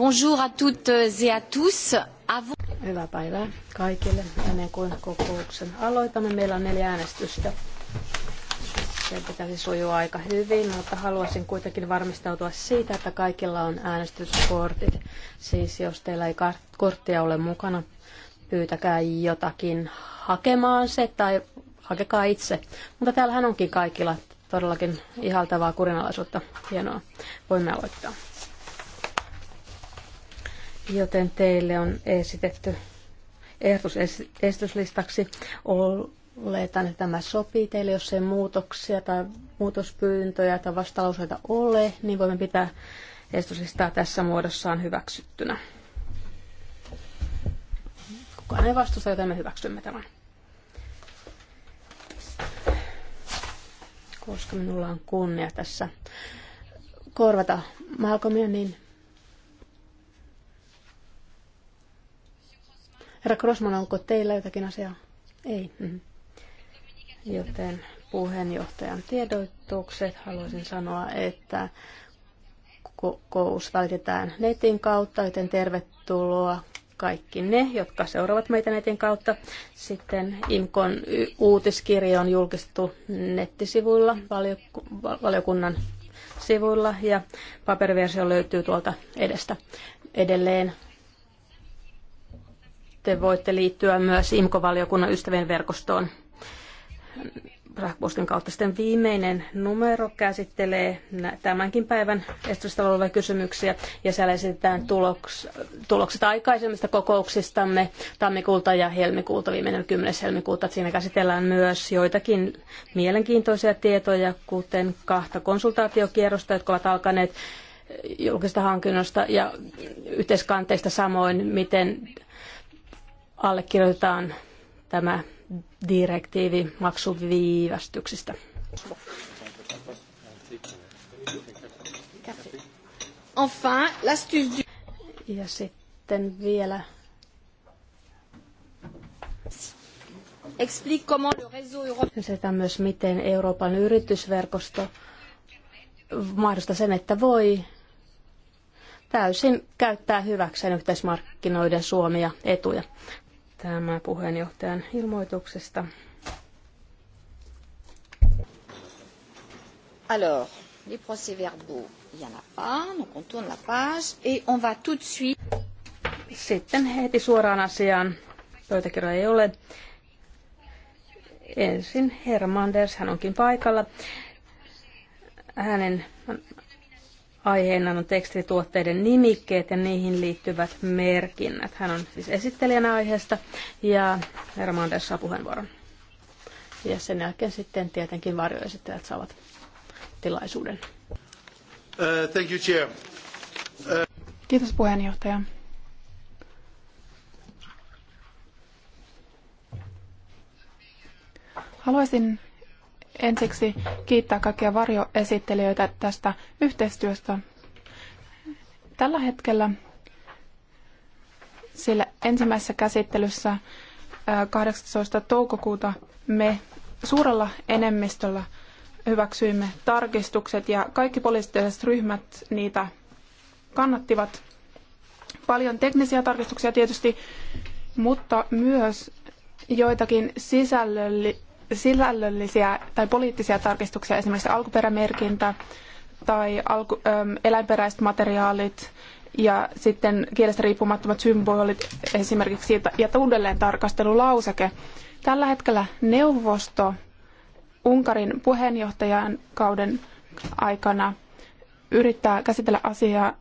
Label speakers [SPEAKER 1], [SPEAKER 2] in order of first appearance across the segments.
[SPEAKER 1] Bonjour à toutes euh, et à tous. Hyvää päivää kaikille. Ennen kuin kokouksen aloitamme, meillä on neljä äänestystä. Se pitäisi sujua
[SPEAKER 2] aika hyvin, mutta haluaisin kuitenkin varmistautua siitä, että kaikilla on äänestyskortit. Siis jos teillä ei korttia ole mukana, pyytäkää jotakin hakemaan se tai hakekaa itse. Mutta täällähän onkin kaikilla todellakin ihaltavaa kurinalaisuutta. Hienoa. Voimme aloittaa joten teille on esitetty ehdotus esityslistaksi. Oletan, että tämä sopii teille, jos ei muutoksia tai muutospyyntöjä tai vastalauseita ole, niin voimme pitää esityslistaa tässä muodossaan hyväksyttynä. Kukaan ei vastusta, joten me hyväksymme tämän. Koska minulla on kunnia tässä korvata Malcolmia, niin Herra Krosman, onko teillä jotakin asiaa? Ei. Mm-hmm. Joten puheenjohtajan tiedotukset haluaisin sanoa, että kokous välitetään netin kautta, joten tervetuloa kaikki ne, jotka seuraavat meitä netin kautta. Sitten IMKon uutiskirja on julkistettu nettisivuilla, valiokunnan sivuilla ja paperiversio löytyy tuolta edestä. Edelleen te voitte liittyä myös IMKO-valiokunnan ystävien verkostoon sähköpostin kautta. Sitten viimeinen numero käsittelee tämänkin päivän estosta olevia kysymyksiä ja siellä esitetään tuloks, tulokset aikaisemmista kokouksistamme tammikuulta ja helmikuulta, viimeinen 10. helmikuuta. Siinä käsitellään myös joitakin mielenkiintoisia tietoja, kuten kahta konsultaatiokierrosta, jotka ovat alkaneet julkisesta hankinnosta ja yhteiskanteista samoin, miten allekirjoitetaan tämä direktiivi maksuviivästyksistä. Enfin, l'astuce du... Ja sitten vielä
[SPEAKER 1] explique comment le réseau
[SPEAKER 2] Kysytään myös, miten Euroopan yritysverkosto mahdollistaa sen, että voi täysin käyttää hyväkseen yhteismarkkinoiden suomia etuja tämä puheenjohtajan ilmoituksesta.
[SPEAKER 1] Alors, les procès-verbaux, il n'y en a pas, donc on tourne la page et on va tout de suite. Sitten heti suoraan asiaan. Pöytäkirjoja ei ole.
[SPEAKER 2] Ensin Hermanders, hän onkin paikalla. Hänen Aiheena on tekstituotteiden nimikkeet ja niihin liittyvät merkinnät. Hän on siis esittelijänä aiheesta ja Herra Manders saa puheenvuoron. Ja sen jälkeen sitten tietenkin varjoesittelijät saavat tilaisuuden. Uh,
[SPEAKER 3] thank you, chair. Uh...
[SPEAKER 2] Kiitos
[SPEAKER 4] puheenjohtaja. Haluaisin ensiksi kiittää kaikkia varjoesittelijöitä tästä yhteistyöstä. Tällä hetkellä sillä ensimmäisessä käsittelyssä 18. toukokuuta me suurella enemmistöllä hyväksyimme tarkistukset ja kaikki poliittiset ryhmät niitä kannattivat. Paljon teknisiä tarkistuksia tietysti, mutta myös joitakin sisällöllisiä sisällöllisiä tai poliittisia tarkistuksia, esimerkiksi alkuperämerkintä tai alku, äm, eläinperäiset materiaalit ja sitten kielestä riippumattomat symbolit, esimerkiksi siitä, ja uudelleen tarkastelulauseke. Tällä hetkellä neuvosto Unkarin puheenjohtajan kauden aikana yrittää käsitellä asiaa.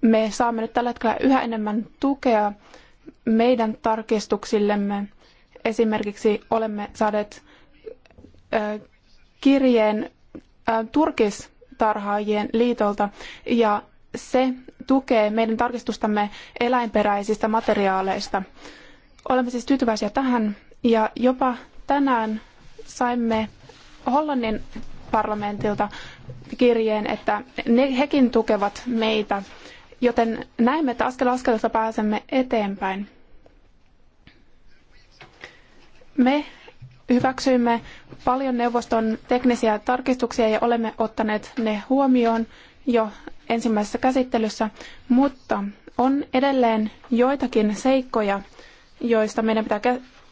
[SPEAKER 4] Me saamme nyt tällä hetkellä yhä enemmän tukea meidän tarkistuksillemme. Esimerkiksi olemme saaneet kirjeen turkistarhaajien liitolta ja se tukee meidän tarkistustamme eläinperäisistä materiaaleista. Olemme siis tyytyväisiä tähän ja jopa tänään saimme Hollannin parlamentilta kirjeen, että ne, hekin tukevat meitä, joten näemme, että askel askelta pääsemme eteenpäin. Me hyväksyimme paljon neuvoston teknisiä tarkistuksia ja olemme ottaneet ne huomioon jo ensimmäisessä käsittelyssä, mutta on edelleen joitakin seikkoja, joista meidän pitää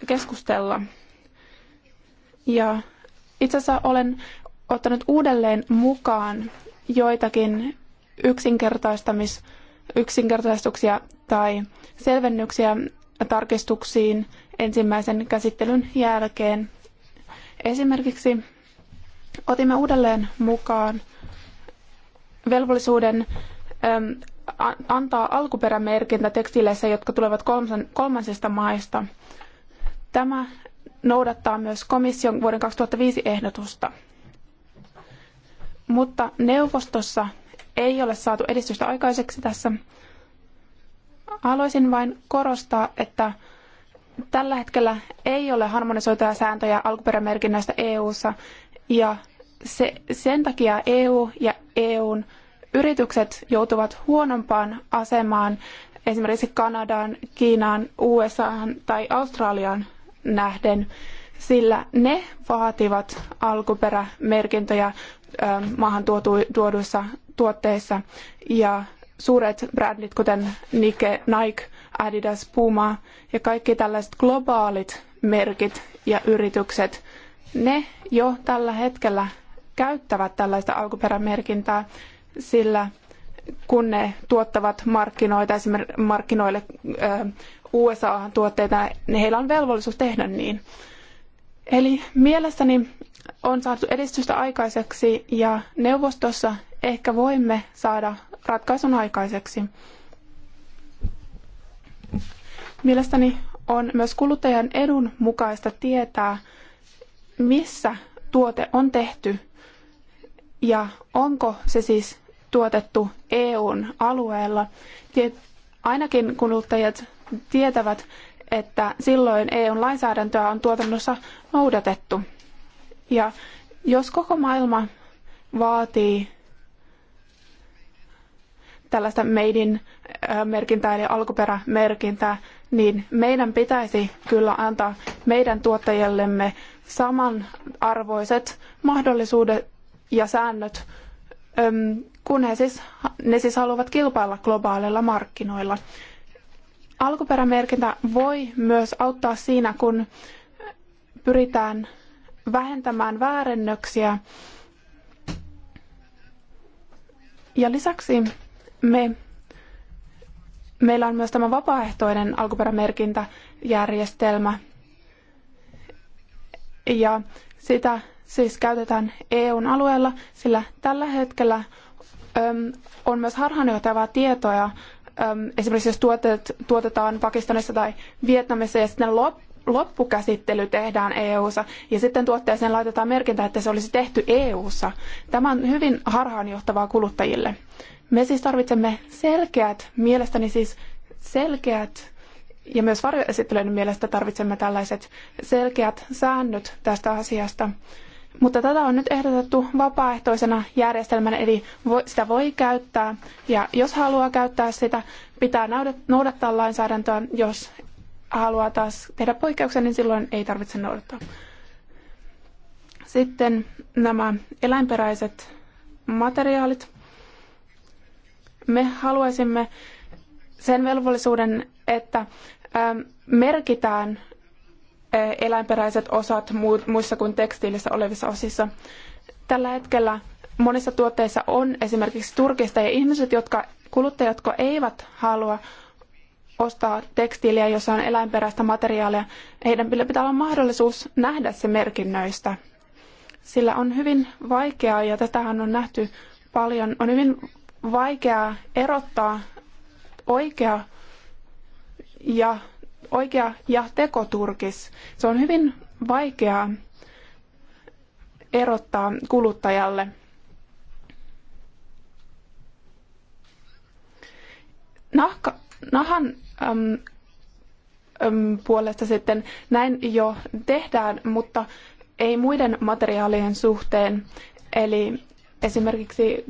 [SPEAKER 4] keskustella. Ja itse asiassa olen ottanut uudelleen mukaan joitakin yksinkertaistamis, yksinkertaistuksia tai selvennyksiä tarkistuksiin, ensimmäisen käsittelyn jälkeen. Esimerkiksi otimme uudelleen mukaan velvollisuuden ähm, antaa alkuperämerkintä tekstiileissä, jotka tulevat kolmansista maista. Tämä noudattaa myös komission vuoden 2005 ehdotusta. Mutta neuvostossa ei ole saatu edistystä aikaiseksi tässä. Haluaisin vain korostaa, että Tällä hetkellä ei ole harmonisoituja sääntöjä alkuperämerkinnöistä EU:ssa ja se, sen takia EU ja EUn yritykset joutuvat huonompaan asemaan esimerkiksi Kanadaan, Kiinaan, USAan tai Australiaan nähden, sillä ne vaativat alkuperämerkintöjä maahan tuoduissa tuotteissa ja suuret brändit, kuten Nike, Nike, Adidas, Puma ja kaikki tällaiset globaalit merkit ja yritykset, ne jo tällä hetkellä käyttävät tällaista alkuperämerkintää, sillä kun ne tuottavat markkinoita, esimerkiksi markkinoille USA tuotteita, niin heillä on velvollisuus tehdä niin. Eli mielestäni on saatu edistystä aikaiseksi ja neuvostossa ehkä voimme saada ratkaisun aikaiseksi. Mielestäni on myös kuluttajan edun mukaista tietää, missä tuote on tehty ja onko se siis tuotettu EUn alueella. Ainakin kuluttajat tietävät, että silloin EUn lainsäädäntöä on tuotannossa noudatettu. Ja jos koko maailma vaatii tällaista in äh, merkintää eli alkuperämerkintää, niin meidän pitäisi kyllä antaa meidän tuottajillemme samanarvoiset mahdollisuudet ja säännöt, kun he siis, ne siis haluavat kilpailla globaaleilla markkinoilla. Alkuperämerkintä voi myös auttaa siinä, kun pyritään vähentämään väärennöksiä. Ja lisäksi me, meillä on myös tämä vapaaehtoinen alkuperämerkintäjärjestelmä. Ja sitä siis käytetään EUn alueella, sillä tällä hetkellä on myös harhaanjohtavaa tietoa. esimerkiksi jos tuotet, tuotetaan Pakistanissa tai Vietnamissa ja sitten lop, loppukäsittely tehdään EU-ssa ja sitten tuotteeseen laitetaan merkintä, että se olisi tehty EU-ssa. Tämä on hyvin harhaanjohtavaa kuluttajille. Me siis tarvitsemme selkeät, mielestäni siis selkeät ja myös varjoesittelyiden mielestä tarvitsemme tällaiset selkeät säännöt tästä asiasta. Mutta tätä on nyt ehdotettu vapaaehtoisena järjestelmänä, eli sitä voi käyttää, ja jos haluaa käyttää sitä, pitää noudattaa lainsäädäntöä. Jos haluaa taas tehdä poikkeuksen, niin silloin ei tarvitse noudattaa. Sitten nämä eläinperäiset materiaalit. Me haluaisimme sen velvollisuuden, että ähm, merkitään äh, eläinperäiset osat muissa kuin tekstiilissä olevissa osissa. Tällä hetkellä monissa tuotteissa on esimerkiksi turkista ja ihmiset, jotka kuluttajat, jotka eivät halua ostaa tekstiiliä, jossa on eläinperäistä materiaalia, heidän pitää olla mahdollisuus nähdä se merkinnöistä. Sillä on hyvin vaikeaa, ja tätähän on nähty paljon, on hyvin vaikea erottaa oikea ja, oikea ja tekoturkis. Se on hyvin vaikeaa erottaa kuluttajalle. Nahka, nahan äm, äm, puolesta sitten näin jo tehdään, mutta ei muiden materiaalien suhteen. Eli esimerkiksi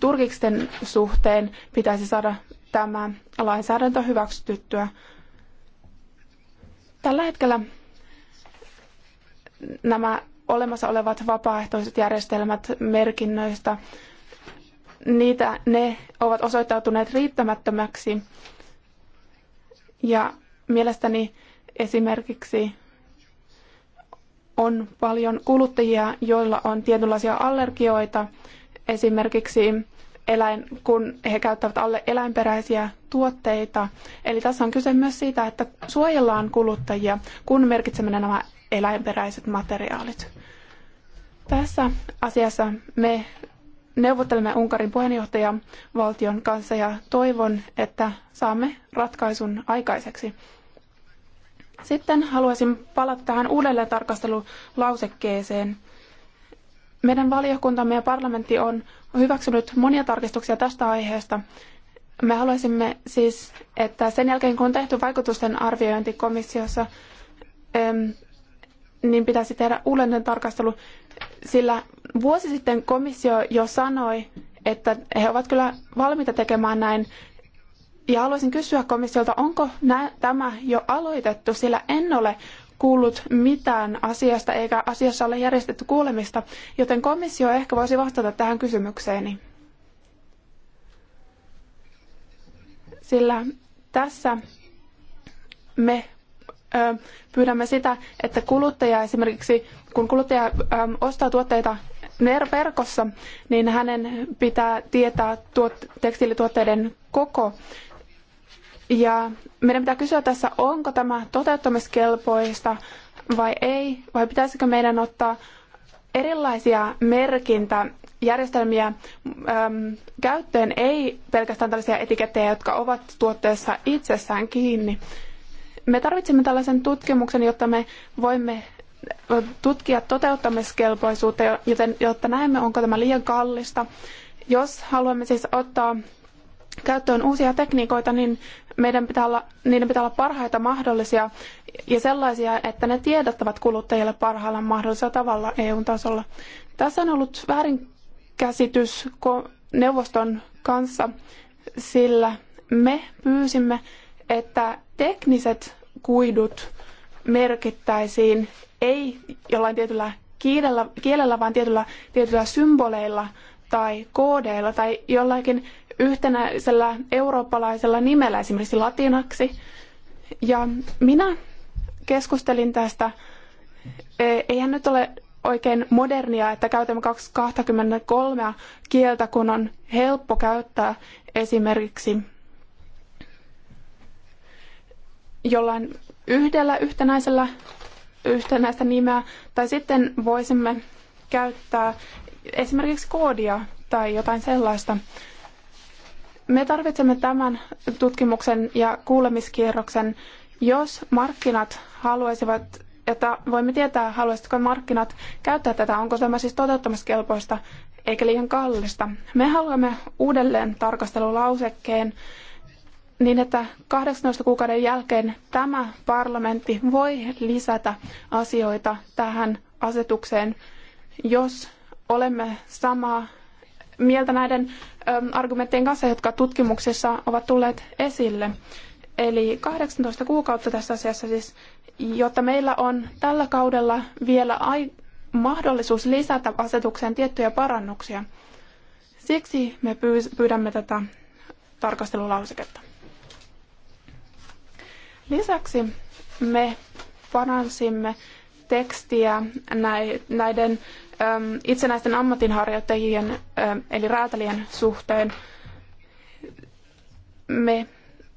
[SPEAKER 4] turkisten suhteen pitäisi saada tämä lainsäädäntö hyväksyttyä. Tällä hetkellä nämä olemassa olevat vapaaehtoiset järjestelmät merkinnöistä, niitä ne ovat osoittautuneet riittämättömäksi. Ja mielestäni esimerkiksi on paljon kuluttajia, joilla on tietynlaisia allergioita esimerkiksi eläin, kun he käyttävät alle eläinperäisiä tuotteita. Eli tässä on kyse myös siitä, että suojellaan kuluttajia, kun merkitsemme nämä eläinperäiset materiaalit. Tässä asiassa me neuvottelemme Unkarin puheenjohtajan valtion kanssa ja toivon, että saamme ratkaisun aikaiseksi. Sitten haluaisin palata tähän uudelleen tarkastelulausekkeeseen. Meidän valiokuntamme ja parlamentti on hyväksynyt monia tarkistuksia tästä aiheesta. Me haluaisimme siis, että sen jälkeen kun on tehty vaikutusten arviointi komissiossa, niin pitäisi tehdä uudelleen tarkastelu, sillä vuosi sitten komissio jo sanoi, että he ovat kyllä valmiita tekemään näin. Ja haluaisin kysyä komissiolta, onko tämä jo aloitettu, sillä en ole kuullut mitään asiasta eikä asiassa ole järjestetty kuulemista, joten komissio ehkä voisi vastata tähän kysymykseeni. Sillä tässä me pyydämme sitä, että kuluttaja esimerkiksi, kun kuluttaja ostaa tuotteita verkossa, niin hänen pitää tietää tuot, tekstiilituotteiden koko. Ja meidän pitää kysyä tässä, onko tämä toteuttamiskelpoista vai ei, vai pitäisikö meidän ottaa erilaisia merkintäjärjestelmiä äm, käyttöön, ei pelkästään tällaisia etikettejä, jotka ovat tuotteessa itsessään kiinni. Me tarvitsemme tällaisen tutkimuksen, jotta me voimme äh, tutkia toteuttamiskelpoisuutta, joten, jotta näemme, onko tämä liian kallista. Jos haluamme siis ottaa käyttöön uusia tekniikoita, niin meidän pitää olla, niiden pitää olla parhaita mahdollisia ja sellaisia, että ne tiedottavat kuluttajille parhaalla mahdollisella tavalla EU-tasolla. Tässä on ollut väärinkäsitys neuvoston kanssa, sillä me pyysimme, että tekniset kuidut merkittäisiin ei jollain tietyllä kielellä, kielellä vaan tietyllä, tietyillä symboleilla tai koodeilla tai jollakin yhtenäisellä eurooppalaisella nimellä, esimerkiksi latinaksi. Ja minä keskustelin tästä, e, eihän nyt ole oikein modernia, että käytämme 23 kieltä, kun on helppo käyttää esimerkiksi jollain yhdellä yhtenäisellä yhtenäistä nimeä, tai sitten voisimme käyttää esimerkiksi koodia tai jotain sellaista. Me tarvitsemme tämän tutkimuksen ja kuulemiskierroksen, jos markkinat haluaisivat, että voimme tietää, haluaisitko markkinat käyttää tätä, onko tämä siis toteuttamiskelpoista eikä liian kallista. Me haluamme uudelleen tarkastelulausekkeen niin, että 18 kuukauden jälkeen tämä parlamentti voi lisätä asioita tähän asetukseen, jos olemme samaa mieltä näiden ähm, argumenttien kanssa, jotka tutkimuksissa ovat tulleet esille. Eli 18 kuukautta tässä asiassa siis, jotta meillä on tällä kaudella vielä ai- mahdollisuus lisätä asetukseen tiettyjä parannuksia. Siksi me pyydämme tätä tarkastelulauseketta. Lisäksi me paransimme tekstiä näiden Ähm, itsenäisten ammatinharjoittajien ähm, eli räätälien suhteen. Me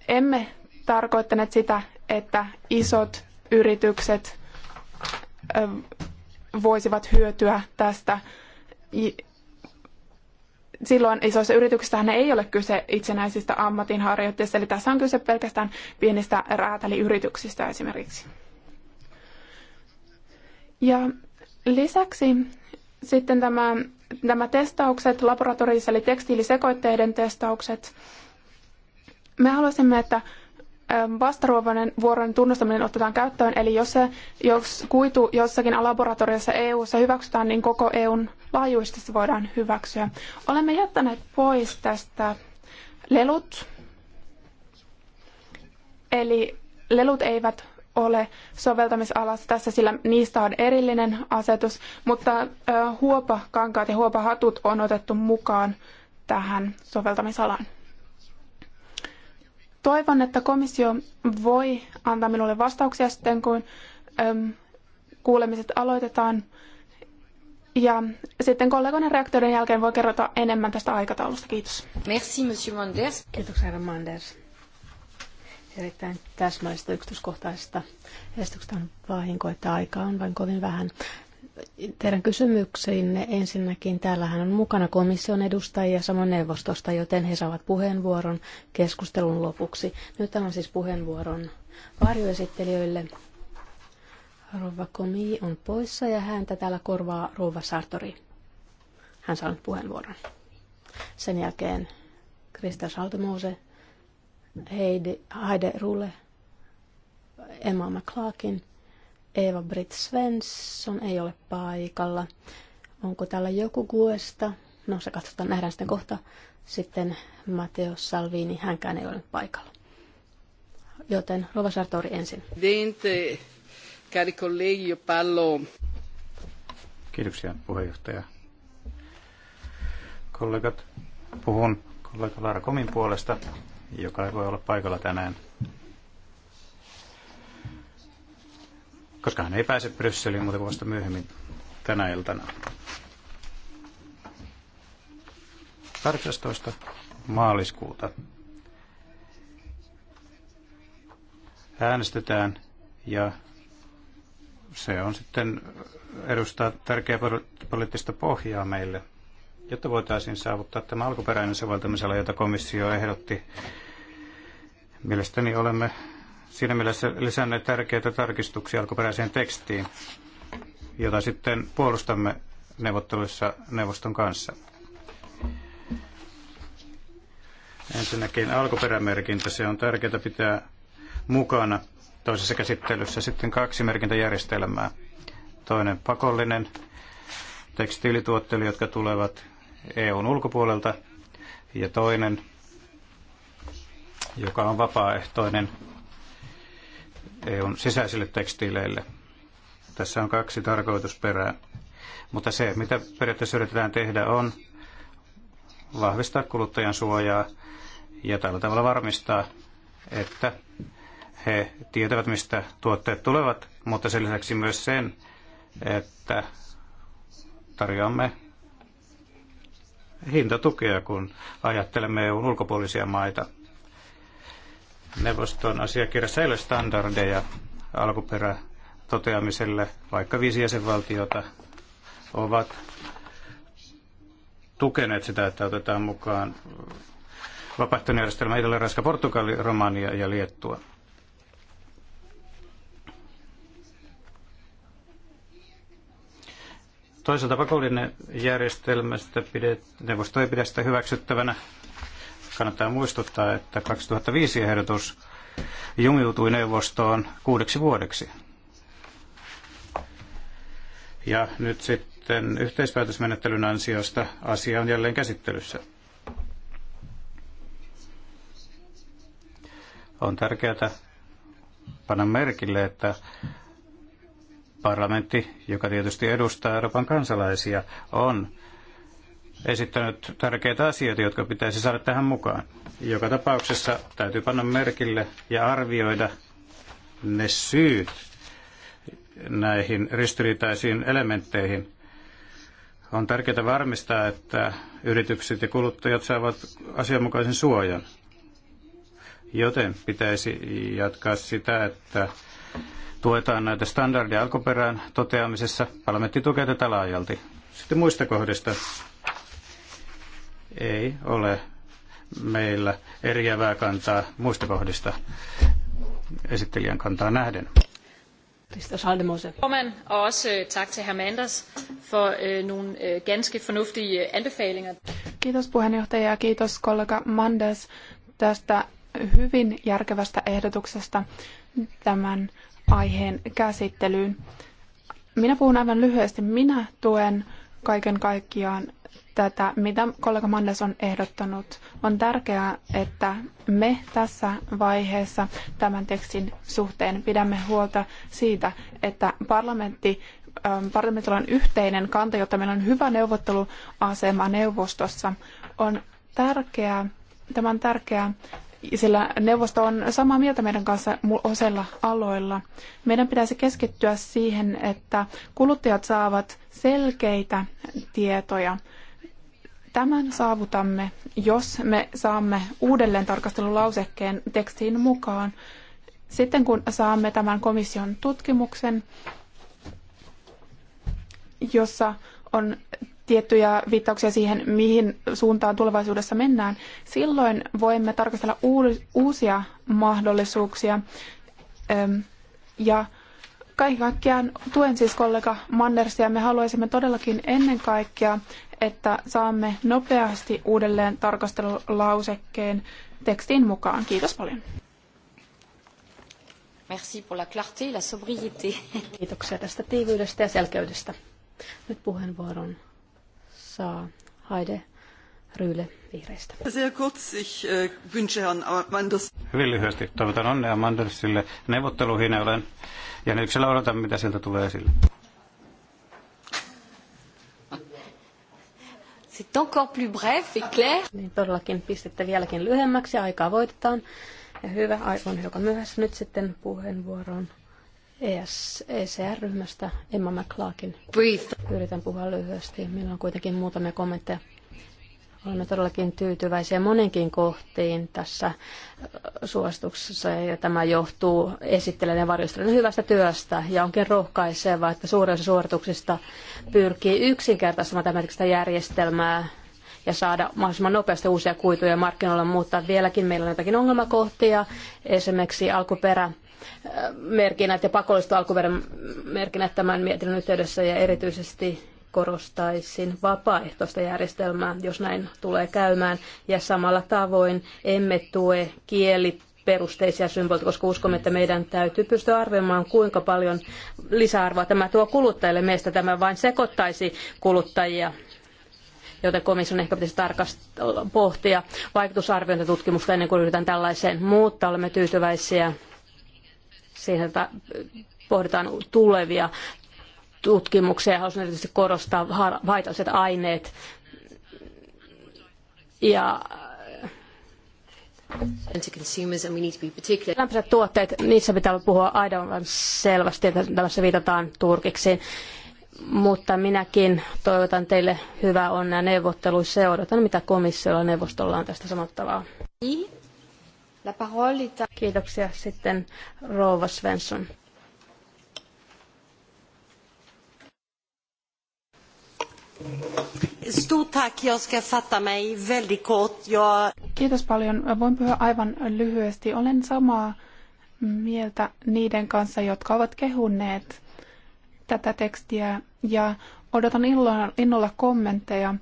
[SPEAKER 4] emme tarkoittaneet sitä, että isot yritykset ähm, voisivat hyötyä tästä. Silloin isoissa yrityksissähän ei ole kyse itsenäisistä ammatinharjoittajista, eli tässä on kyse pelkästään pienistä räätäliyrityksistä esimerkiksi. Ja lisäksi sitten tämä, nämä testaukset laboratoriossa, eli tekstiilisekoitteiden testaukset. Me haluaisimme, että vuoron tunnustaminen otetaan käyttöön, eli jos, se, jos kuitu jossakin laboratoriossa EU-ssa hyväksytään, niin koko EUn laajuisesti se voidaan hyväksyä. Olemme jättäneet pois tästä lelut, eli lelut eivät ole soveltamisalassa tässä, sillä niistä on erillinen asetus, mutta huopakankaat ja huopahatut on otettu mukaan tähän soveltamisalaan. Toivon, että komissio voi antaa minulle vastauksia sitten, kun kuulemiset aloitetaan. Ja sitten kollegoiden reaktioiden jälkeen voi kerrota
[SPEAKER 2] enemmän tästä aikataulusta. Kiitos.
[SPEAKER 1] Merci, Monsieur Manders. Kiitoksia, herra Manders
[SPEAKER 2] erittäin täsmällistä yksityiskohtaisesta esityksestä on vahinko, että aikaa on vain kovin vähän. Teidän kysymyksiinne ensinnäkin täällähän on mukana komission edustajia samoin neuvostosta, joten he saavat puheenvuoron keskustelun lopuksi. Nyt on siis puheenvuoron varjoesittelijöille. Rova Komi on poissa ja häntä täällä korvaa Rova Sartori. Hän saa nyt puheenvuoron. Sen jälkeen Krista Saltomose Heidi, Heide Rulle, Emma McClarkin, Eva Britt Svensson ei ole paikalla. Onko täällä joku kuesta? No se katsotaan, nähdään sitten kohta. Sitten Matteo Salvini, hänkään ei ole paikalla. Joten Rova Sartori ensin.
[SPEAKER 5] Dente, cari colleghi, pallo.
[SPEAKER 3] Kiitoksia puheenjohtaja. Kollegat, puhun kollega Lara Komin puolesta joka ei voi olla paikalla tänään, koska hän ei pääse Brysseliin muuten vasta myöhemmin tänä iltana. 18. maaliskuuta äänestetään ja se on sitten edustaa tärkeää poliittista pohjaa meille, jotta voitaisiin saavuttaa tämä alkuperäinen soveltamisala, jota komissio ehdotti Mielestäni olemme siinä mielessä lisänneet tärkeitä tarkistuksia alkuperäiseen tekstiin, jota sitten puolustamme neuvotteluissa neuvoston kanssa. Ensinnäkin alkuperämerkintä, se on tärkeää pitää mukana toisessa käsittelyssä. Sitten kaksi merkintäjärjestelmää. Toinen pakollinen tekstiilituotteille, jotka tulevat EUn ulkopuolelta, ja toinen joka on vapaaehtoinen EUn sisäisille tekstiileille. Tässä on kaksi tarkoitusperää. Mutta se, mitä periaatteessa yritetään tehdä, on vahvistaa kuluttajan suojaa ja tällä tavalla varmistaa, että he tietävät, mistä tuotteet tulevat, mutta sen lisäksi myös sen, että tarjoamme hintatukea, kun ajattelemme EUn ulkopuolisia maita – Neuvoston asiakirjassa ei ole standardeja alkuperä toteamiselle, vaikka viisi jäsenvaltiota ovat tukeneet sitä, että otetaan mukaan vapaaehtoinen järjestelmä Italia, Ranska, Portugali, Romania ja Liettua. Toisaalta pakollinen sitä pidet, neuvosto ei pidä sitä hyväksyttävänä Kannattaa muistuttaa, että 2005 ehdotus jumiutui neuvostoon kuudeksi vuodeksi. Ja nyt sitten yhteispäätösmenettelyn ansiosta asia on jälleen käsittelyssä. On tärkeää panna merkille, että parlamentti, joka tietysti edustaa Euroopan kansalaisia, on esittänyt tärkeitä asioita, jotka pitäisi saada tähän mukaan. Joka tapauksessa täytyy panna merkille ja arvioida ne syyt näihin ristiriitaisiin elementteihin. On tärkeää varmistaa, että yritykset ja kuluttajat saavat asianmukaisen suojan. Joten pitäisi jatkaa sitä, että tuetaan näitä standardia alkuperään toteamisessa. Parlamentti tukee tätä laajalti. Sitten muista kohdista ei ole meillä eriävää kantaa muista kohdista esittelijän kantaa nähden.
[SPEAKER 2] Formand, og også øh, tak til herr Manders for øh, nogle øh, ganske fornuftige anbefalinger.
[SPEAKER 4] Kiitos puheenjohtaja ja kiitos kollega Manders tästä hyvin järkevästä ehdotuksesta tämän aiheen käsittelyyn. Minä puhun aivan lyhyesti. Minä tuen kaiken kaikkiaan tätä, mitä kollega Mandes on ehdottanut. On tärkeää, että me tässä vaiheessa tämän tekstin suhteen pidämme huolta siitä, että parlamentti ähm, parlamentilla on yhteinen kanta, jotta meillä on hyvä neuvotteluasema neuvostossa. On tärkeää, tämä on tärkeää, sillä neuvosto on samaa mieltä meidän kanssa osella aloilla. Meidän pitäisi keskittyä siihen, että kuluttajat saavat selkeitä tietoja Tämän saavutamme, jos me saamme uudelleen tarkastelulausekkeen tekstiin mukaan. Sitten kun saamme tämän komission tutkimuksen, jossa on tiettyjä viittauksia siihen, mihin suuntaan tulevaisuudessa mennään, silloin voimme tarkastella uusia mahdollisuuksia ja Kaiken kaikkiaan tuen siis kollega Mannersia. Me haluaisimme todellakin ennen kaikkea, että saamme nopeasti uudelleen tarkastelulausekkeen tekstiin mukaan. Kiitos paljon.
[SPEAKER 1] Merci pour la clarté la sobriété. Kiitoksia tästä tiiviydestä ja selkeydestä.
[SPEAKER 2] Nyt puheenvuoron saa Heide
[SPEAKER 5] Ryyle vihreistä. Äh, Hyvin lyhyesti
[SPEAKER 3] toivotan onnea Mandersille neuvotteluihin. Olen ja nyt yksillä odotan, mitä sieltä tulee esille.
[SPEAKER 1] C'est encore plus
[SPEAKER 2] bref et clair. Niin todellakin pistettä vieläkin lyhyemmäksi, aikaa voitetaan. Ja hyvä, aikon joka myöhässä nyt sitten puheenvuoron ECR-ryhmästä e Emma McClarkin. Brief. Yritän puhua lyhyesti. Meillä on kuitenkin muutamia kommentteja. Olemme todellakin tyytyväisiä monenkin kohtiin tässä suosituksessa ja tämä johtuu esittelijän ja varjostelijan hyvästä työstä ja onkin rohkaisevaa, että suurin osa suorituksista pyrkii yksinkertaistamaan tämmöistä järjestelmää ja saada mahdollisimman nopeasti uusia kuituja markkinoille, mutta vieläkin meillä on jotakin ongelmakohtia, esimerkiksi alkuperä merkinnät ja pakolliset alkuperämerkinnät tämän mietinnön yhteydessä ja erityisesti korostaisin vapaaehtoista järjestelmää, jos näin tulee käymään. Ja samalla tavoin emme tue kieli perusteisia symboleita, koska uskomme, että meidän täytyy pystyä arvioimaan, kuinka paljon lisäarvoa tämä tuo kuluttajille. Meistä tämä vain sekoittaisi kuluttajia joten komission ehkä pitäisi tarkastella, pohtia vaikutusarviointitutkimusta ennen kuin ryhdytään tällaiseen, mutta olemme tyytyväisiä siihen, että pohditaan tulevia tutkimukseen. halusin erityisesti korostaa haitalliset aineet. Ja Lämpöiset tuotteet, niissä pitää puhua aivan selvästi, että tässä viitataan turkiksiin. Mutta minäkin toivotan teille hyvää onnea neuvotteluissa ja odotan, mitä komissiolla ja neuvostolla on tästä sanottavaa. Kiitoksia sitten Rouva Svensson.
[SPEAKER 1] Stort tack, jag ska fatta mig väldigt kort. Jag...
[SPEAKER 4] Kiitos paljon. Voin puhua aivan lyhyesti. Olen samaa mieltä niiden kanssa, jotka ovat kehunneet tätä tekstiä ja odotan innolla kommentteja.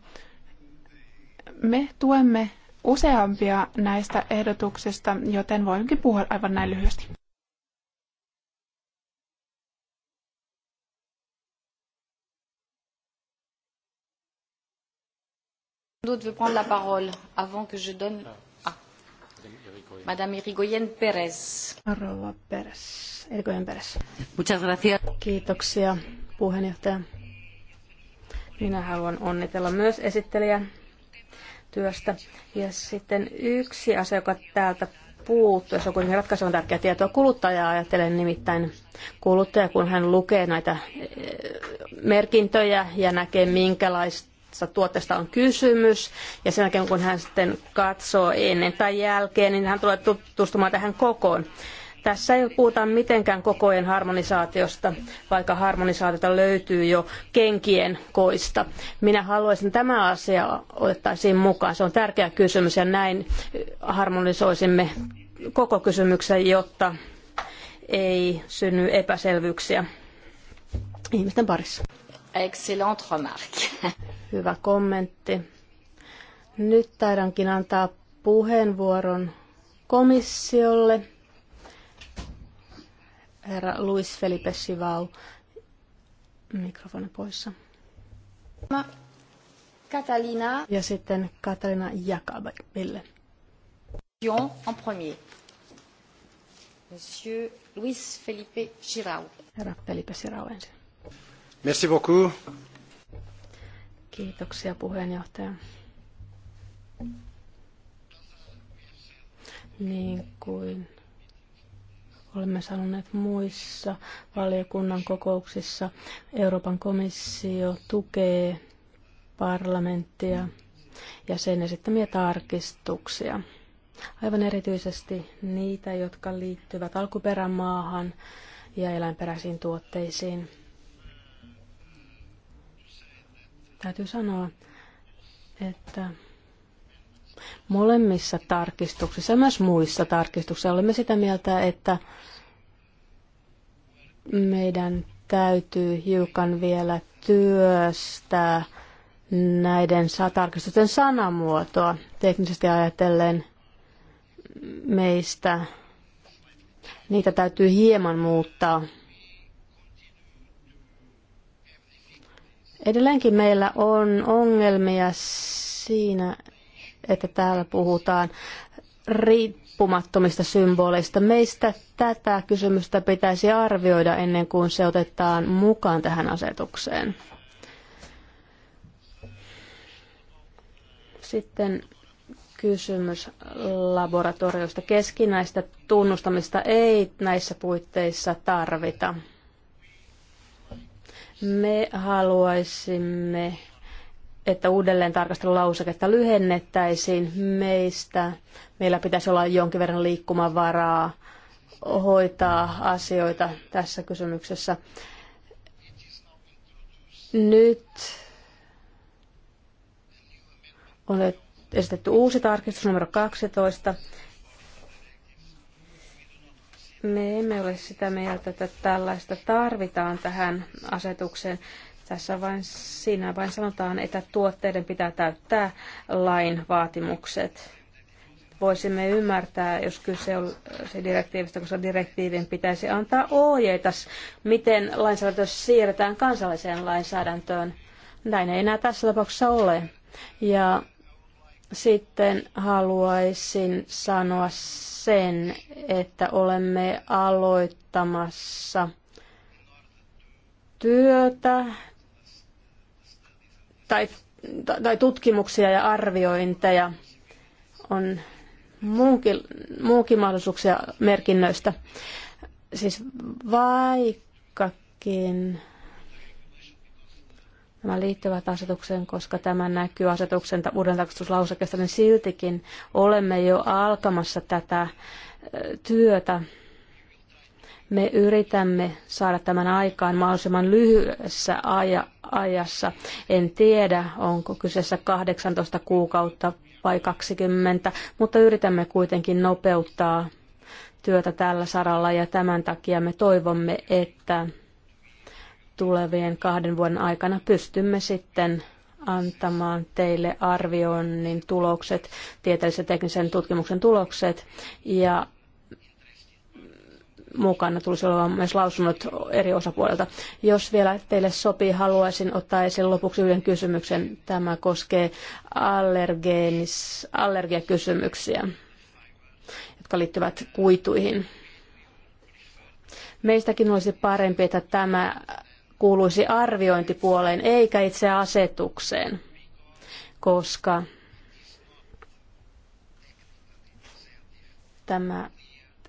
[SPEAKER 4] Me tuemme useampia näistä ehdotuksista, joten voinkin puhua aivan näin lyhyesti.
[SPEAKER 1] D'autres veut prendre la parole avant que je donne... Ah. Madame Irigoyen Perez.
[SPEAKER 2] Rouva Perez. Irigoyen Perez. Muchas gracias. Kiitoksia puheenjohtaja. Minä haluan onnitella myös esittelijän työstä. Ja sitten yksi asia, joka täältä puuttuu, se on kuitenkin ratkaisevan tärkeä tietoa kuluttajaa ajatellen, nimittäin kuluttaja, kun hän lukee näitä eh, merkintöjä ja näkee minkälaista tuotteesta on kysymys. Ja sen jälkeen, kun hän sitten katsoo ennen tai jälkeen, niin hän tulee tutustumaan tähän kokoon. Tässä ei puhuta mitenkään kokojen harmonisaatiosta, vaikka harmonisaatiota löytyy jo kenkien koista. Minä haluaisin, että tämä asia otettaisiin mukaan. Se on tärkeä kysymys ja näin harmonisoisimme koko kysymyksen, jotta ei synny epäselvyyksiä ihmisten parissa.
[SPEAKER 1] Excellent remarque.
[SPEAKER 2] Hyvä kommentti. Nyt taidankin antaa puheenvuoron komissiolle. Herra Luis Felipe Sivau, mikrofoni poissa. Katalina.
[SPEAKER 1] Catalina.
[SPEAKER 2] Ja sitten Katalina Jakabille.
[SPEAKER 1] Lyon en premier. Monsieur Luis Felipe Girau. Herra Felipe
[SPEAKER 2] Girau ensin.
[SPEAKER 3] Merci beaucoup.
[SPEAKER 1] Kiitoksia puheenjohtaja.
[SPEAKER 2] Niin kuin olemme sanoneet muissa valiokunnan kokouksissa, Euroopan komissio tukee parlamenttia ja sen esittämiä tarkistuksia. Aivan erityisesti niitä, jotka liittyvät alkuperämaahan ja eläinperäisiin tuotteisiin. Täytyy sanoa, että molemmissa tarkistuksissa ja myös muissa tarkistuksissa olemme sitä mieltä, että meidän täytyy hiukan vielä työstää näiden tarkistusten sanamuotoa teknisesti ajatellen meistä. Niitä täytyy hieman muuttaa Edelleenkin meillä on ongelmia siinä, että täällä puhutaan riippumattomista symboleista. Meistä tätä kysymystä pitäisi arvioida ennen kuin se otetaan mukaan tähän asetukseen. Sitten kysymys laboratorioista. Keskinäistä tunnustamista ei näissä puitteissa tarvita. Me haluaisimme, että uudelleen lauseketta lyhennettäisiin meistä. Meillä pitäisi olla jonkin verran liikkumavaraa hoitaa asioita tässä kysymyksessä. Nyt on esitetty uusi tarkistus numero 12 me emme ole sitä mieltä, että tällaista tarvitaan tähän asetukseen. Tässä vain, siinä vain sanotaan, että tuotteiden pitää täyttää lain vaatimukset. Voisimme ymmärtää, jos kyse on se direktiivistä, koska direktiivin pitäisi antaa ohjeita, miten lainsäädäntö siirretään kansalliseen lainsäädäntöön. Näin ei enää tässä tapauksessa ole. Ja sitten haluaisin sanoa sen, että olemme aloittamassa työtä tai, tai tutkimuksia ja arviointeja. On muunkin, muunkin mahdollisuuksia merkinnöistä. Siis vaikkakin nämä liittyvät asetukseen, koska tämä näkyy asetuksen uuden tarkastuslausekkeesta, niin siltikin olemme jo alkamassa tätä työtä. Me yritämme saada tämän aikaan mahdollisimman lyhyessä ajassa. En tiedä, onko kyseessä 18 kuukautta vai 20, mutta yritämme kuitenkin nopeuttaa työtä tällä saralla ja tämän takia me toivomme, että tulevien kahden vuoden aikana pystymme sitten antamaan teille arvioinnin tulokset, tieteellisen teknisen tutkimuksen tulokset ja mukana tulisi olemaan myös lausunnot eri osapuolilta. Jos vielä teille sopii, haluaisin ottaa esiin lopuksi yhden kysymyksen. Tämä koskee allergeenis, allergiakysymyksiä, jotka liittyvät kuituihin. Meistäkin olisi parempi, että tämä kuuluisi arviointipuoleen eikä itse asetukseen, koska tämä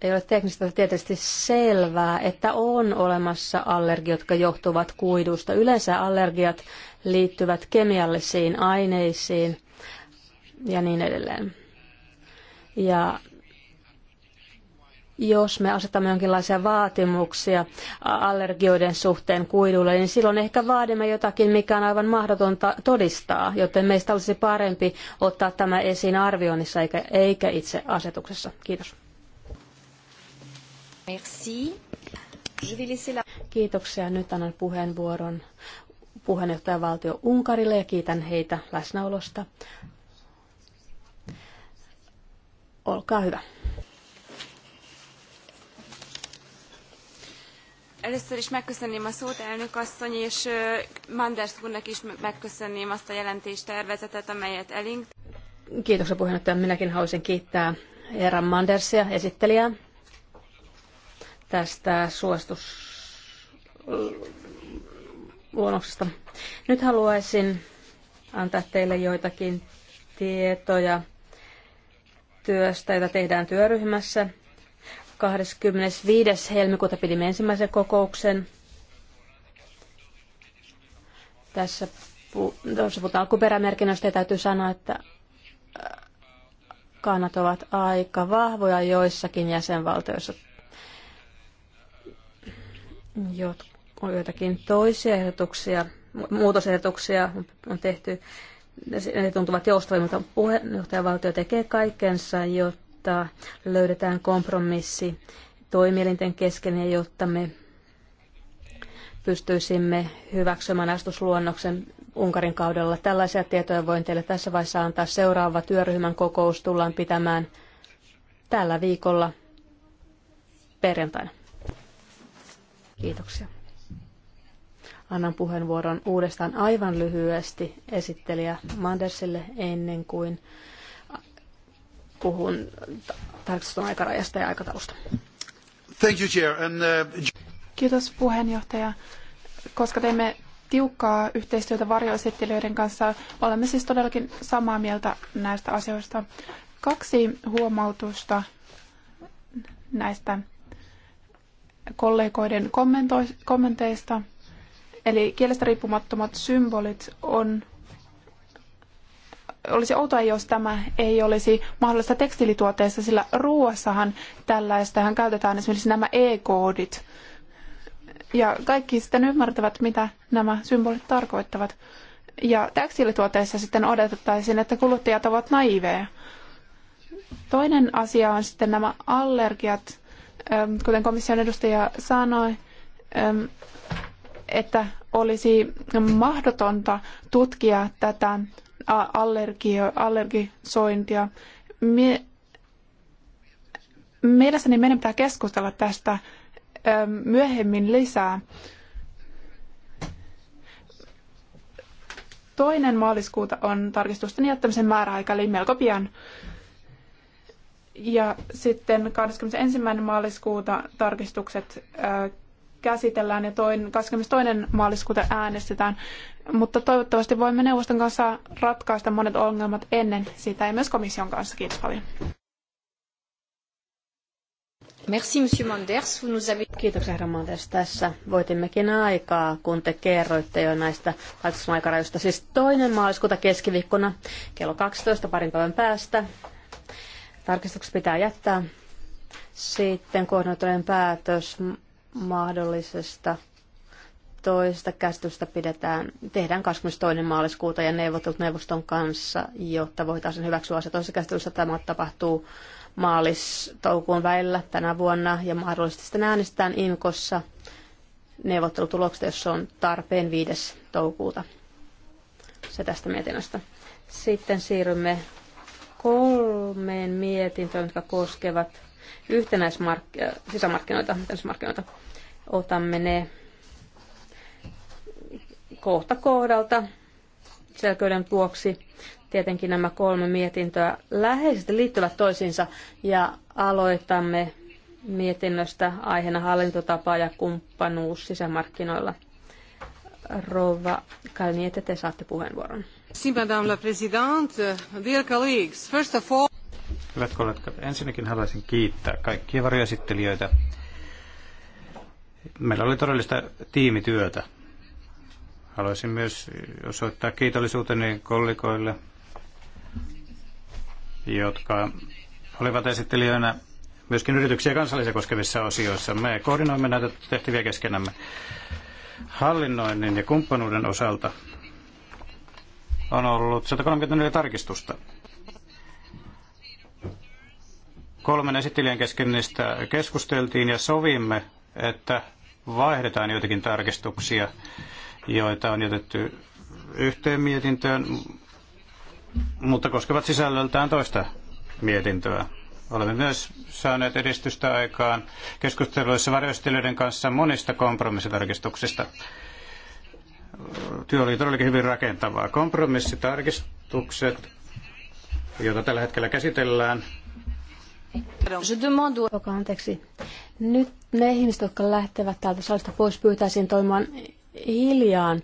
[SPEAKER 2] ei ole teknisesti tietysti selvää, että on olemassa allergiat, jotka johtuvat kuidusta. Yleensä allergiat liittyvät kemiallisiin aineisiin ja niin edelleen. Ja jos me asetamme jonkinlaisia vaatimuksia allergioiden suhteen kuidulle, niin silloin ehkä vaadimme jotakin, mikä on aivan mahdotonta todistaa, joten meistä olisi parempi ottaa tämä esiin arvioinnissa eikä, eikä itse asetuksessa. Kiitos. Merci. Kiitoksia. Nyt annan puheenvuoron puheenjohtajavaltio Unkarille ja kiitän heitä läsnäolosta. Olkaa hyvä. Először is megköszönném a szót, elnök asszony, és Manders úrnak is megköszönném azt a jelentéstervezetet, amelyet elénk. Kiitoksia puheenjohtaja. Minäkin haluaisin kiittää Herra Mandersia, esittelijää, tästä
[SPEAKER 6] suostusluonnoksesta.
[SPEAKER 2] Nyt haluaisin antaa teille joitakin tietoja työstä, jota tehdään työryhmässä 25. helmikuuta pidimme ensimmäisen kokouksen. Tässä puhutaan alkuperämerkinnöistä ja täytyy sanoa, että äh, kannat ovat aika vahvoja joissakin jäsenvaltioissa. Jot, on joitakin toisia ehdotuksia, muutosehdotuksia on tehty. Ne tuntuvat joustavimmalta. Puheenjohtajavaltio tekee kaikkensa, jotta jotta löydetään kompromissi toimielinten kesken ja jotta me pystyisimme hyväksymään astusluonnoksen Unkarin kaudella. Tällaisia tietoja voin teille tässä vaiheessa antaa. Seuraava työryhmän kokous tullaan pitämään tällä viikolla perjantaina. Kiitoksia. Annan puheenvuoron uudestaan aivan lyhyesti esittelijä Mandersille ennen kuin puhun tarkistetun aikarajasta ja aikataulusta.
[SPEAKER 4] Thank you, Chair. And, uh... Kiitos puheenjohtaja. Koska teimme tiukkaa yhteistyötä varjoesittelijöiden kanssa, olemme siis todellakin samaa mieltä näistä asioista. Kaksi huomautusta näistä kollegoiden kommenteista. Eli kielestä riippumattomat symbolit on olisi outoa, jos tämä ei olisi mahdollista tekstiilituotteissa, sillä ruoassahan tällaistahan käytetään esimerkiksi nämä e-koodit. Ja kaikki sitten ymmärtävät, mitä nämä symbolit tarkoittavat. Ja tekstiilituotteissa sitten odotettaisiin, että kuluttajat ovat naiveja. Toinen asia on sitten nämä allergiat. Kuten komission edustaja sanoi, että olisi mahdotonta tutkia tätä allergio, allergisointia. Mie, mielestäni meidän pitää keskustella tästä myöhemmin lisää. Toinen maaliskuuta on tarkistusten jättämisen määräaika, eli melko pian. Ja sitten 21. maaliskuuta tarkistukset käsitellään ja toin, 22. maaliskuuta äänestetään. Mutta toivottavasti voimme neuvoston kanssa ratkaista monet ongelmat ennen sitä ja myös komission kanssa. Kiitos paljon.
[SPEAKER 1] Merci,
[SPEAKER 2] Monsieur Manders. Vous nous avez... Kiitoksia, herra Manders. Tässä voitimmekin aikaa, kun te kerroitte jo näistä vaikutusmaikarajoista. Siis toinen maaliskuuta keskiviikkona kello 12 parin päivän päästä. Tarkistukset pitää jättää. Sitten koordinaattorien päätös mahdollisesta toista käsitystä pidetään, tehdään 22. maaliskuuta ja neuvottelut neuvoston kanssa, jotta voitaisiin hyväksyä asia. Toisessa käsittelyssä tämä tapahtuu maalis-toukuun välillä tänä vuonna ja mahdollisesti sitten äänestetään IMKossa neuvottelutulokset, jos on tarpeen 5. toukuuta. Se tästä mietinnöstä. Sitten siirrymme kolmeen mietintöön, jotka koskevat yhtenäismark- äh, sisämarkkinoita, yhtenäismarkkinoita. Otamme ne kohta kohdalta selkeyden vuoksi. Tietenkin nämä kolme mietintöä läheisesti liittyvät toisiinsa ja aloitamme mietinnöstä aiheena hallintotapa ja kumppanuus sisämarkkinoilla. Rova Kalniete, te saatte puheenvuoron.
[SPEAKER 1] Madame la Présidente, dear colleagues, first of all...
[SPEAKER 3] Hyvät kollegat, ensinnäkin haluaisin kiittää kaikkia varjoesittelijöitä. Meillä oli todellista tiimityötä. Haluaisin myös osoittaa kiitollisuuteni kollegoille, jotka olivat esittelijöinä myöskin yrityksiä kansallisia koskevissa osioissa. Me koordinoimme näitä tehtäviä keskenämme hallinnoinnin ja kumppanuuden osalta on ollut 134 tarkistusta kolmen esittelijän kesken niistä keskusteltiin ja sovimme, että vaihdetaan joitakin tarkistuksia, joita on jätetty yhteen mietintöön, mutta koskevat sisällöltään toista mietintöä. Olemme myös saaneet edistystä aikaan keskusteluissa varjostelijoiden kanssa monista kompromissitarkistuksista. Työ oli todellakin hyvin rakentavaa. Kompromissitarkistukset, joita tällä hetkellä käsitellään,
[SPEAKER 1] joka, anteeksi.
[SPEAKER 2] Nyt ne ihmiset, jotka lähtevät täältä salista pois, pyytäisin toimimaan hiljaan,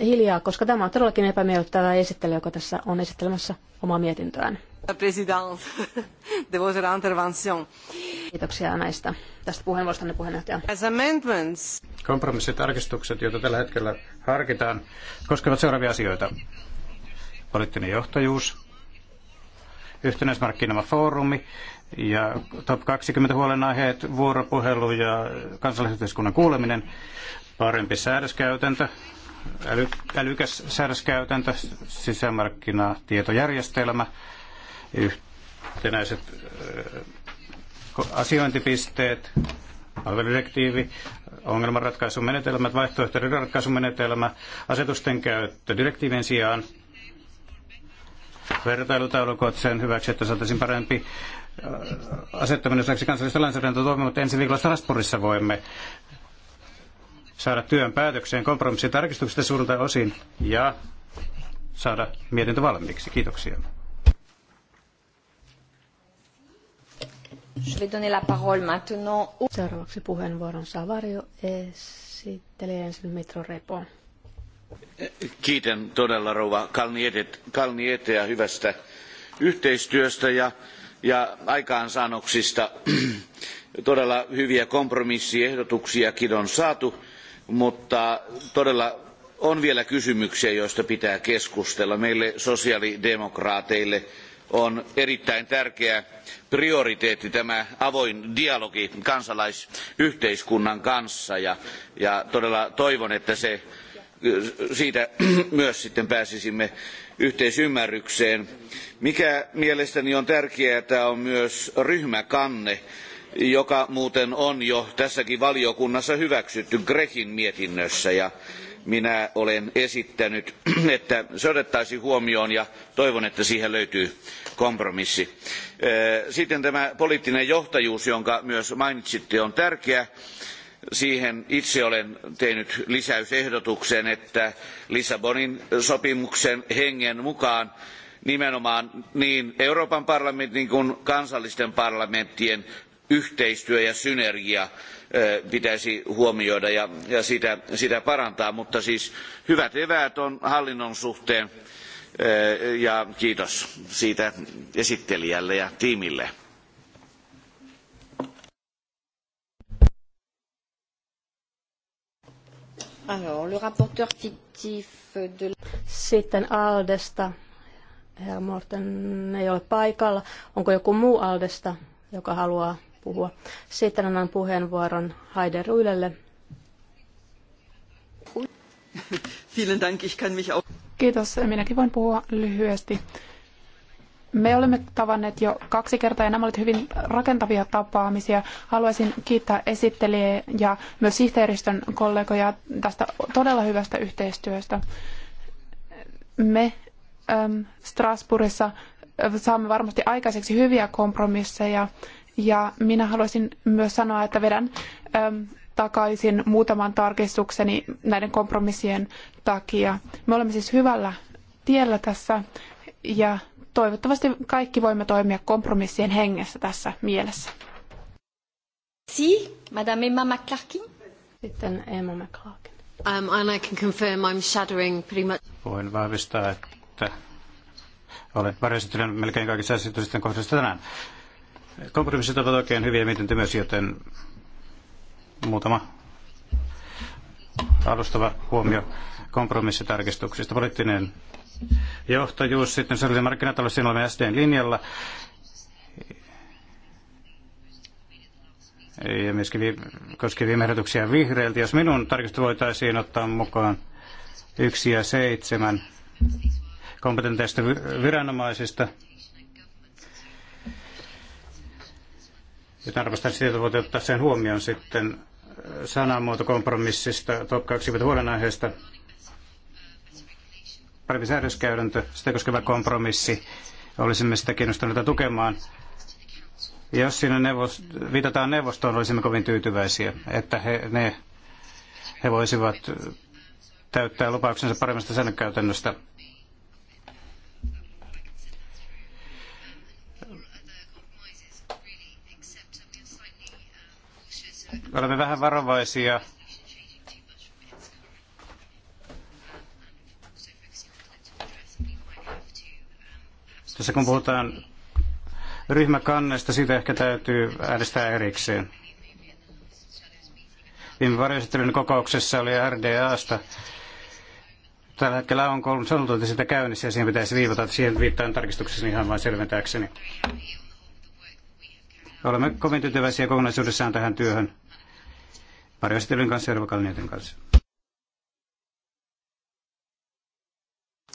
[SPEAKER 2] hiljaa, koska tämä on todellakin epämiellyttävä esittely, joka tässä on esittelemässä omaa mietintöään. Kiitoksia näistä tästä puheenvuorostanne puheenjohtaja.
[SPEAKER 3] Kompromissitarkistukset, joita tällä hetkellä harkitaan, koskevat seuraavia asioita. Poliittinen johtajuus, foorumi, ja top 20 huolenaiheet, vuoropuhelu ja kansallisyhteiskunnan kuuleminen, parempi säädöskäytäntö, äly, älykäs säädöskäytäntö, sisämarkkinatietojärjestelmä, yhtenäiset asiointipisteet, palveludirektiivi, ongelmanratkaisumenetelmät, vaihtoehtoinen ratkaisumenetelmä, asetusten käyttö direktiivien sijaan, vertailutaulukot sen hyväksi, että saataisiin parempi asettaminen osaksi kansallista lainsäädäntöä toivomme, mutta ensi viikolla Strasbourgissa voimme saada työn päätökseen tarkistuksesta suurelta osin ja saada mietintö valmiiksi. Kiitoksia.
[SPEAKER 1] Je vais donner la parole maintenant.
[SPEAKER 2] Seuraavaksi puheenvuoron saa Varjo esittelee ensin Metro Repo.
[SPEAKER 5] Kiitän todella rouva Kalnietea hyvästä yhteistyöstä ja ja aikaansaannoksista. Todella hyviä kompromissiehdotuksiakin on saatu, mutta todella on vielä kysymyksiä, joista pitää keskustella. Meille sosiaalidemokraateille on erittäin tärkeä prioriteetti tämä avoin dialogi kansalaisyhteiskunnan kanssa ja, ja todella toivon, että se, siitä myös sitten pääsisimme yhteisymmärrykseen. Mikä mielestäni on tärkeää on myös ryhmäkanne, joka muuten on jo tässäkin valiokunnassa hyväksytty grecin mietinnössä ja minä olen esittänyt, että se otettaisiin huomioon ja toivon, että siihen löytyy kompromissi. Sitten tämä poliittinen johtajuus, jonka myös mainitsitte, on tärkeä Siihen itse olen tehnyt lisäysehdotuksen, että Lissabonin sopimuksen hengen mukaan nimenomaan niin Euroopan parlamentin kuin kansallisten parlamenttien yhteistyö ja synergia pitäisi huomioida ja, ja sitä, sitä, parantaa. Mutta siis hyvät eväät on hallinnon suhteen ja kiitos siitä esittelijälle ja tiimille.
[SPEAKER 2] Sitten Aldesta. Herra Morten ei ole paikalla. Onko joku muu Aldesta, joka haluaa puhua? Sitten annan puheenvuoron Haide Ruilelle. Kiitos. Minäkin voin puhua lyhyesti. Me
[SPEAKER 4] olemme tavanneet jo kaksi kertaa ja nämä olivat hyvin rakentavia tapaamisia. Haluaisin kiittää esittelijä ja myös sihteeristön kollegoja tästä todella hyvästä yhteistyöstä. Me äm, Strasbourgissa äh, saamme varmasti aikaiseksi hyviä kompromisseja ja minä haluaisin myös sanoa, että vedän äm, takaisin muutaman tarkistukseni näiden kompromissien takia. Me olemme siis hyvällä tiellä tässä ja toivottavasti kaikki voimme toimia kompromissien hengessä tässä mielessä.
[SPEAKER 1] Si, Madame Emma McClarkin. Sitten Emma McClarkin. Um, and I can confirm I'm shadowing pretty much.
[SPEAKER 3] Voin vahvistaa, että olen varjoesittelijän melkein kaikissa esitysten kohdassa tänään. Kompromissit ovat oikein hyviä mietintö myös, joten muutama alustava huomio kompromissitarkistuksista. Poliittinen johtajuus sitten sosiaalisen markkinatalous, siinä olemme SDn linjalla. Ja myöskin vi- koskien viime ehdotuksia vihreiltä. Jos minun tarkistus voitaisiin ottaa mukaan yksi ja seitsemän kompetenteista viranomaisista, Ja arvostan sitä, että voit ottaa sen huomioon sitten sanamuotokompromissista top 20 huolenaiheesta. aiheesta parempi säädöskäytäntö, sitä koskeva kompromissi. Olisimme sitä kiinnostuneita tukemaan. Jos siinä neuvost- viitataan neuvostoon, olisimme kovin tyytyväisiä, että he, ne, he voisivat täyttää lupauksensa paremmasta säännökäytännöstä. olemme vähän varovaisia Tässä kun puhutaan ryhmäkannesta, siitä ehkä täytyy äänestää erikseen. Viime varjoesittelyn kokouksessa oli RDAsta. Tällä hetkellä on konsultointi sitä käynnissä ja siihen pitäisi viivata. Siihen viittaan tarkistuksessa ihan vain selventääkseni. Olemme kovin tyytyväisiä kokonaisuudessaan tähän työhön. Varjoesittelyn kanssa ja kanssa.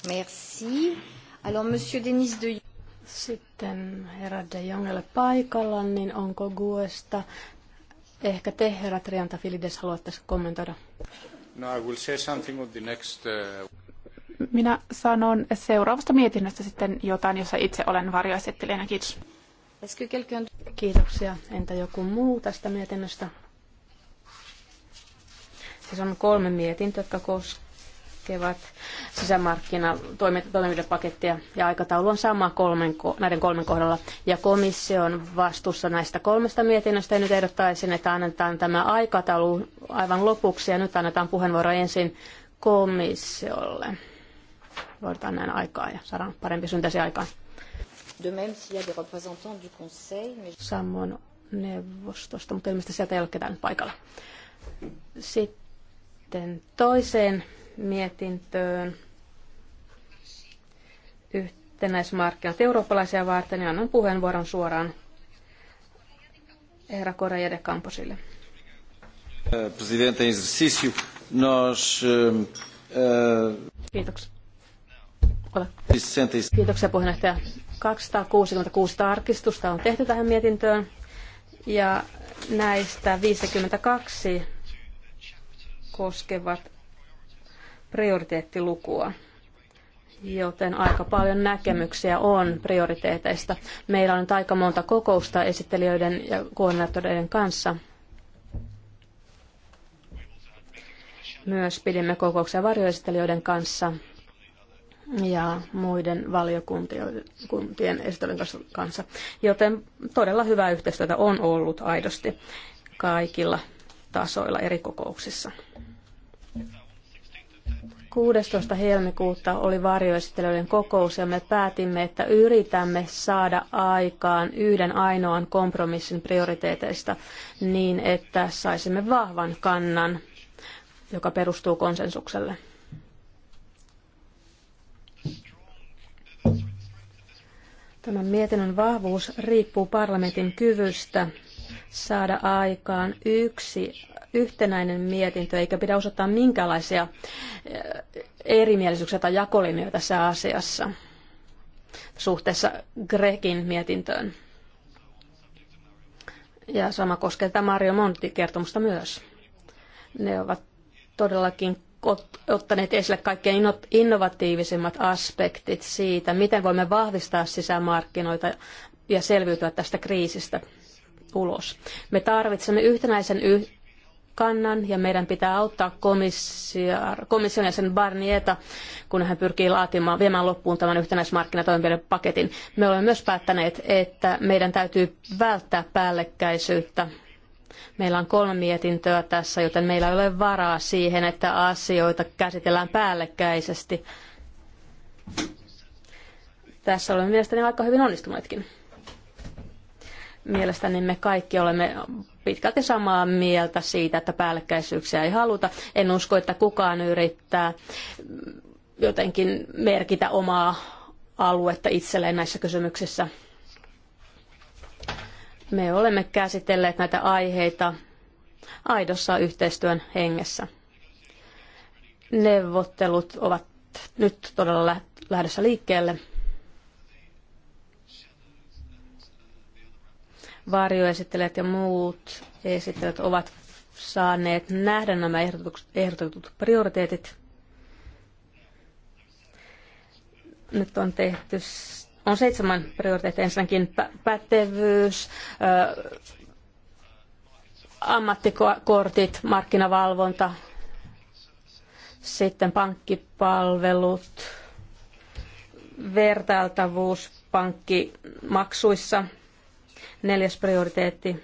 [SPEAKER 1] Merci. Alors, Monsieur Denis de... Sitten herra de Jong ei ole paikalla, niin onko Guesta? Ehkä
[SPEAKER 2] te, herra Triantafilides, haluatte kommentoida.
[SPEAKER 3] No, I will say something on the next, uh...
[SPEAKER 4] Minä sanon seuraavasta mietinnöstä sitten jotain, jossa itse olen
[SPEAKER 2] varjoesittelijänä. Kiitos. Kiitoksia. Entä joku muu tästä mietinnöstä? Siis on kolme mietintöä, jotka koskevat koskevat sisämarkkinatoimenpidepakettia ja aikataulu on sama kolmen, näiden kolmen kohdalla. Ja komissio on vastuussa näistä kolmesta mietinnöstä ja nyt ehdottaisin, että annetaan tämä aikataulu aivan lopuksi ja nyt annetaan puheenvuoro ensin komissiolle. Voidaan näin aikaa ja saadaan parempi syntäsi aikaan. Samoin neuvostosta, mutta ilmeisesti sieltä ei ole ketään paikalla. Sitten toiseen mietintöön yhtenäismarkkinat eurooppalaisia varten ja niin annan puheenvuoron suoraan herra Correia de Camposille.
[SPEAKER 5] Eh, eh, eh, Kiitoksia. E
[SPEAKER 2] Kiitoksia puheenjohtaja. 266 tarkistusta on tehty tähän mietintöön ja näistä 52 koskevat prioriteettilukua joten aika paljon näkemyksiä on prioriteeteista. Meillä on nyt aika monta kokousta esittelijöiden ja koordinaattoreiden kanssa. Myös pidimme kokouksia varjoesittelijöiden kanssa ja muiden valiokuntien esittelijöiden kanssa. Joten todella hyvää yhteistyötä on ollut aidosti kaikilla tasoilla eri kokouksissa. 16. helmikuuta oli varjoesittelyiden kokous ja me päätimme, että yritämme saada aikaan yhden ainoan kompromissin prioriteeteista niin, että saisimme vahvan kannan, joka perustuu konsensukselle. Tämän mietinnön vahvuus riippuu parlamentin kyvystä saada aikaan yksi yhtenäinen mietintö, eikä pidä osoittaa minkälaisia eh, erimielisyyksiä tai jakolinjoja tässä asiassa suhteessa Grekin mietintöön. Ja sama koskee tätä Mario Monti-kertomusta myös. Ne ovat todellakin ottaneet esille kaikkein innovatiivisimmat aspektit siitä, miten voimme vahvistaa sisämarkkinoita ja selviytyä tästä kriisistä ulos. Me tarvitsemme yhtenäisen kannan ja meidän pitää auttaa komission jäsen Barnieta, kun hän pyrkii laatimaan, viemään loppuun tämän yhtenäismarkkinatoimenpidepaketin. Me olemme myös päättäneet, että meidän täytyy välttää päällekkäisyyttä. Meillä on kolme mietintöä tässä, joten meillä ei ole varaa siihen, että asioita käsitellään päällekkäisesti. Tässä olemme mielestäni aika hyvin onnistuneetkin. Mielestäni me kaikki olemme pitkälti samaa mieltä siitä, että päällekkäisyyksiä ei haluta. En usko, että kukaan yrittää jotenkin merkitä omaa aluetta itselleen näissä kysymyksissä. Me olemme käsitelleet näitä aiheita aidossa yhteistyön hengessä. Neuvottelut ovat nyt todella lähdössä liikkeelle. varjoesittelijät ja muut esittelijät ovat saaneet nähdä nämä ehdotetut prioriteetit. Nyt on tehty on seitsemän prioriteettia. Ensinnäkin pätevyys, ammattikortit, markkinavalvonta, sitten pankkipalvelut, vertailtavuus pankkimaksuissa – Neljäs prioriteetti,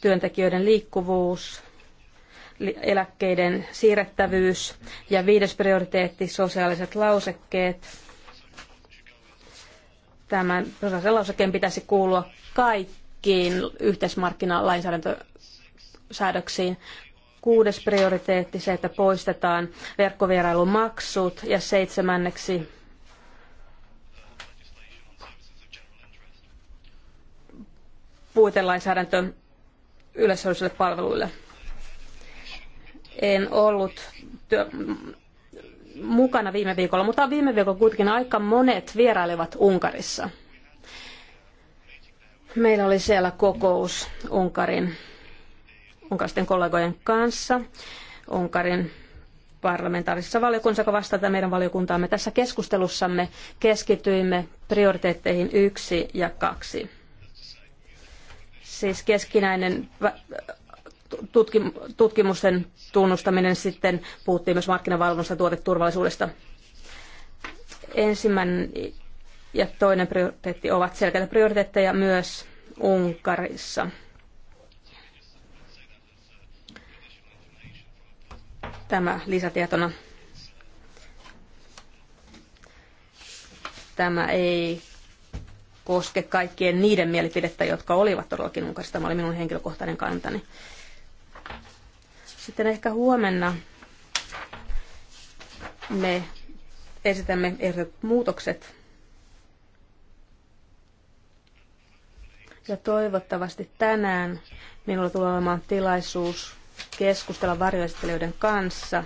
[SPEAKER 2] työntekijöiden liikkuvuus, eläkkeiden siirrettävyys ja viides prioriteetti, sosiaaliset lausekkeet. Tämän sosiaalisen lausekkeen pitäisi kuulua kaikkiin yhteismarkkinalainsäädäntösäädöksiin. Kuudes prioriteetti se, että poistetaan verkkovierailumaksut ja seitsemänneksi puitelainsäädäntö yleisöllisille palveluille. En ollut työ, mukana viime viikolla, mutta viime viikolla kuitenkin aika monet vierailivat Unkarissa. Meillä oli siellä kokous Unkarin, unkaristen kollegojen kanssa, Unkarin parlamentaarisessa valiokunnassa, joka vastaa tätä meidän valiokuntaamme. Tässä keskustelussamme keskityimme prioriteetteihin yksi ja kaksi. Siis keskinäinen tutkimusten tunnustaminen sitten puhuttiin myös markkinavalvonnasta ja tuoteturvallisuudesta. Ensimmäinen ja toinen prioriteetti ovat selkeitä prioriteetteja myös Unkarissa. Tämä lisätietona. Tämä ei koske kaikkien niiden mielipidettä, jotka olivat todellakin Unkarissa. Tämä oli minun henkilökohtainen kantani. Sitten ehkä huomenna me esitämme ehdotetut muutokset. Ja toivottavasti tänään minulla tulee olemaan tilaisuus keskustella varjoesittelijöiden kanssa.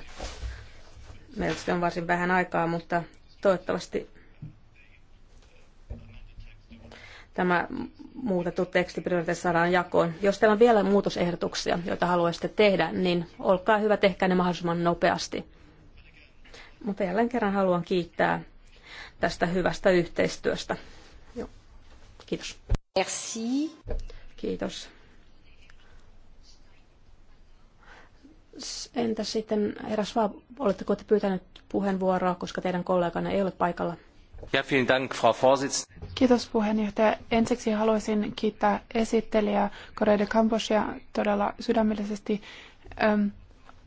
[SPEAKER 2] Meillä on varsin vähän aikaa, mutta toivottavasti tämä muutettu teksti saadaan jakoon. Jos teillä on vielä muutosehdotuksia, joita haluaisitte tehdä, niin olkaa hyvä, tehkää ne mahdollisimman nopeasti. Mutta jälleen kerran haluan kiittää tästä hyvästä yhteistyöstä. Joo. Kiitos. Merci. Kiitos. Entä sitten, eräs vaan, oletteko te pyytänyt puheenvuoroa, koska teidän kolleganne ei ole paikalla?
[SPEAKER 5] Ja, vielen Dank, Frau
[SPEAKER 2] Kiitos
[SPEAKER 4] puheenjohtaja. Ensiksi haluaisin kiittää esittelijä Korea de todella sydämellisesti. Öm,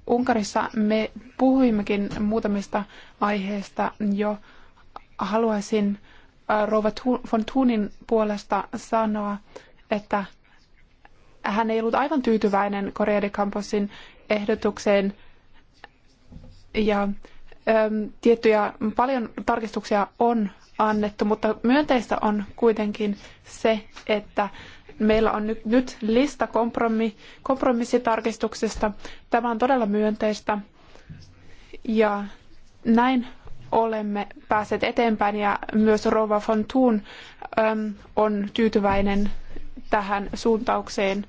[SPEAKER 4] Unkarissa me puhuimmekin muutamista aiheista jo. Haluaisin rouva von Thunin puolesta sanoa, että hän ei ollut aivan tyytyväinen Korea de Camposin ehdotukseen ja tiettyjä, paljon tarkistuksia on annettu, mutta myönteistä on kuitenkin se, että meillä on nyt, nyt lista kompromi, kompromissitarkistuksista. Tämä on todella myönteistä ja näin olemme päässeet eteenpäin ja myös Rova von Thun on tyytyväinen tähän suuntaukseen.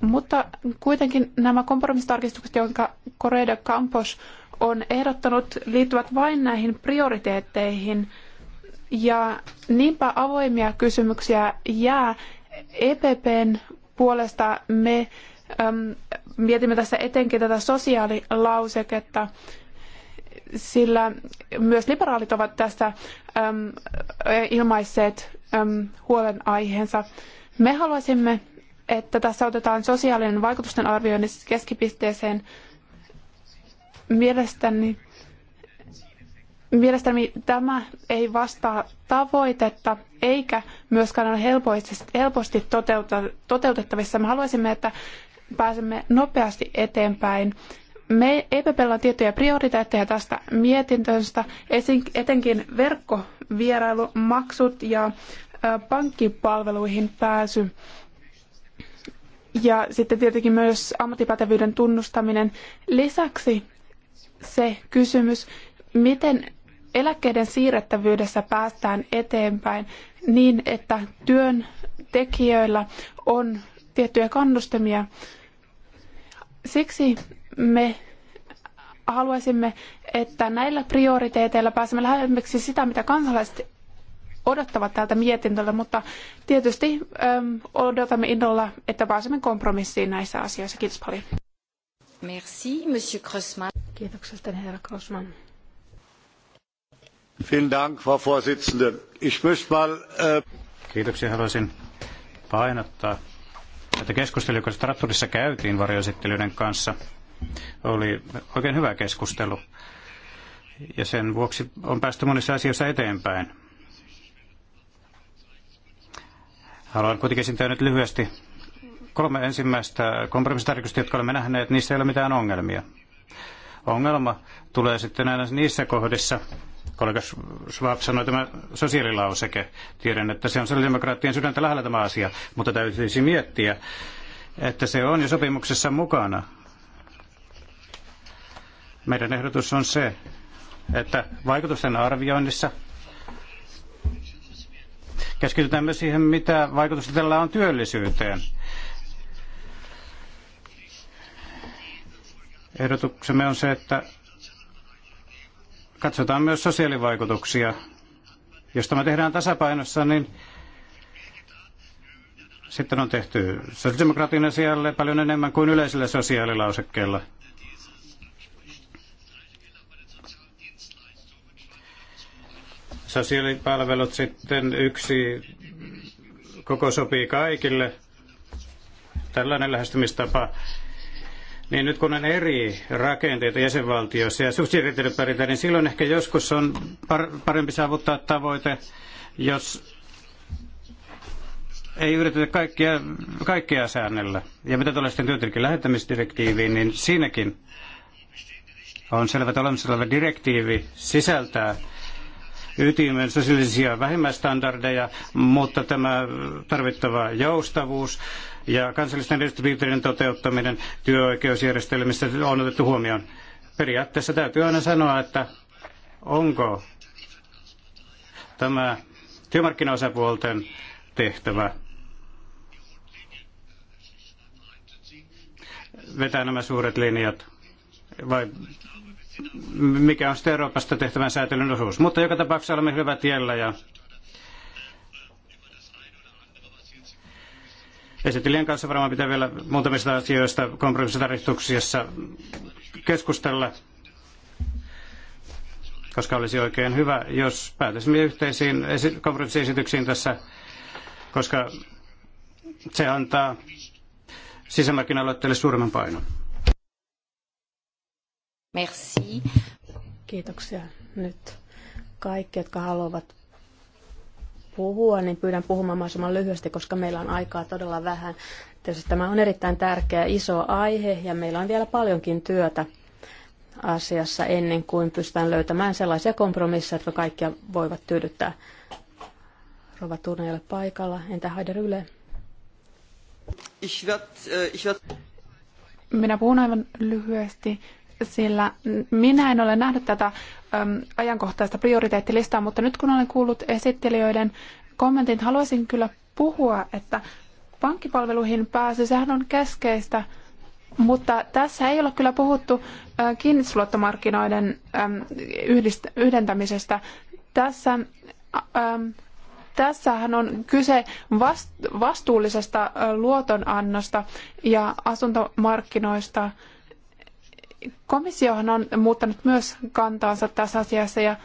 [SPEAKER 4] Mutta kuitenkin nämä kompromissitarkistukset, jonka Koreda Campos on ehdottanut, liittyvät vain näihin prioriteetteihin. Ja niinpä avoimia kysymyksiä jää. EPPn puolesta me äm, mietimme tässä etenkin tätä sosiaalilauseketta, sillä myös liberaalit ovat tässä äm, ilmaisseet äm, huolenaiheensa. Me haluaisimme, että tässä otetaan sosiaalinen vaikutusten arvioinnissa keskipisteeseen Mielestäni, mielestäni tämä ei vastaa tavoitetta eikä myöskään ole helposti, helposti toteutettavissa. Me haluaisimme, että pääsemme nopeasti eteenpäin. Me EPPllä on tiettyjä prioriteetteja tästä mietintöstä, etenkin verkkovierailumaksut ja pankkipalveluihin pääsy. Ja sitten tietenkin myös ammattipätevyyden tunnustaminen. Lisäksi se kysymys, miten eläkkeiden siirrettävyydessä päästään eteenpäin niin, että työntekijöillä on tiettyjä kannustimia. Siksi me haluaisimme, että näillä prioriteeteilla pääsemme lähemmäksi sitä, mitä kansalaiset odottavat tältä mietintöltä, mutta tietysti odotamme innolla, että pääsemme kompromissiin näissä asioissa.
[SPEAKER 1] Kiitos paljon. Merci, Monsieur Grossman. Kiitoksia, herra Grossman.
[SPEAKER 5] Vielen Dank, Frau Vorsitzende. Ich möchte mal, äh, Kiitoksia,
[SPEAKER 3] haluaisin painottaa, että keskustelu, joka Stratturissa käytiin varjoesittelyiden kanssa, oli oikein hyvä keskustelu. Ja sen vuoksi on päästy monissa asioissa eteenpäin. Haluan kuitenkin esittää nyt lyhyesti kolme ensimmäistä kompromissitarkistusta, jotka olemme nähneet, niissä ei ole mitään ongelmia. Ongelma tulee sitten aina niissä kohdissa, kollega Schwab sanoi tämä sosiaalilauseke. Tiedän, että se on sosiaalidemokraattien sydäntä lähellä tämä asia, mutta täytyisi miettiä, että se on jo sopimuksessa mukana. Meidän ehdotus on se, että vaikutusten arvioinnissa keskitytään myös siihen, mitä vaikutusta tällä on työllisyyteen Ehdotuksemme on se, että katsotaan myös sosiaalivaikutuksia. Jos tämä tehdään tasapainossa, niin sitten on tehty sosiaalidemokraatin asialle paljon enemmän kuin yleisellä sosiaalilausekkeella. Sosiaalipalvelut sitten yksi koko sopii kaikille. Tällainen lähestymistapa niin nyt kun on eri rakenteita jäsenvaltioissa ja subsidiariteetit pärjätään, niin silloin ehkä joskus on parempi saavuttaa tavoite, jos ei yritetä kaikkia, kaikkea säännellä. Ja mitä tulee sitten työntekijän lähettämisdirektiiviin, niin siinäkin on selvä, että olemassa oleva direktiivi sisältää ytimen sosiaalisia vähimmäistandardeja, mutta tämä tarvittava joustavuus ja kansallisten erityispiirteiden toteuttaminen työoikeusjärjestelmissä on otettu huomioon. Periaatteessa täytyy aina sanoa, että onko tämä työmarkkinaosapuolten tehtävä vetää nämä suuret linjat vai mikä on sitten Euroopasta tehtävän säätelyn osuus. Mutta joka tapauksessa olemme hyvä tiellä ja Esittelijän kanssa varmaan pitää vielä muutamista asioista kompromissitarkistuksissa keskustella, koska olisi oikein hyvä, jos päätyisimme yhteisiin kompromissiesityksiin tässä, koska se antaa sisämarkkina-aloitteelle suuremman
[SPEAKER 5] painon.
[SPEAKER 2] Merci. Kiitoksia nyt kaikki, jotka haluavat puhua, niin pyydän puhumaan mahdollisimman lyhyesti, koska meillä on aikaa todella vähän. Tietysti tämä on erittäin tärkeä iso aihe ja meillä on vielä paljonkin työtä asiassa ennen kuin pystytään löytämään sellaisia kompromisseja, jotka kaikkia voivat tyydyttää. Rova Turneille paikalla. Entä Haider Yle?
[SPEAKER 5] Äh,
[SPEAKER 4] Minä puhun aivan lyhyesti sillä minä en ole nähnyt tätä ajankohtaista prioriteettilistaa, mutta nyt kun olen kuullut esittelijöiden kommentin, haluaisin kyllä puhua, että pankkipalveluihin pääsy, sehän on keskeistä, mutta tässä ei ole kyllä puhuttu kiinnitysluottomarkkinoiden yhdentämisestä. Tässä tässähän on kyse vastuullisesta luotonannosta ja asuntomarkkinoista komissiohan on muuttanut myös kantaansa tässä asiassa ja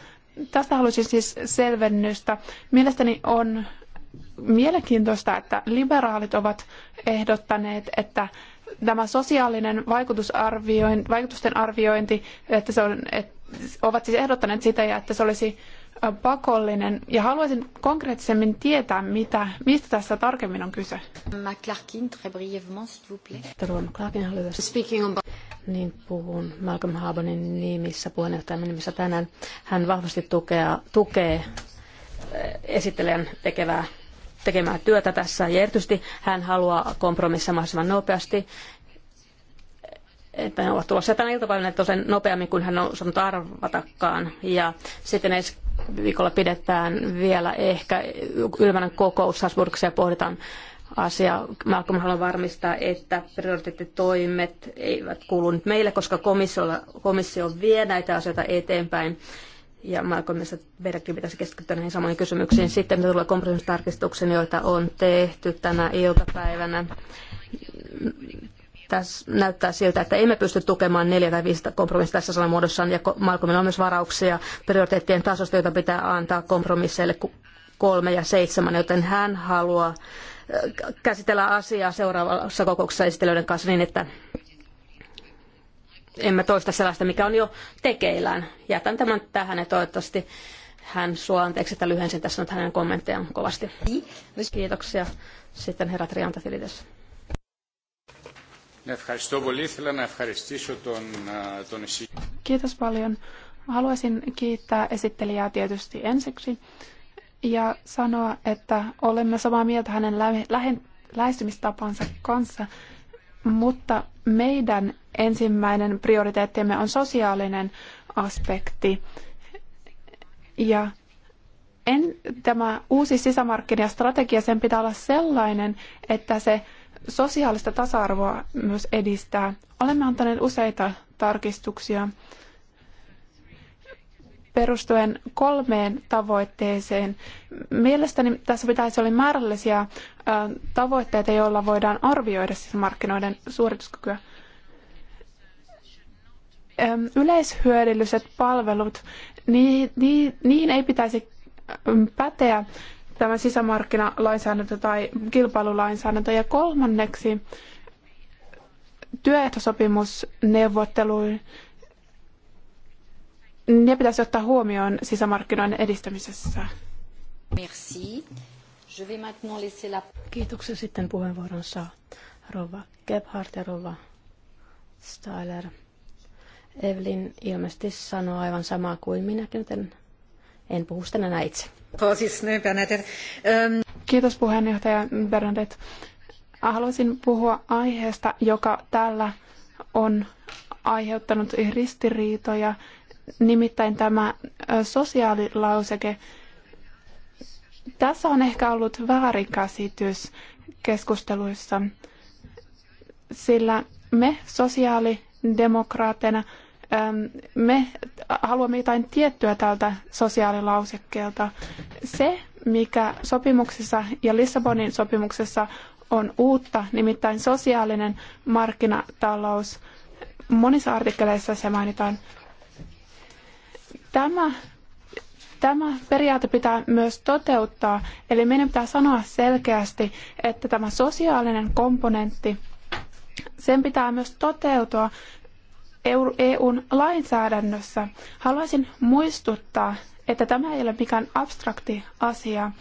[SPEAKER 4] tästä haluaisin siis selvennystä. Mielestäni on mielenkiintoista, että liberaalit ovat ehdottaneet, että tämä sosiaalinen vaikutusarvioin, vaikutusten arviointi, että se on, että ovat siis ehdottaneet sitä ja että se olisi pakollinen. Ja haluaisin konkreettisemmin tietää, mitä,
[SPEAKER 1] mistä tässä tarkemmin on kyse. McClarkin, très brièvement, s'il vous
[SPEAKER 2] plaît. Speaking on niin puhun Malcolm Harbonin nimissä, puheenjohtajan nimissä tänään. Hän vahvasti tukea, tukee eh, esittelijän tekevää, tekemää työtä tässä ja erityisesti hän haluaa kompromissa mahdollisimman nopeasti eh, että ne ovat tulossa tänä iltapäivänä tosen nopeammin kuin hän on saanut arvatakaan. Ja sitten ensi viikolla pidetään vielä ehkä ylmänä kokous Salzburgissa ja pohditaan asia. Malcolm haluan varmistaa, että prioriteettitoimet eivät kuulu nyt meille, koska komissio, komissio vie näitä asioita eteenpäin. Ja Malcolmissa meidänkin pitäisi keskittyä näihin samoihin kysymyksiin. Sitten mitä tulee kompromissitarkistuksiin, joita on tehty tänä iltapäivänä. Tässä näyttää siltä, että emme pysty tukemaan neljä tai viisi kompromissia tässä sanamuodossaan. Ja Malcolmilla on myös varauksia prioriteettien tasosta, joita pitää antaa kompromisseille kolme ja seitsemän, joten hän haluaa käsitellä asiaa seuraavassa kokouksessa esittelyiden kanssa niin, että emme toista sellaista, mikä on jo tekeillään. Jätän tämän tähän ja toivottavasti hän suo anteeksi, että lyhensin tässä nyt hänen kommenttejaan kovasti. Kiitoksia. Sitten herra Triantafilides. Kiitos paljon. Haluaisin
[SPEAKER 4] kiittää esittelijää tietysti ensiksi ja sanoa, että olemme samaa mieltä hänen lähestymistapansa kanssa, mutta meidän ensimmäinen prioriteettimme on sosiaalinen aspekti. Ja en, tämä uusi sisämarkkinastrategia, sen pitää olla sellainen, että se sosiaalista tasa-arvoa myös edistää. Olemme antaneet useita tarkistuksia perustuen kolmeen tavoitteeseen. Mielestäni tässä pitäisi olla määrällisiä tavoitteita, joilla voidaan arvioida siis markkinoiden suorituskykyä. Yleishyödylliset palvelut, niihin ei pitäisi päteä tämä sisämarkkinalainsäädäntö tai kilpailulainsäädäntö. Ja kolmanneksi työehtosopimusneuvotteluihin ne pitäisi ottaa huomioon sisämarkkinoiden edistämisessä.
[SPEAKER 1] Merci. Je vais maintenant laisser la...
[SPEAKER 2] Kiitoksia sitten puheenvuoron saa Rova Gebhardt ja Rova Stahler. Evelyn ilmeisesti sanoo aivan samaa kuin minäkin, joten en puhu sitä enää itse. Kiitos
[SPEAKER 4] puheenjohtaja Bernadette. Haluaisin puhua aiheesta, joka täällä on aiheuttanut ristiriitoja nimittäin tämä sosiaalilauseke. Tässä on ehkä ollut väärinkäsitys keskusteluissa, sillä me sosiaalidemokraateina, me haluamme jotain tiettyä tältä sosiaalilausekkeelta. Se, mikä sopimuksessa ja Lissabonin sopimuksessa on uutta, nimittäin sosiaalinen markkinatalous. Monissa artikkeleissa se mainitaan Tämä, tämä periaate pitää myös toteuttaa, eli meidän pitää sanoa selkeästi, että tämä sosiaalinen komponentti, sen pitää myös toteutua EUn lainsäädännössä. Haluaisin muistuttaa, että tämä ei ole mikään abstrakti asia.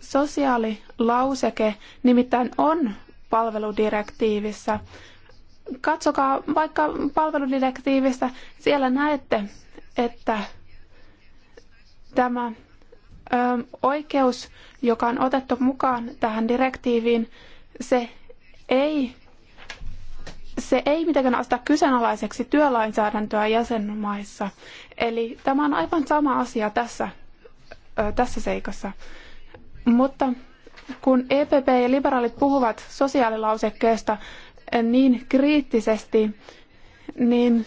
[SPEAKER 4] Sosiaalilauseke nimittäin on palveludirektiivissä. Katsokaa vaikka palveludirektiivistä, siellä näette, että Tämä oikeus, joka on otettu mukaan tähän direktiiviin, se ei, se ei mitenkään asta kyseenalaiseksi työlainsäädäntöä jäsenmaissa. Eli tämä on aivan sama asia tässä, tässä seikassa. Mutta kun EPP ja liberaalit puhuvat sosiaalilausekkeesta niin kriittisesti, niin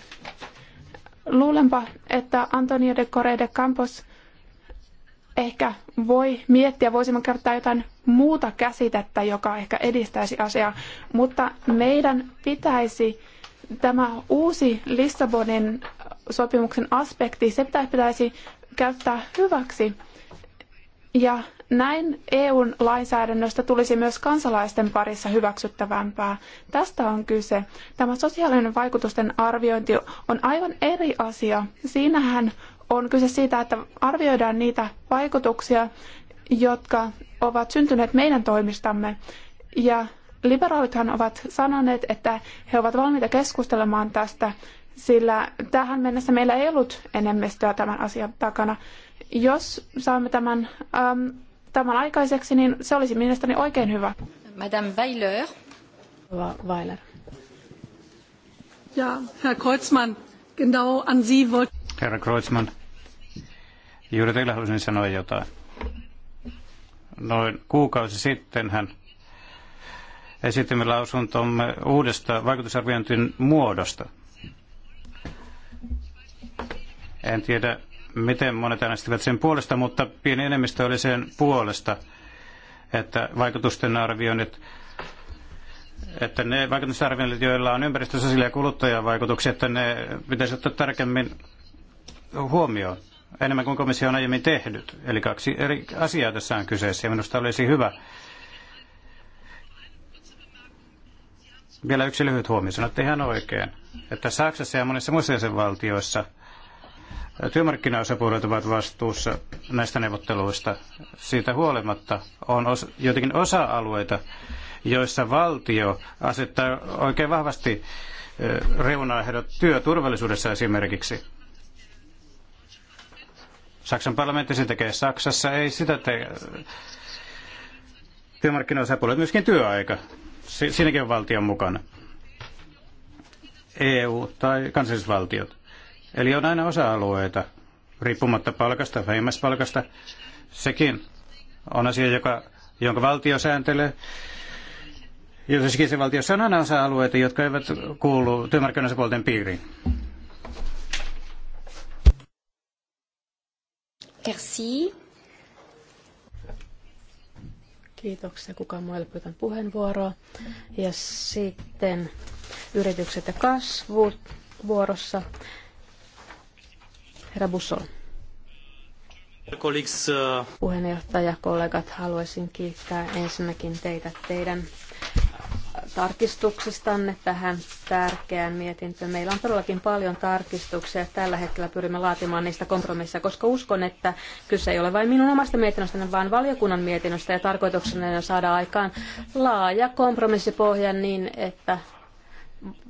[SPEAKER 4] luulenpa, että Antonio de Correa Campos – ehkä voi miettiä, voisimme käyttää jotain muuta käsitettä, joka ehkä edistäisi asiaa, mutta meidän pitäisi tämä uusi Lissabonin sopimuksen aspekti, se pitäisi käyttää hyväksi. Ja näin EUn lainsäädännöstä tulisi myös kansalaisten parissa hyväksyttävämpää. Tästä on kyse. Tämä sosiaalinen vaikutusten arviointi on aivan eri asia. Siinähän on kyse siitä, että arvioidaan niitä vaikutuksia, jotka ovat syntyneet meidän toimistamme. Ja liberaalithan ovat sanoneet, että he ovat valmiita keskustelemaan tästä, sillä tähän mennessä meillä ei ollut enemmistöä tämän asian takana. Jos saamme tämän, ähm, tämän aikaiseksi, niin se olisi mielestäni oikein hyvä.
[SPEAKER 1] Madame Weiler.
[SPEAKER 4] Weiler. Ja, Herr Kreuzmann, genau an Sie wollte...
[SPEAKER 3] Herra Kreuzmann, Juuri teillä halusin sanoa jotain. Noin kuukausi sitten hän esitimme lausuntomme uudesta vaikutusarviointin muodosta. En tiedä, miten monet äänestivät sen puolesta, mutta pieni enemmistö oli sen puolesta, että vaikutusten arvioinnit että ne vaikutusarvioinnit, joilla on ympäristö, sosiaali- ja kuluttajavaikutuksia, että ne pitäisi ottaa tarkemmin huomioon enemmän kuin komissio on aiemmin tehnyt. Eli kaksi eri asiaa tässä on kyseessä ja minusta olisi hyvä. Vielä yksi lyhyt huomio. Sanoitte ihan oikein, että Saksassa ja monissa muissa jäsenvaltioissa työmarkkinaosapuolet ovat vastuussa näistä neuvotteluista. Siitä huolimatta on os, jotenkin osa-alueita, joissa valtio asettaa oikein vahvasti reunaehdot työturvallisuudessa esimerkiksi. Saksan parlamentti sen tekee Saksassa, ei sitä tee työmarkkinaosapuolet, myöskin työaika. Siinäkin on valtion mukana. EU tai kansallisvaltiot. Eli on aina osa-alueita, riippumatta palkasta, vähimmäispalkasta. Sekin on asia, joka, jonka valtio sääntelee. Jossakin se valtiossa on aina osa-alueita, jotka eivät kuulu työmarkkinaosapuolten piiriin.
[SPEAKER 1] Kiitoksia.
[SPEAKER 2] Kukaan muu ei pyytänyt puheenvuoroa. Ja sitten yritykset ja kasvu vuorossa. Herra Busso.
[SPEAKER 3] Colleagues, äh,
[SPEAKER 2] Puheenjohtaja, kollegat, haluaisin kiittää ensinnäkin teitä teidän tarkistuksistanne tähän tärkeään mietintöön. Meillä on todellakin paljon tarkistuksia. Tällä hetkellä pyrimme laatimaan niistä kompromisseja, koska uskon, että kyse ei ole vain minun omasta mietinnöstäni, vaan valiokunnan mietinnöstä. Ja tarkoituksena on saada aikaan laaja kompromissipohja niin, että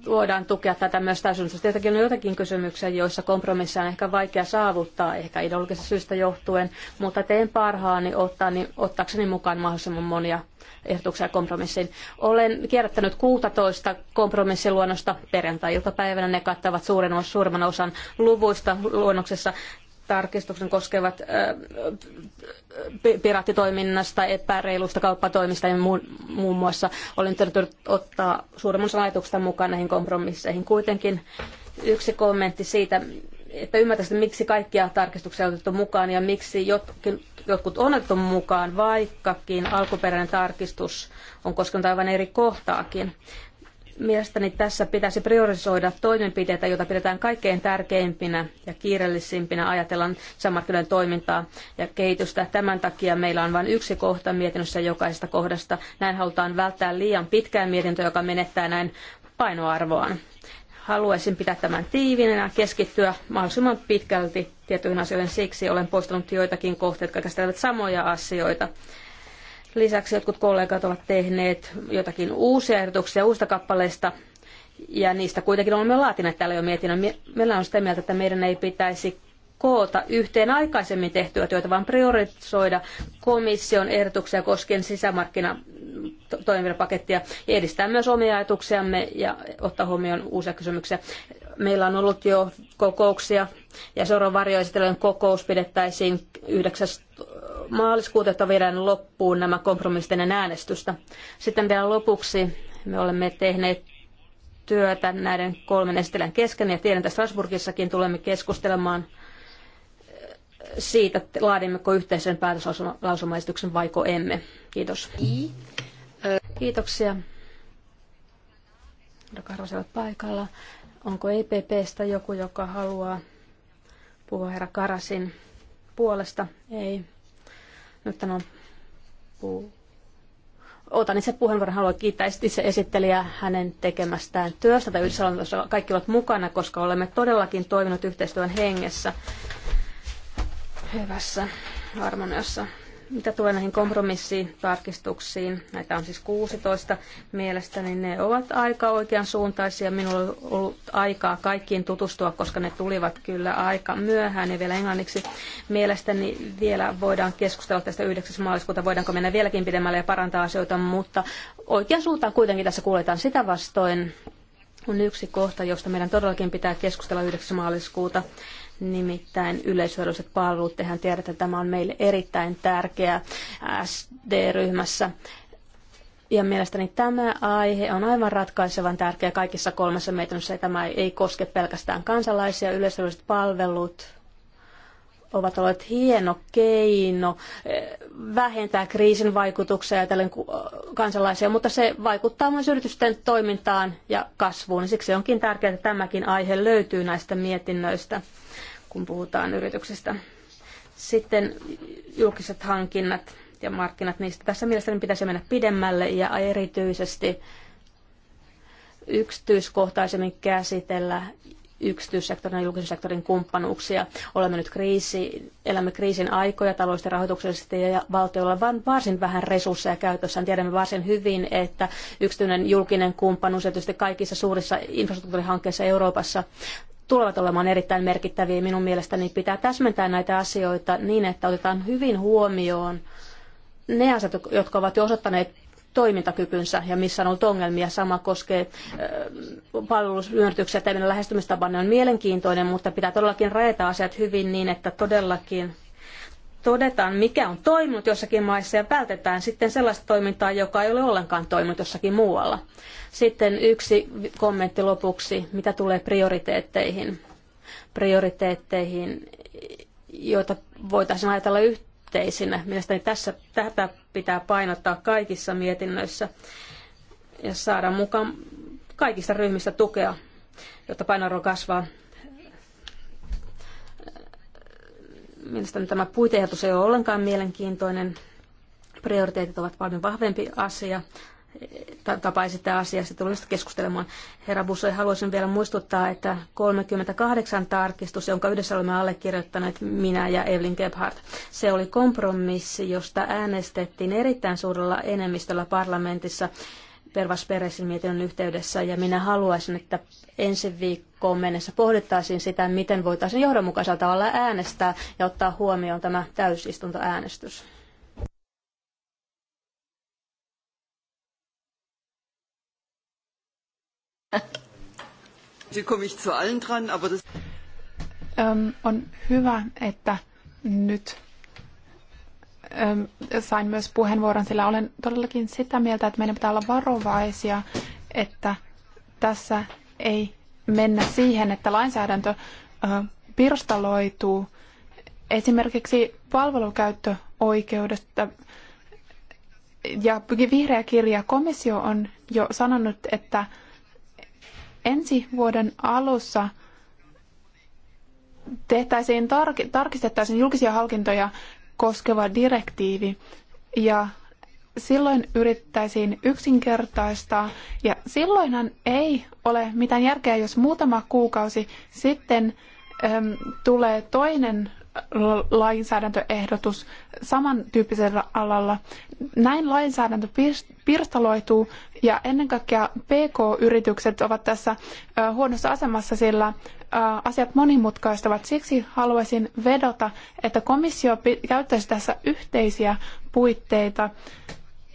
[SPEAKER 2] voidaan tukea tätä myös täysin. Tietenkin on jotakin kysymyksiä, joissa kompromissia on ehkä vaikea saavuttaa, ehkä ideologisesta syystä johtuen, mutta teen parhaani ottaa, niin, ottaakseni mukaan mahdollisimman monia ehdotuksia kompromissiin. Olen kierrättänyt 16 kompromissiluonnosta perjantai-iltapäivänä. Ne kattavat suurin, suurimman osan luvuista luonnoksessa tarkistuksen koskevat äh, piraattitoiminnasta, epäreilusta kauppatoimista ja muun muassa. Olen yrittänyt ottaa suurimman osan ajatuksista mukaan näihin kompromisseihin. Kuitenkin yksi kommentti siitä, että ymmärtäisitte, miksi kaikkia tarkistuksia on otettu mukaan ja miksi jotkin, jotkut on otettu mukaan, vaikkakin alkuperäinen tarkistus on koskenut aivan eri kohtaakin. Mielestäni tässä pitäisi priorisoida toimenpiteitä, joita pidetään kaikkein tärkeimpinä ja kiireellisimpinä ajatellaan samarkkinoiden toimintaa ja kehitystä. Tämän takia meillä on vain yksi kohta mietinnössä jokaisesta kohdasta. Näin halutaan välttää liian pitkää mietintö, joka menettää näin painoarvoaan. Haluaisin pitää tämän tiivinä ja keskittyä mahdollisimman pitkälti tiettyihin asioihin. Siksi olen poistanut joitakin kohteita, jotka käsittelevät samoja asioita Lisäksi jotkut kollegat ovat tehneet jotakin uusia ehdotuksia uusista kappaleista, ja niistä kuitenkin olemme laatineet täällä jo mietinnön. Meillä on sitä mieltä, että meidän ei pitäisi koota yhteen aikaisemmin tehtyä työtä, vaan priorisoida komission ehdotuksia koskien sisämarkkinatoimintapakettia ja edistää myös omia ajatuksiamme ja ottaa huomioon uusia kysymyksiä. Meillä on ollut jo kokouksia ja seuraavan varjoesittelyn kokous pidettäisiin 9 maaliskuuta, että viedään loppuun nämä kompromissien äänestystä. Sitten vielä lopuksi me olemme tehneet työtä näiden kolmen esittelijän kesken ja tiedän, että Strasburgissakin tulemme keskustelemaan eh, siitä, laadimmeko yhteisen päätöslausumaesityksen vaiko emme. Kiitos. Eh. Kiitoksia. Rakarvas paikalla. Onko EPPstä joku, joka haluaa puhua herra Karasin puolesta? Ei. Nyt tämän on puu otan itse puheenvuoron, haluan kiittää itse esittelijää hänen tekemästään työstä. Tai yhdessä kaikki ovat mukana, koska olemme todellakin toiminut yhteistyön hengessä hyvässä harmoniassa. Mitä tulee näihin kompromissitarkistuksiin, näitä on siis 16, mielestäni ne ovat aika oikean suuntaisia. Minulla on ollut aikaa kaikkiin tutustua, koska ne tulivat kyllä aika myöhään ja vielä englanniksi. Mielestäni vielä voidaan keskustella tästä 9. maaliskuuta, voidaanko mennä vieläkin pidemmälle ja parantaa asioita, mutta oikean suuntaan kuitenkin tässä kuljetaan sitä vastoin. On yksi kohta, josta meidän todellakin pitää keskustella 9. maaliskuuta nimittäin yleishyödylliset palvelut. Tehän tiedätte, että tämä on meille erittäin tärkeä SD-ryhmässä. Ja mielestäni tämä aihe on aivan ratkaisevan tärkeä kaikissa kolmessa mietinnössä. Tämä ei koske pelkästään kansalaisia. Yleishyödylliset palvelut ovat olleet hieno keino eh, vähentää kriisin vaikutuksia ja eh, kansalaisia, mutta se vaikuttaa myös yritysten toimintaan ja kasvuun. Siksi onkin tärkeää, että tämäkin aihe löytyy näistä mietinnöistä kun puhutaan yrityksistä. Sitten julkiset hankinnat ja markkinat, niistä tässä mielestäni pitäisi mennä pidemmälle ja erityisesti yksityiskohtaisemmin käsitellä yksityissektorin ja julkisen sektorin kumppanuuksia. Olemme nyt kriisi, elämme kriisin aikoja taloudellisesti, rahoituksellisesti ja valtiolla on varsin vähän resursseja käytössään. Tiedämme varsin hyvin, että yksityinen julkinen kumppanuus, tietysti kaikissa suurissa infrastruktuurihankkeissa Euroopassa tulevat olemaan erittäin merkittäviä. Minun mielestäni pitää täsmentää näitä asioita niin, että otetaan hyvin huomioon ne asiat, jotka ovat jo osoittaneet toimintakykynsä ja missä on ollut ongelmia. Sama koskee palvelusmyönnytyksiä, Tämmöinen lähestymistapanne on mielenkiintoinen, mutta pitää todellakin rajata asiat hyvin niin, että todellakin todetaan, mikä on toiminut jossakin maissa ja vältetään sitten sellaista toimintaa, joka ei ole ollenkaan toiminut jossakin muualla. Sitten yksi kommentti lopuksi, mitä tulee prioriteetteihin. Prioriteetteihin, joita voitaisiin ajatella yhteisinä. Mielestäni tässä, tätä pitää painottaa kaikissa mietinnöissä ja saada mukaan kaikista ryhmistä tukea, jotta painoarvo kasvaa. Mielestäni tämä puiteehdotus ei ole ollenkaan mielenkiintoinen. Prioriteetit ovat paljon vahvempi asia tapa esittää siitä Tulen sitten keskustelemaan. Herra Busse, haluaisin vielä muistuttaa, että 38 tarkistus, jonka yhdessä olemme allekirjoittaneet minä ja Evelyn Gebhardt, se oli kompromissi, josta äänestettiin erittäin suurella enemmistöllä parlamentissa Pervas Peresin mietinnön yhteydessä, ja minä haluaisin, että ensi viikkoon mennessä pohdittaisiin sitä, miten voitaisiin johdonmukaisella tavalla äänestää ja ottaa huomioon tämä täysistuntoäänestys.
[SPEAKER 4] Ähm, on hyvä, että nyt sain myös puheenvuoron, sillä olen todellakin sitä mieltä, että meidän pitää olla varovaisia, että tässä ei mennä siihen, että lainsäädäntö pirstaloituu. Esimerkiksi palvelukäyttöoikeudesta ja vihreä kirja komissio on jo sanonut, että ensi vuoden alussa tehtäisiin, tarkistettaisiin julkisia hankintoja koskeva direktiivi ja silloin yrittäisiin yksinkertaistaa ja silloinhan ei ole mitään järkeä, jos muutama kuukausi sitten äm, tulee toinen lainsäädäntöehdotus samantyyppisellä alalla. Näin lainsäädäntö pirstaloituu ja ennen kaikkea PK-yritykset ovat tässä huonossa asemassa, sillä asiat monimutkaistavat. Siksi haluaisin vedota, että komissio käyttäisi tässä yhteisiä puitteita.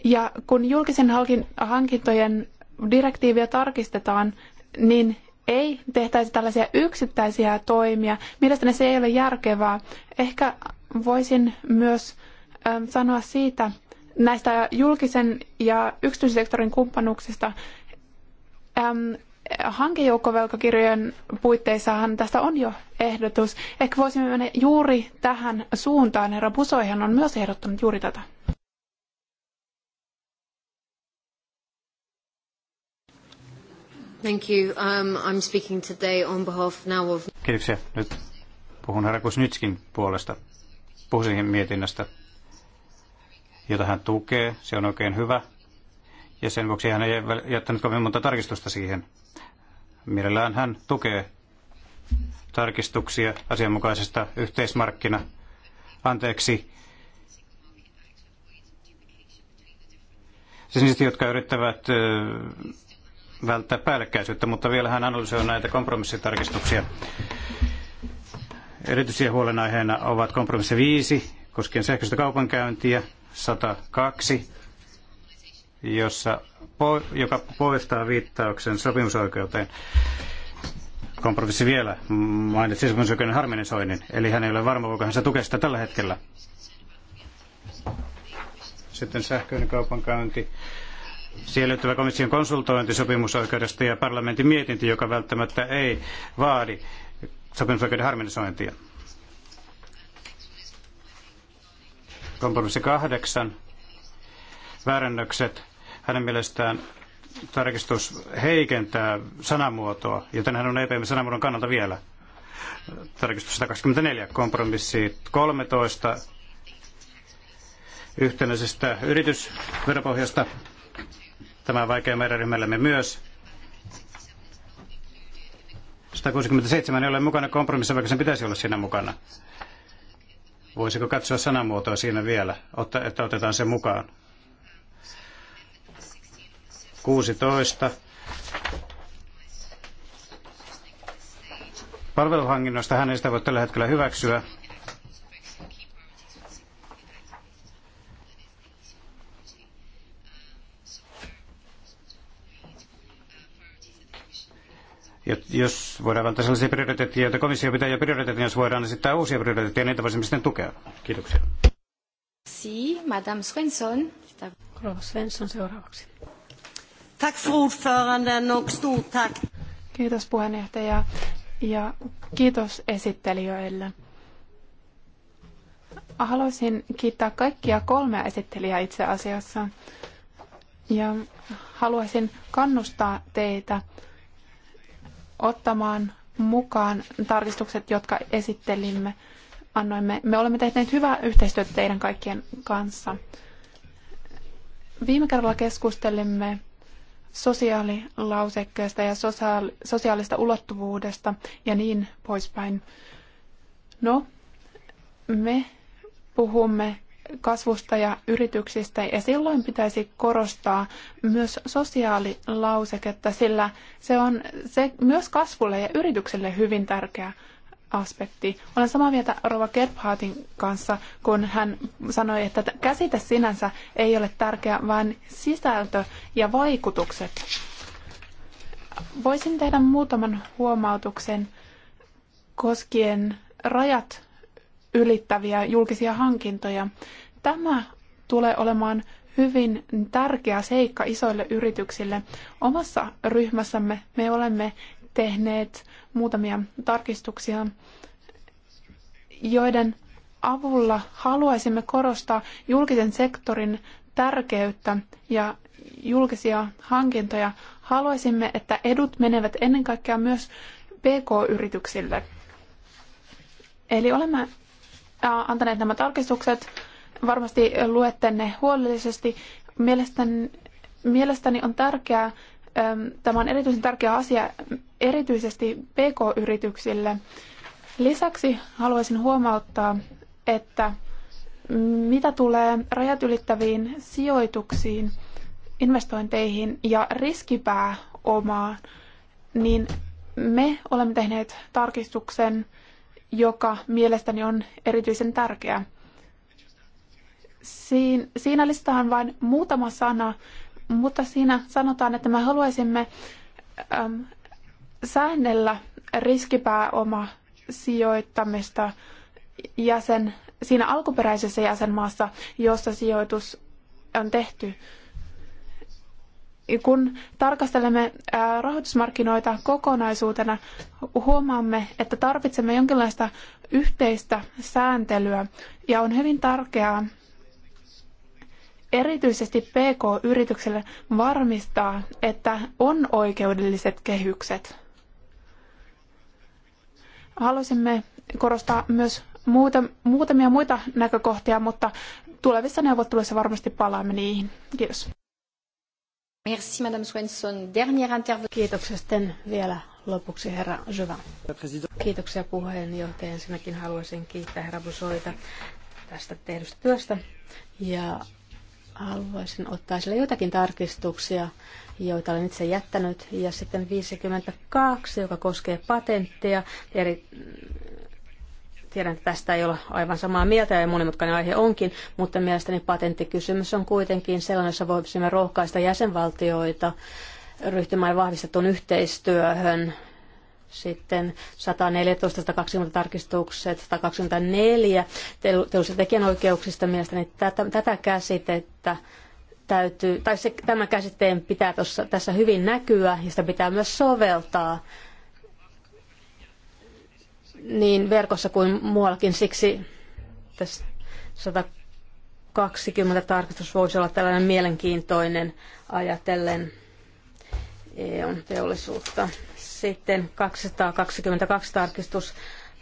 [SPEAKER 4] Ja kun julkisen hankintojen direktiiviä tarkistetaan, niin ei tehtäisi tällaisia yksittäisiä toimia. Mielestäni se ei ole järkevää. Ehkä voisin myös ähm, sanoa siitä näistä julkisen ja yksityissektorin kumppanuuksista. Ähm, hankejoukkovelkakirjojen puitteissahan tästä on jo ehdotus. Ehkä voisimme mennä juuri tähän suuntaan. Herra Busoihan on myös ehdottanut juuri tätä.
[SPEAKER 1] Thank
[SPEAKER 5] you. Um, I'm
[SPEAKER 1] speaking today on behalf now of...
[SPEAKER 3] Kiitoksia. Nyt puhun herra Kusnitskin puolesta. Puhuisin mietinnöstä, jota hän tukee. Se on oikein hyvä. Ja sen vuoksi hän ei jättänyt kovin monta tarkistusta siihen. Mielellään hän tukee tarkistuksia asianmukaisesta yhteismarkkina, anteeksi, siis niistä, jotka yrittävät välttää päällekkäisyyttä, mutta vielä hän analysoi näitä kompromissitarkistuksia. Erityisiä huolenaiheena ovat kompromissi 5 koskien sähköistä kaupankäyntiä, 102, jossa, joka poistaa viittauksen sopimusoikeuteen. Kompromissi vielä mainitsi sopimusoikeuden harmonisoinnin, eli hän ei ole varma, voiko hän se tukea sitä tällä hetkellä. Sitten sähköinen kaupankäynti Siihen liittyvä komission konsultointi sopimusoikeudesta ja parlamentin mietintö, joka välttämättä ei vaadi sopimusoikeuden harmonisointia. Kompromissi kahdeksan. Väärännökset. Hänen mielestään tarkistus heikentää sanamuotoa, joten hän on EPM-sanamuodon kannalta vielä. Tarkistus 124, kompromissi 13 yhtenäisestä yritysveropohjasta Tämä vaikea meidän ryhmällemme myös. 167 ei ole mukana kompromississa, vaikka sen pitäisi olla siinä mukana. Voisiko katsoa sanamuotoa siinä vielä, että otetaan se mukaan? 16. Palveluhankinnoista hän ei sitä voi tällä hetkellä hyväksyä. Jos voidaan välttää sellaisia prioriteetteja, joita komissio pitää jo prioriteettina, jos voidaan esittää uusia prioriteetteja, niin niitä voisimme sitten tukea. Kiitoksia.
[SPEAKER 1] Si, Madame Svensson. Rouva Svensson seuraavaksi. Tack för ordföranden och stort tack. Kiitos
[SPEAKER 4] puheenjohtaja ja kiitos esittelijöille. Haluaisin kiittää kaikkia kolmea esittelijää itse asiassa ja haluaisin kannustaa teitä ottamaan mukaan tarkistukset, jotka esittelimme, annoimme. Me olemme tehneet hyvää yhteistyötä teidän kaikkien kanssa. Viime kerralla keskustelimme sosiaalilausekkeesta ja sosiaali- sosiaalista ulottuvuudesta ja niin poispäin. No, me puhumme kasvusta ja yrityksistä, ja silloin pitäisi korostaa myös sosiaalilauseketta, sillä se on se myös kasvulle ja yritykselle hyvin tärkeä aspekti. Olen samaa mieltä Rova Gerhardin kanssa, kun hän sanoi, että käsite sinänsä ei ole tärkeä, vaan sisältö ja vaikutukset. Voisin tehdä muutaman huomautuksen koskien rajat ylittäviä julkisia hankintoja. Tämä tulee olemaan hyvin tärkeä seikka isoille yrityksille. Omassa ryhmässämme me olemme tehneet muutamia tarkistuksia, joiden avulla haluaisimme korostaa julkisen sektorin tärkeyttä ja julkisia hankintoja. Haluaisimme, että edut menevät ennen kaikkea myös PK-yrityksille. Eli olemme Äh, antaneet nämä tarkistukset. Varmasti luette ne huolellisesti. Mielestäni, mielestäni on tärkeää, ähm, tämä on erityisen tärkeä asia erityisesti PK-yrityksille. Lisäksi haluaisin huomauttaa, että mitä tulee rajat ylittäviin sijoituksiin, investointeihin ja riskipääomaan, niin me olemme tehneet tarkistuksen joka mielestäni on erityisen tärkeä. Siin, siinä listaan vain muutama sana, mutta siinä sanotaan, että me haluaisimme äm, säännellä riskipääoma sijoittamista jäsen, siinä alkuperäisessä jäsenmaassa, jossa sijoitus on tehty kun tarkastelemme rahoitusmarkkinoita kokonaisuutena, huomaamme, että tarvitsemme jonkinlaista yhteistä sääntelyä ja on hyvin tärkeää erityisesti PK-yritykselle varmistaa, että on oikeudelliset kehykset. Haluaisimme korostaa myös muutamia muita näkökohtia, mutta tulevissa neuvotteluissa varmasti palaamme niihin. Kiitos.
[SPEAKER 2] Merci, Madame
[SPEAKER 1] Swenson. Dernière intervention.
[SPEAKER 2] Kiitoksia sitten vielä lopuksi herra Jyvä. Kiitoksia puheenjohtaja. Ensinnäkin haluaisin kiittää herra Busoita tästä tehdystä työstä. Ja haluaisin ottaa sille jotakin tarkistuksia, joita olen itse jättänyt. Ja sitten 52, joka koskee patentteja, eri Tiedän, että tästä ei ole aivan samaa mieltä ja monimutkainen aihe onkin, mutta mielestäni patenttikysymys on kuitenkin sellainen, jossa voisimme rohkaista jäsenvaltioita ryhtymään vahvistettuun yhteistyöhön sitten 114-120 tarkistukset, 124 teollisuuden tekijänoikeuksista mielestäni tätä, tätä käsitettä täytyy, tai se, tämän käsitteen pitää tossa, tässä hyvin näkyä ja sitä pitää myös soveltaa niin verkossa kuin muuallakin. Siksi tässä 120 tarkastus voisi olla tällainen mielenkiintoinen ajatellen EUn teollisuutta. Sitten 222 tarkistus.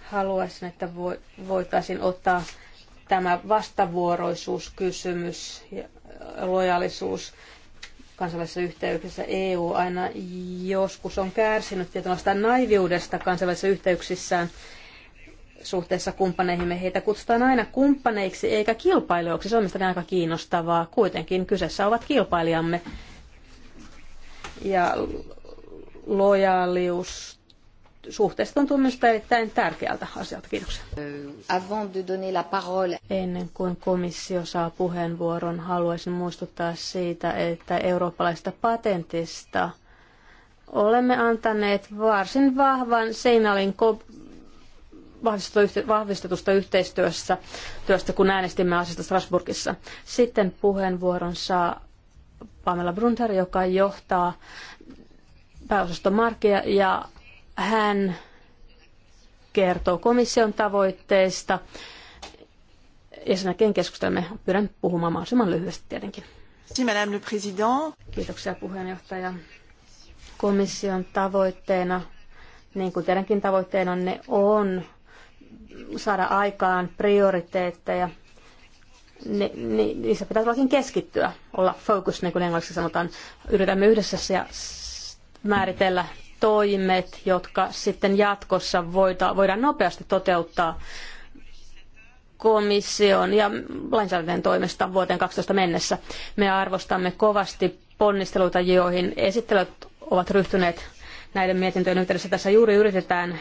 [SPEAKER 2] Haluaisin, että voitaisiin ottaa tämä vastavuoroisuuskysymys ja lojalisuus kansainvälisessä yhteyksissä EU aina joskus on kärsinyt tietynlaista naiviudesta kansainvälisissä yhteyksissään suhteessa kumppaneihimme. Heitä kutsutaan aina kumppaneiksi eikä kilpailijoiksi. Se on mielestäni aika kiinnostavaa. Kuitenkin kyseessä ovat kilpailijamme. Ja lojaalius suhteesta tuntuu minusta erittäin tärkeältä asialta. Kiitoksia. Euh, Ennen kuin komissio saa puheenvuoron, haluaisin muistuttaa siitä, että eurooppalaista patentista olemme antaneet varsin vahvan seinalin vahvistetusta yhteistyössä, työstä, kun äänestimme asiasta Strasbourgissa. Sitten puheenvuoron saa Pamela Brunter, joka johtaa pääosasto markkia ja hän kertoo komission tavoitteista ja sen jälkeen keskustelemme. Pyydän puhumaan mahdollisimman lyhyesti tietenkin.
[SPEAKER 1] Madame le
[SPEAKER 2] Kiitoksia puheenjohtaja. Komission tavoitteena, niin kuin teidänkin tavoitteena ne on saada aikaan prioriteetteja. Ni, ni, niissä pitää todellakin keskittyä, olla focus, niin kuin englanniksi sanotaan. Yritämme yhdessä ja määritellä toimet, jotka sitten jatkossa voidaan nopeasti toteuttaa komission ja lainsäädännön toimesta vuoteen 12 mennessä. Me arvostamme kovasti ponnisteluita, joihin esittelyt ovat ryhtyneet näiden mietintöjen yhteydessä. Tässä juuri yritetään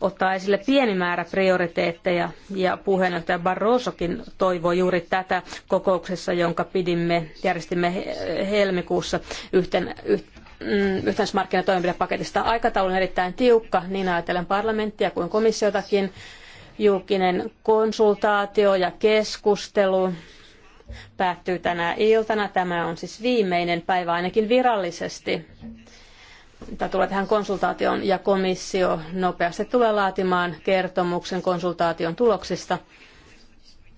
[SPEAKER 2] ottaa esille pieni määrä prioriteetteja ja puheenjohtaja Barrosokin toivoi juuri tätä kokouksessa, jonka pidimme, järjestimme helmikuussa yhten, mm, yhteismarkkinatoimenpidepaketista. Aikataulu on erittäin tiukka, niin ajatellen parlamenttia kuin komissiotakin. Julkinen konsultaatio ja keskustelu päättyy tänä iltana. Tämä on siis viimeinen päivä ainakin virallisesti. Tämä tulee tähän konsultaatioon ja komissio nopeasti tulee laatimaan kertomuksen konsultaation tuloksista.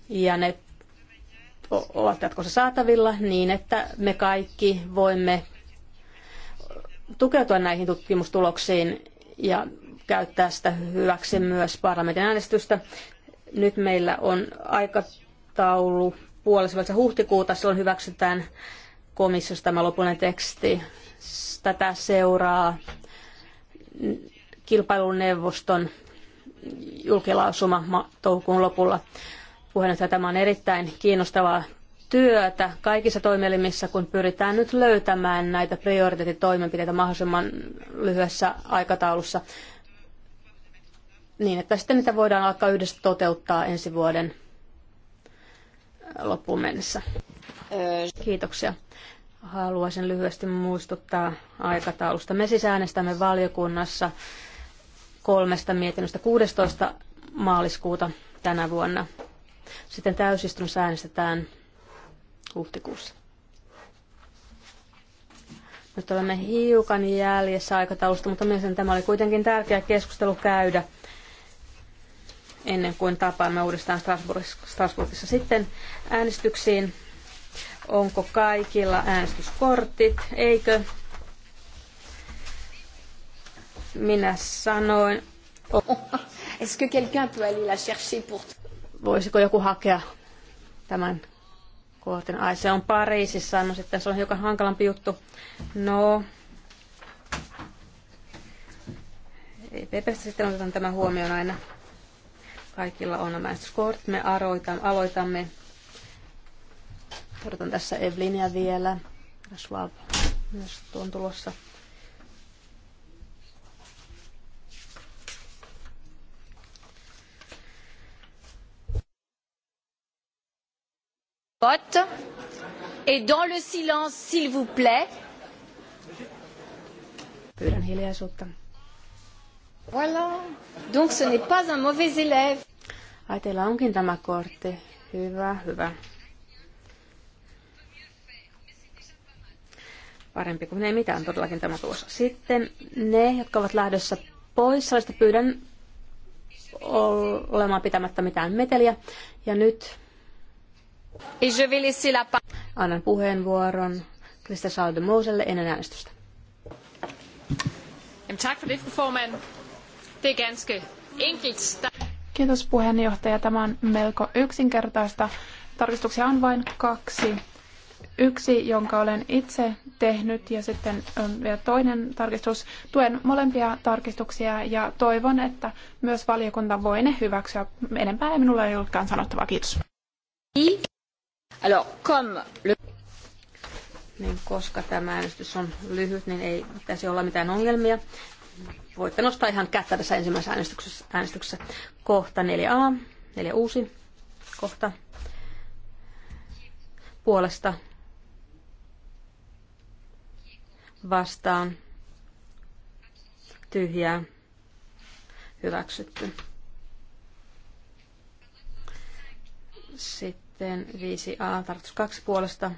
[SPEAKER 2] Ja ne ovat jatkossa saatavilla niin, että me kaikki voimme tukeutua näihin tutkimustuloksiin ja käyttää sitä hyväksi myös parlamentin äänestystä. Nyt meillä on aikataulu puolessa huhtikuuta, silloin hyväksytään komissiossa tämä lopullinen teksti. Tätä seuraa kilpailuneuvoston julkilausuma toukokuun lopulla. Puheenjohtaja, tämä on erittäin kiinnostavaa työtä kaikissa toimielimissä, kun pyritään nyt löytämään näitä prioriteettitoimenpiteitä mahdollisimman lyhyessä aikataulussa niin, että sitten niitä voidaan alkaa yhdessä toteuttaa ensi vuoden loppuun mennessä. Kiitoksia. Haluaisin lyhyesti muistuttaa aikataulusta. Me siis äänestämme valiokunnassa kolmesta mietinnöstä 16. maaliskuuta tänä vuonna. Sitten täysistunnossa äänestetään huhtikuussa. Nyt olemme hiukan jäljessä aikataulusta, mutta mielestäni tämä oli kuitenkin tärkeä keskustelu käydä ennen kuin tapaamme uudestaan Strasbourgissa. Sitten äänestyksiin. Onko kaikilla äänestyskortit? Eikö? Minä sanoin. Voisiko joku hakea tämän kohten. Ai se on Pariisissa, no sitten se on hiukan hankalampi juttu. No, e Pepestä sitten otetaan tämä huomioon aina. Kaikilla on nämä skort. Me aloitamme, aloitamme. Odotan tässä Evlinia vielä. Schwab myös tuon tulossa.
[SPEAKER 1] vote et dans le silence s'il vous plaît. Voilà. Donc ce n'est pas un mauvais élève.
[SPEAKER 2] Ajatellaan, onkin tämä kortti. Hyvä, hyvä. Parempi kuin ei mitään todellakin tämä tuossa. Sitten ne, jotka ovat lähdössä pois, salista pyydän olemaan pitämättä mitään meteliä. Ja nyt Annan puheenvuoron Krista Schaldemoselle ennen äänestystä. Er Kiitos puheenjohtaja. Tämä on melko
[SPEAKER 4] yksinkertaista. Tarkistuksia on vain kaksi. Yksi, jonka olen itse tehnyt, ja sitten ähm, vielä toinen tarkistus. Tuen molempia tarkistuksia ja toivon, että myös valiokunta voi ne hyväksyä. Enempää ei minulla ei sanottavaa.
[SPEAKER 2] Kiitos.
[SPEAKER 1] Alors, comme le... Niin
[SPEAKER 2] koska tämä äänestys on lyhyt, niin ei pitäisi olla mitään ongelmia. Voitte nostaa ihan kättä tässä ensimmäisessä äänestyksessä. äänestyksessä. Kohta 4a, 4 uusi kohta puolesta vastaan tyhjää hyväksytty. Sitten sitten 5a, tarkoitus 2 puolesta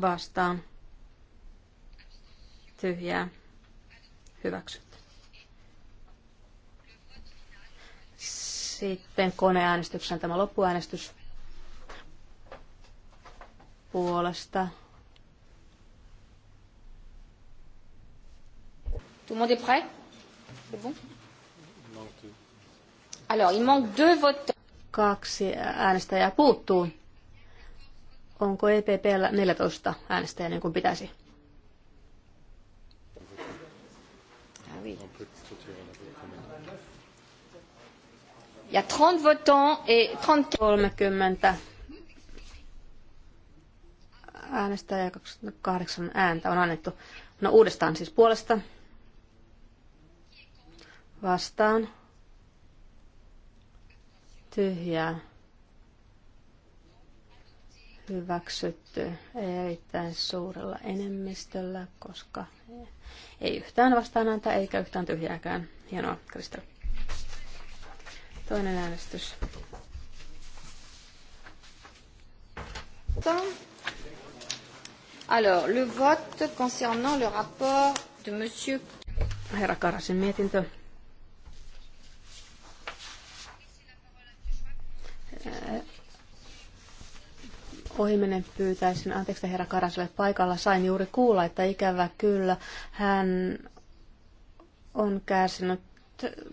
[SPEAKER 2] vastaan. Tyhjää. Hyväksytty. Sitten koneäänestyksen tämä loppuäänestys puolesta.
[SPEAKER 1] Tout le monde est prêt C'est bon Alors, il manque deux votes.
[SPEAKER 2] Kaksi äänestäjää puuttuu. Onko EPP 14 äänestäjää niin kuin pitäisi?
[SPEAKER 6] Ja 30 votants et
[SPEAKER 2] 30 äänestäjää ja 28 ääntä on annettu. No uudestaan siis puolesta. Vastaan tyhjää hyväksytty erittäin suurella enemmistöllä, koska ei yhtään vastaan antaa eikä yhtään tyhjääkään. Hienoa, Kristel. Toinen äänestys.
[SPEAKER 1] Alors, le vote concernant le rapport de monsieur... Herra Karasin
[SPEAKER 2] mietintö Ohimenen pyytäisin, anteeksi herra Karaselle paikalla, sain juuri kuulla, että ikävä kyllä hän on kärsinyt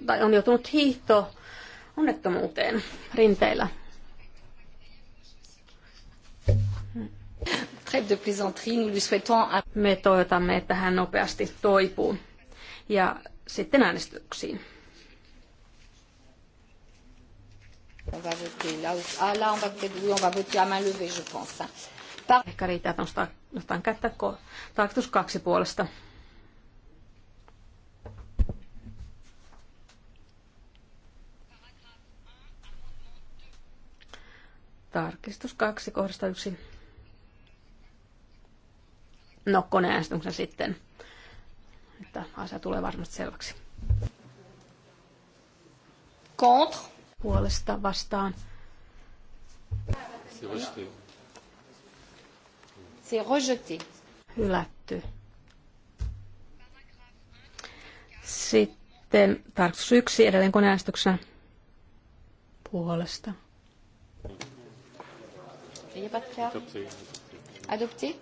[SPEAKER 2] tai on joutunut hiihto onnettomuuteen rinteillä. Me toivotamme, että hän nopeasti toipuu. Ja sitten äänestyksiin.
[SPEAKER 1] On va voter là. Ah, là, on va peut-être, oui, on va voter à main levée, je pense.
[SPEAKER 2] Par... Ehkä riittää kättä kaksi puolesta. Tarkistus kohdasta No, koneäänestyksen sitten. Että asia tulee varmasti selväksi.
[SPEAKER 1] Contre puolesta vastaan.
[SPEAKER 2] Hylätty. Sitten tarkoitus yksi edelleen koneäänestyksenä puolesta.
[SPEAKER 1] Adopté.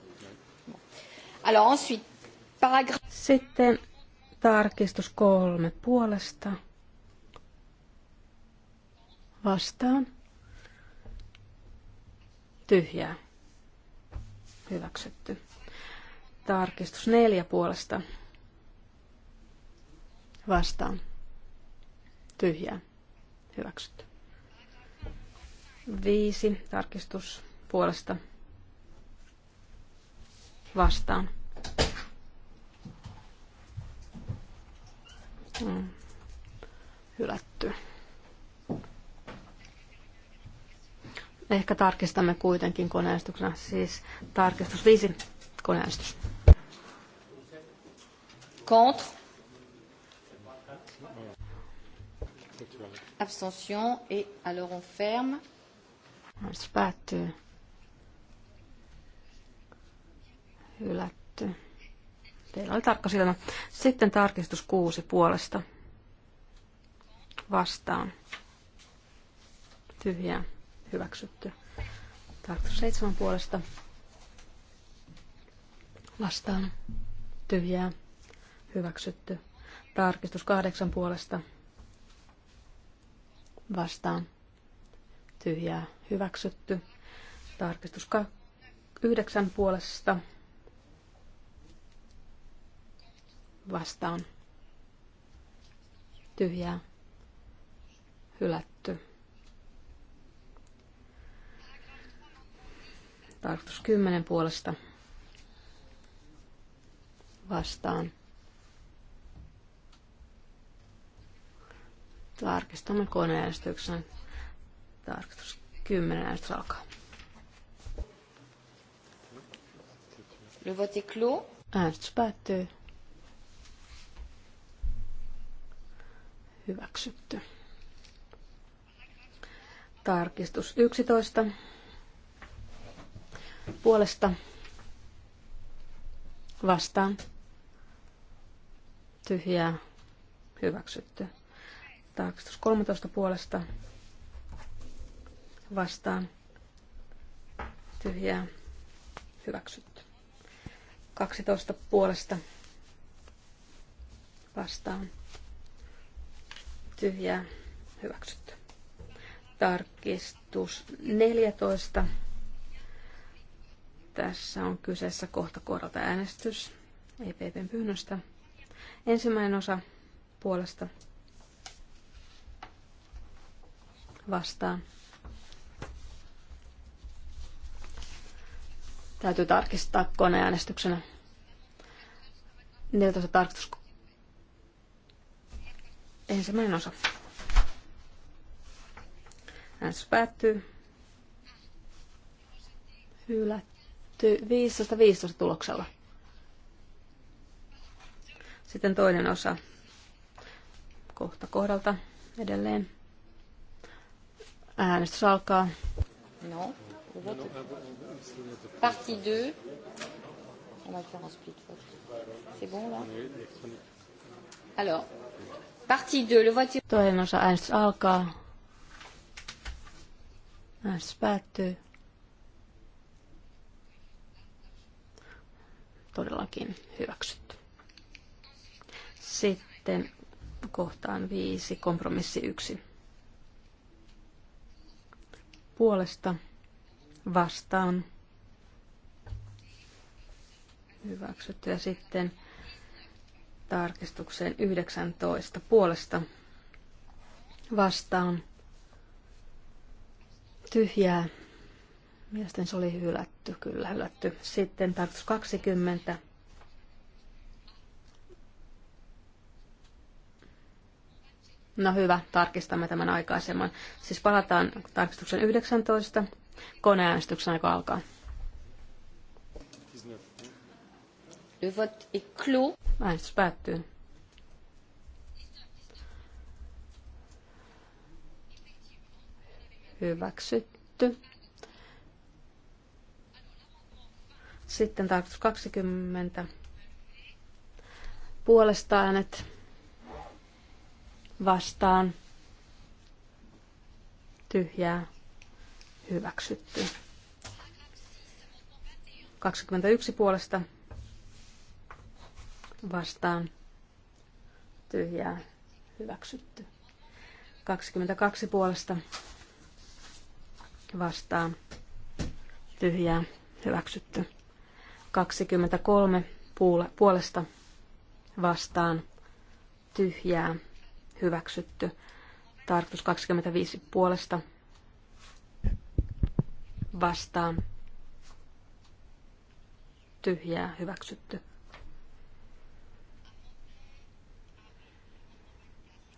[SPEAKER 1] Alors ensuite, Sitten
[SPEAKER 2] tarkistus kolme puolesta vastaan, tyhjää, hyväksytty. Tarkistus neljä puolesta, vastaan, tyhjää, hyväksytty. Viisi, tarkistus puolesta, vastaan. Mm. Hylätty. Ehkä tarkistamme kuitenkin koneistuksena, siis tarkistus 5
[SPEAKER 1] koneistus. Contre. Abstention et alors on ferme. Äänestys päättyy.
[SPEAKER 2] Hylätty. Teillä oli tarkka silmä. Sitten tarkistus kuusi puolesta. Vastaan. Tyhjää hyväksytty. Tarkoitus seitsemän puolesta vastaan tyhjää hyväksytty. Tarkistus kahdeksan puolesta vastaan tyhjää hyväksytty. Tarkistus yhdeksän puolesta vastaan tyhjää hylätty. Tarkoitus 10 puolesta vastaan. Tarkistamme koneäänestyksen. Tarkoitus 10 äänestys alkaa.
[SPEAKER 1] Le vote clos.
[SPEAKER 2] Äänestys päättyy. Hyväksytty. Tarkistus 11 puolesta vastaan tyhjää hyväksytty. Tarkistus 13 puolesta vastaan tyhjää hyväksytty. 12 puolesta vastaan tyhjää hyväksytty. Tarkistus 14 tässä on kyseessä kohta kohdalta äänestys EPPn pyynnöstä. Ensimmäinen osa puolesta vastaan. Täytyy tarkistaa koneäänestyksenä. 14 tarkistus. Ensimmäinen osa. Äänestys päättyy. Hylätty Hyväksytty 15-15 tuloksella. Sitten toinen osa kohta kohdalta edelleen. Äänestys alkaa.
[SPEAKER 1] No. Parti 2. On C'est bon là Alors, partie 2, le vote. Toinen osa äänestys alkaa.
[SPEAKER 2] Äänestys päättyy. todellakin hyväksytty. Sitten kohtaan viisi kompromissi yksi. Puolesta vastaan hyväksytty ja sitten tarkistukseen 19 puolesta vastaan tyhjää. Mielestäni se oli hylätty hylätty, kyllä hylätty. Sitten tarkoitus 20. No hyvä, tarkistamme tämän aikaisemman. Siis palataan tarkistuksen 19. Koneäänestyksen aika alkaa.
[SPEAKER 1] Äänestys päättyy.
[SPEAKER 2] Hyväksytty. Sitten taas 20. Puolesta äänet vastaan. Tyhjää. Hyväksytty. 21 puolesta vastaan. Tyhjää. Hyväksytty. 22 puolesta vastaan. Tyhjää. Hyväksytty. 23 puolesta vastaan tyhjää hyväksytty. Tarkoitus 25 puolesta vastaan tyhjää hyväksytty.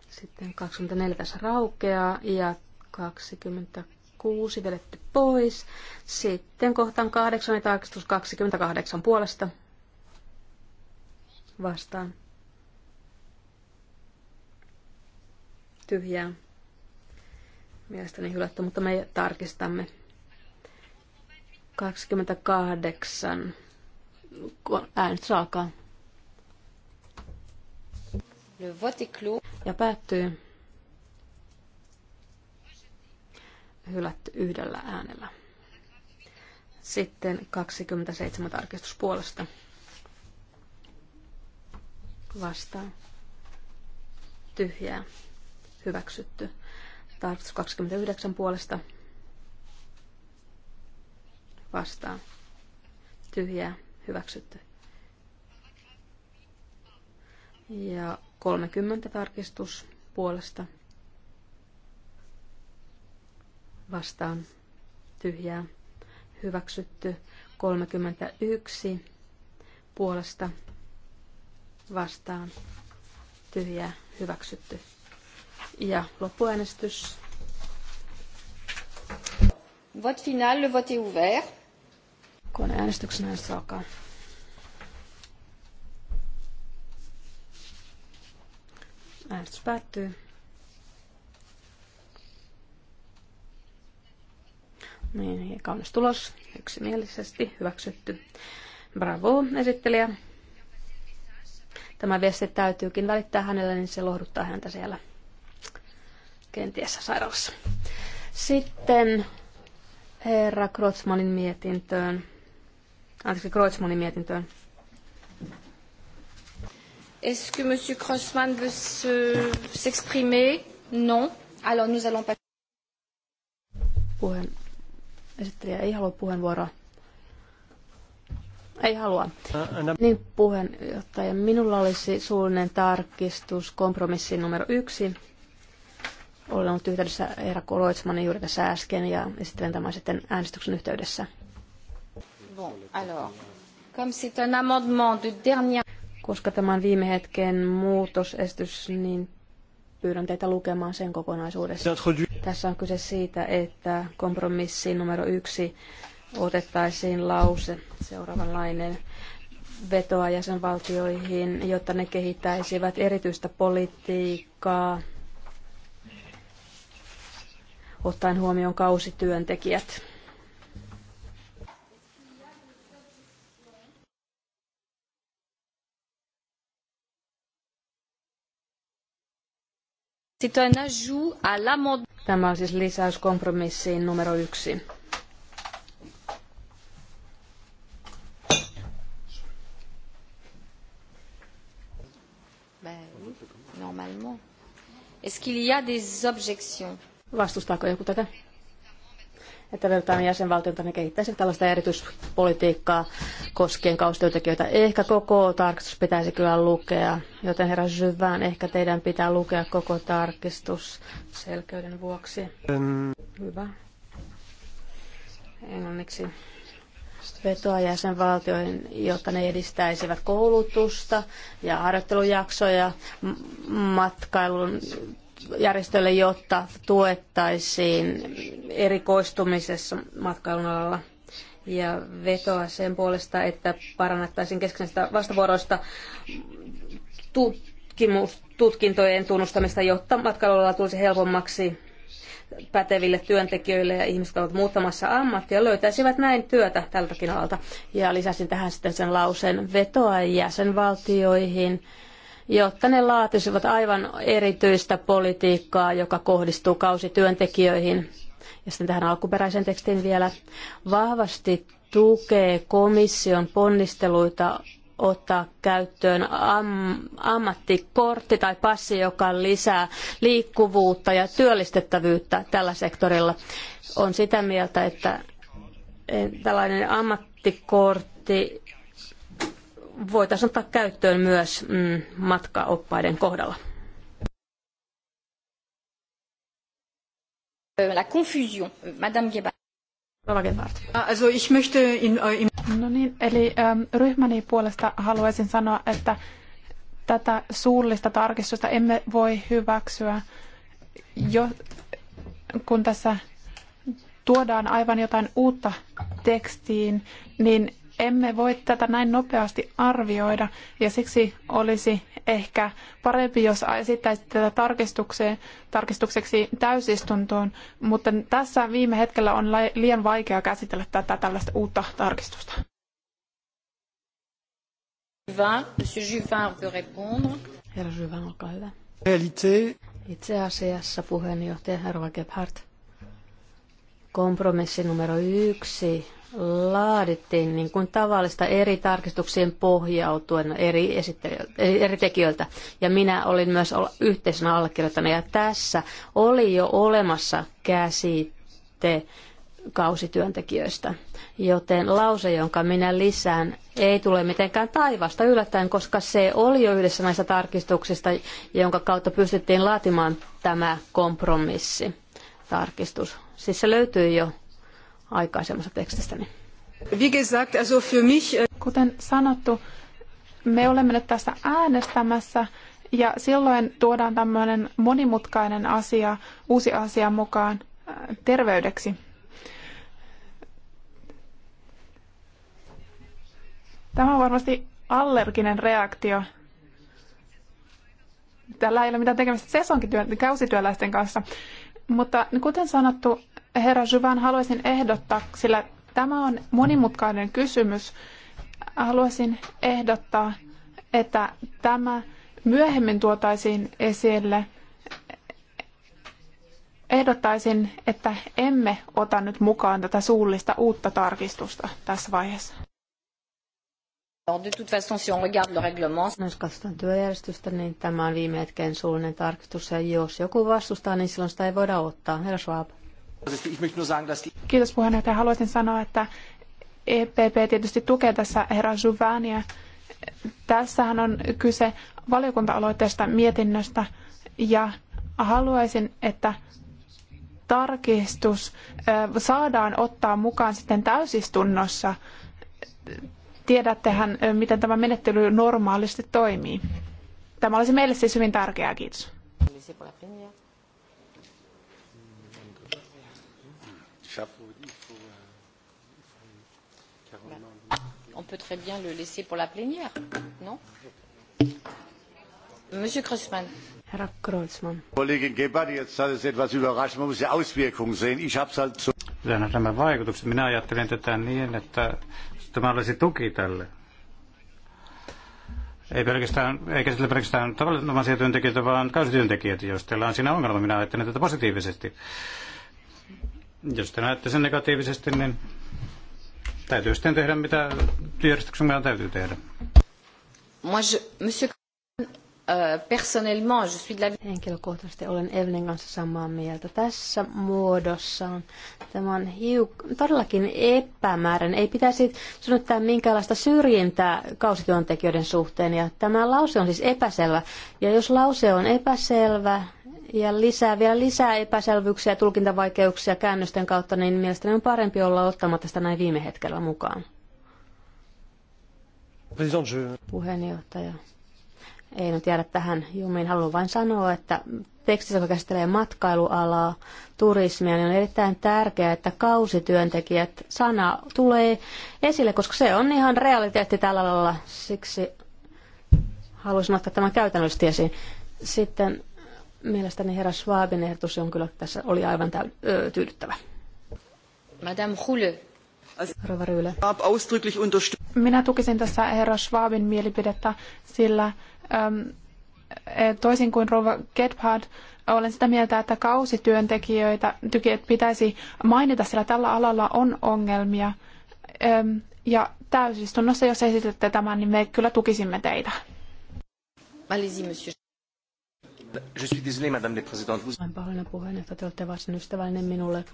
[SPEAKER 2] Sitten 24 raukeaa ja 20 6 vedetty pois. Sitten kohtaan 8 ja tarkistus 28 puolesta vastaan. Tyhjää. Mielestäni hylätty, mutta me tarkistamme. 28. Äänestys alkaa. Ja päättyy. hylätty yhdellä äänellä. Sitten 27 tarkistuspuolesta vastaan tyhjää hyväksytty. Tarkistus 29 puolesta vastaan tyhjää hyväksytty. Ja 30 tarkistus puolesta vastaan tyhjää hyväksytty 31 puolesta vastaan tyhjää
[SPEAKER 1] hyväksytty. Ja loppuäänestys. Vote final, le vote est ouvert.
[SPEAKER 2] Koneäänestyksen äänestys alkaa. Äänestys päättyy. Niin, kaunis tulos. Yksimielisesti hyväksytty. Bravo, esittelijä. Tämä viesti täytyykin välittää hänelle, niin se lohduttaa häntä siellä kenties sairaalassa. Sitten herra Krotsmanin mietintöön. Anteeksi, Kreutzmannin mietintöön.
[SPEAKER 1] Est-ce que Monsieur Crossman veut s'exprimer? Se, non. Alors nous allons pas...
[SPEAKER 2] Puheen Esittelijä ei halua puheenvuoroa. Ei halua. Äh, niin puheenjohtaja, minulla olisi suullinen tarkistus kompromissi numero yksi. Olen ollut yhteydessä Eera Koloitsmanin juuri tässä äsken ja esittelen tämän sitten äänestyksen yhteydessä.
[SPEAKER 1] Bon, alors, comme c'est un amendement de dernière...
[SPEAKER 2] Koska tämä on viime hetken muutosesitys, niin pyydän teitä lukemaan sen kokonaisuudessa. Tässä on kyse siitä, että kompromissiin numero yksi otettaisiin lause seuraavanlainen vetoa jäsenvaltioihin, jotta ne kehittäisivät erityistä politiikkaa ottaen huomioon kausityöntekijät. Tämä on siis lisäys kompromissiin numero
[SPEAKER 1] yksi. Vastustaako joku tätä?
[SPEAKER 2] että vertaan jäsenvaltioita, ne kehittäisivät tällaista erityispolitiikkaa koskien kaustyöntekijöitä. Ehkä koko tarkistus pitäisi kyllä lukea, joten herra Syvään, ehkä teidän pitää lukea koko tarkistus selkeyden vuoksi. Hyvä. Englanniksi vetoa jäsenvaltioihin, jotta ne edistäisivät koulutusta ja harjoittelujaksoja, matkailun järjestölle, jotta tuettaisiin erikoistumisessa matkailun alalla ja vetoa sen puolesta, että parannettaisiin keskinäistä vastavuoroista tutkimus, tutkintojen tunnustamista, jotta matkailualalla tulisi helpommaksi päteville työntekijöille ja ihmiset ovat muuttamassa ammattia, löytäisivät näin työtä tältäkin alalta. Ja lisäsin tähän sitten sen lauseen vetoa jäsenvaltioihin, jotta ne laatisivat aivan erityistä politiikkaa, joka kohdistuu kausityöntekijöihin. Ja sitten tähän alkuperäisen tekstin vielä vahvasti tukee komission ponnisteluita ottaa käyttöön am, ammattikortti tai passi, joka lisää liikkuvuutta ja työllistettävyyttä tällä sektorilla. On sitä mieltä, että tällainen ammattikortti voitaisiin ottaa käyttöön myös mm, matkaoppaiden kohdalla.
[SPEAKER 1] Euh, la confusion. Madame Gebhardt. Ah, also ich möchte in, äh, in... No niin, eli ähm, ryhmäni
[SPEAKER 4] puolesta haluaisin sanoa, että tätä suullista tarkistusta emme voi hyväksyä, jo, kun tässä tuodaan aivan jotain uutta tekstiin, niin emme voi tätä näin nopeasti arvioida ja siksi olisi ehkä parempi, jos esittäisitte tätä tarkistukseen, tarkistukseksi täysistuntoon, mutta tässä viime hetkellä on liian vaikea käsitellä tätä tällaista uutta tarkistusta.
[SPEAKER 2] Herra Juvin, olkaa hyvä. Itse asiassa puheenjohtaja Herra Gebhardt. Kompromissi numero yksi laadittiin niin kuin tavallista eri tarkistuksien pohjautuen eri, eri, eri tekijöiltä. Ja minä olin myös yhteisönä allekirjoittana. Ja tässä oli jo olemassa käsite kausityöntekijöistä. Joten lause, jonka minä lisään, ei tule mitenkään taivasta yllättäen, koska se oli jo yhdessä näistä tarkistuksista, jonka kautta pystyttiin laatimaan tämä kompromissi tarkistus. Siis se löytyy jo aikaisemmasta tekstistäni.
[SPEAKER 4] Äh, kuten sanottu, me olemme nyt tässä äänestämässä ja silloin tuodaan tämmöinen monimutkainen asia, uusi asia mukaan äh, terveydeksi. Tämä on varmasti allerginen reaktio. Tällä ei ole mitään tekemistä sesonkityöläisten kanssa. Mutta kuten sanottu, herra Juvan haluaisin ehdottaa, sillä tämä on monimutkainen kysymys. Haluaisin ehdottaa, että tämä myöhemmin tuotaisiin esille. Ehdottaisin, että emme ota nyt mukaan tätä suullista uutta tarkistusta
[SPEAKER 1] tässä vaiheessa. De toute façon, si on regarde le règlement... Jos katsotaan työjärjestystä, niin tämä on viime hetken suullinen
[SPEAKER 2] tarkistus, ja jos joku vastustaa, niin silloin sitä ei voida ottaa. Herra Schwab.
[SPEAKER 4] Kiitos puheenjohtaja. Haluaisin sanoa, että EPP tietysti tukee tässä herra Juvania. Tässähän on kyse valiokunta-aloitteesta mietinnöstä ja haluaisin, että tarkistus saadaan ottaa mukaan sitten täysistunnossa. Tiedättehän, miten tämä menettely normaalisti toimii. Tämä olisi meille siis hyvin tärkeää. Kiitos.
[SPEAKER 1] peut très bien le laisser pour la plénière, non Monsieur Kreuzmann. Herr
[SPEAKER 5] Kreuzmann. Kollegin Gebhardt, jetzt hat es etwas überrascht. Man muss die Auswirkungen sehen. Ich habe es halt so.
[SPEAKER 3] Kyllähän tämä vaikutukset. Minä ajattelen tätä niin, että tämä olisi tuki tälle. Ei pelkästään, eikä sillä pelkästään tavallisia työntekijöitä, vaan kausityöntekijöitä, jos teillä on siinä ongelma. Minä ajattelen tätä positiivisesti. Jos te näette sen negatiivisesti, niin täytyy sitten tehdä, mitä työjärjestyksen meidän täytyy tehdä.
[SPEAKER 1] Moi, je, monsieur, euh, personnellement, je suis de la... Henkilökohtaisesti olen Evelyn kanssa samaa mieltä tässä muodossa. Tämä on
[SPEAKER 2] hiuk- todellakin epämääräinen. Ei pitäisi sanoa minkäänlaista syrjintää kausityöntekijöiden suhteen. Ja tämä lause on siis epäselvä. Ja jos lause on epäselvä, ja lisää, vielä lisää epäselvyyksiä ja tulkintavaikeuksia käännösten kautta, niin mielestäni on parempi olla ottamatta sitä näin viime hetkellä mukaan. Puheenjohtaja. Ei nyt jäädä tähän jumiin. Haluan vain sanoa, että tekstissä, joka käsittelee matkailualaa, turismia, niin on erittäin tärkeää, että kausityöntekijät sana tulee esille, koska se on ihan realiteetti tällä lailla. Siksi haluaisin ottaa tämän käytännöllisesti esiin. Sitten Mielestäni herra Schwabin ehdotus on kyllä tässä oli aivan täy- ö, tyydyttävä.
[SPEAKER 1] Madame Hulle. Rova Ryyle.
[SPEAKER 2] Minä tukisin tässä herra
[SPEAKER 4] Schwabin mielipidettä, sillä äm, e, toisin kuin Rova Gebhard, olen sitä mieltä, että kausityöntekijöitä pitäisi mainita, sillä tällä alalla on ongelmia. Äm, ja täysistunnossa, jos esitätte tämän,
[SPEAKER 2] niin me kyllä tukisimme teitä.
[SPEAKER 1] Allez-y, monsieur.
[SPEAKER 3] Je suis désolé, madame le Vous...
[SPEAKER 2] Olen pahoillani että te olette varsin ystävällinen minulle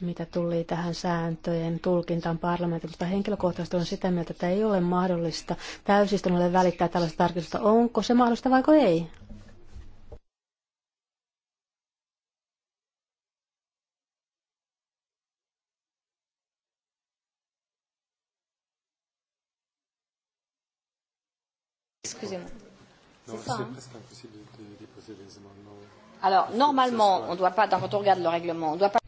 [SPEAKER 2] mitä tuli tähän sääntöjen tulkintaan parlamentille, mutta henkilökohtaisesti on sitä mieltä, että ei ole mahdollista täysistunnolle välittää tällaista tarkistusta. Onko se mahdollista vai ei?
[SPEAKER 1] Excusez-moi.
[SPEAKER 6] Non, c'est hein. presque impossible de, de déposer des amendements.
[SPEAKER 1] Alors, normalement, on ne doit pas, quand on regarde le règlement, on doit pas...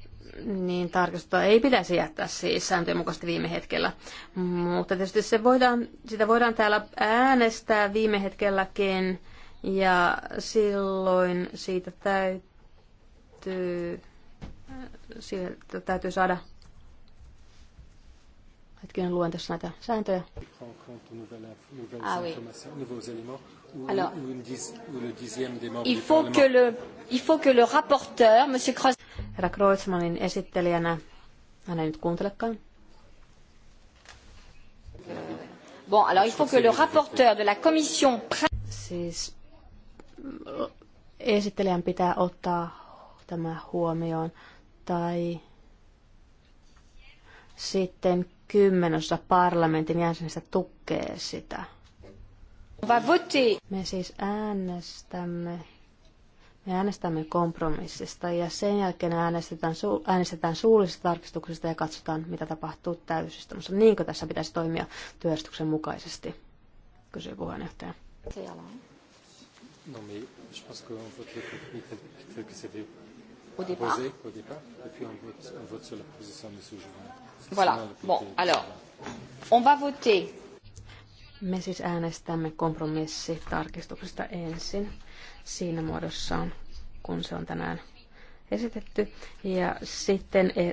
[SPEAKER 1] Niin tarkistusta
[SPEAKER 2] ei pitäisi jättää siis sääntöjen mukaisesti viime hetkellä. Mutta tietysti se voidaan, sitä voidaan täällä äänestää viime hetkelläkin ja silloin siitä täytyy, siitä täytyy saada Hetkinen, luen tässä näitä sääntöjä.
[SPEAKER 6] Ah, oui. Alors, il faut que
[SPEAKER 1] le, il faut que le rapporteur, monsieur Cross... Herra Kreutzmannin esittelijänä,
[SPEAKER 2] hän ei nyt kuuntelekaan.
[SPEAKER 1] Bon, alors il faut que le rapporteur de la commission... Siis
[SPEAKER 2] esittelijän pitää ottaa tämä huomioon. Tai sitten kymmenessä parlamentin jäsenistä tukee sitä. Me siis äänestämme me äänestämme kompromissista ja sen jälkeen äänestetään, su- äänestetään suullisesta tarkistuksesta ja katsotaan, mitä tapahtuu täysistunnossa. Niinkö tässä pitäisi toimia työjärjestyksen mukaisesti, kysyy puheenjohtaja.
[SPEAKER 6] No, mais je pense qu'on vote le contenu tel que c'était au départ, et puis on vote, on vote sur la de M. Voilà.
[SPEAKER 1] Bon, alors, on va voter
[SPEAKER 2] me siis äänestämme kompromissitarkistuksesta ensin siinä muodossa, kun se on tänään esitetty. Ja sitten e,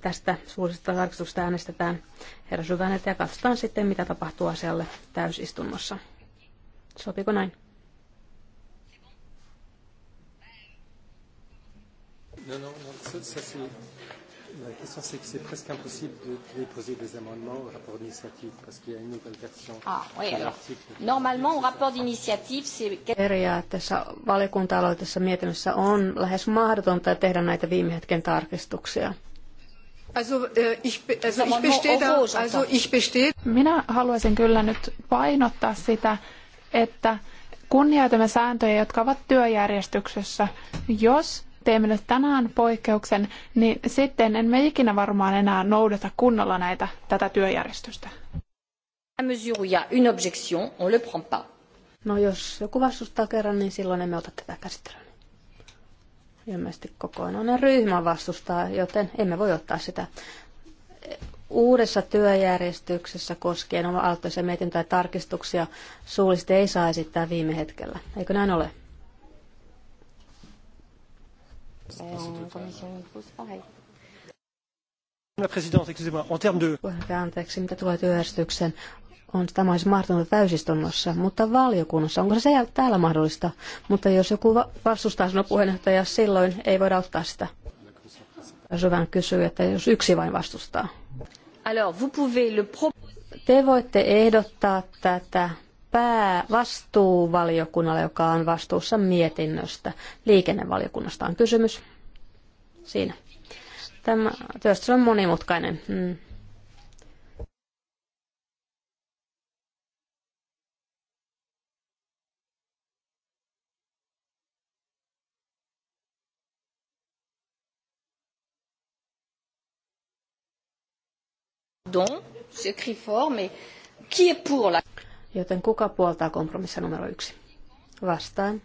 [SPEAKER 2] tästä suurista tarkistuksesta äänestetään herra ja katsotaan sitten, mitä tapahtuu asialle täysistunnossa. Sopiko näin?
[SPEAKER 6] No, no, no, se, se. La question, c'est que c'est presque impossible de déposer des amendements au rapport d'initiative parce qu'il y a une nouvelle version ah, oui, de l'article.
[SPEAKER 1] Normalement, au rapport d'initiative, c'est...
[SPEAKER 2] Periaatteessa valiokunta-aloitessa mietinnössä on lähes mahdotonta tehdä näitä viime hetken tarkistuksia. Minä haluaisin kyllä
[SPEAKER 4] nyt painottaa sitä, että kunnioitamme sääntöjä, jotka ovat työjärjestyksessä. Jos teemme nyt tänään poikkeuksen, niin sitten emme ikinä varmaan enää noudata kunnolla näitä, tätä työjärjestystä.
[SPEAKER 2] No jos joku vastustaa kerran, niin silloin emme ota tätä käsittelyyn. Ilmeisesti kokonainen ryhmä vastustaa, joten emme voi ottaa sitä. Uudessa työjärjestyksessä koskien oma aloitteeseen mietintöä ja tarkistuksia suullisesti ei saa esittää viime hetkellä. Eikö näin ole?
[SPEAKER 1] on komission pareil.
[SPEAKER 2] Anteeksi, mitä tulee työjärjestykseen, on, tämä olisi mahdollista täysistunnossa, mutta valiokunnassa, onko se täällä mahdollista? Mutta jos joku vastustaa sinua puheenjohtaja, silloin ei voida ottaa sitä. Syvän kysyy, että jos yksi vain vastustaa.
[SPEAKER 1] Alors, vous pouvez le
[SPEAKER 2] Te voitte ehdottaa tätä päävastuuvaliokunnalle, joka on vastuussa mietinnöstä. Liikennevaliokunnasta on kysymys. Siinä. Tämä työstö on monimutkainen. Mm.
[SPEAKER 1] Don, Pardon, j'écris fort, mais qui est pour la...
[SPEAKER 2] Joten kuka puoltaa kompromissia numero yksi? Vastaan.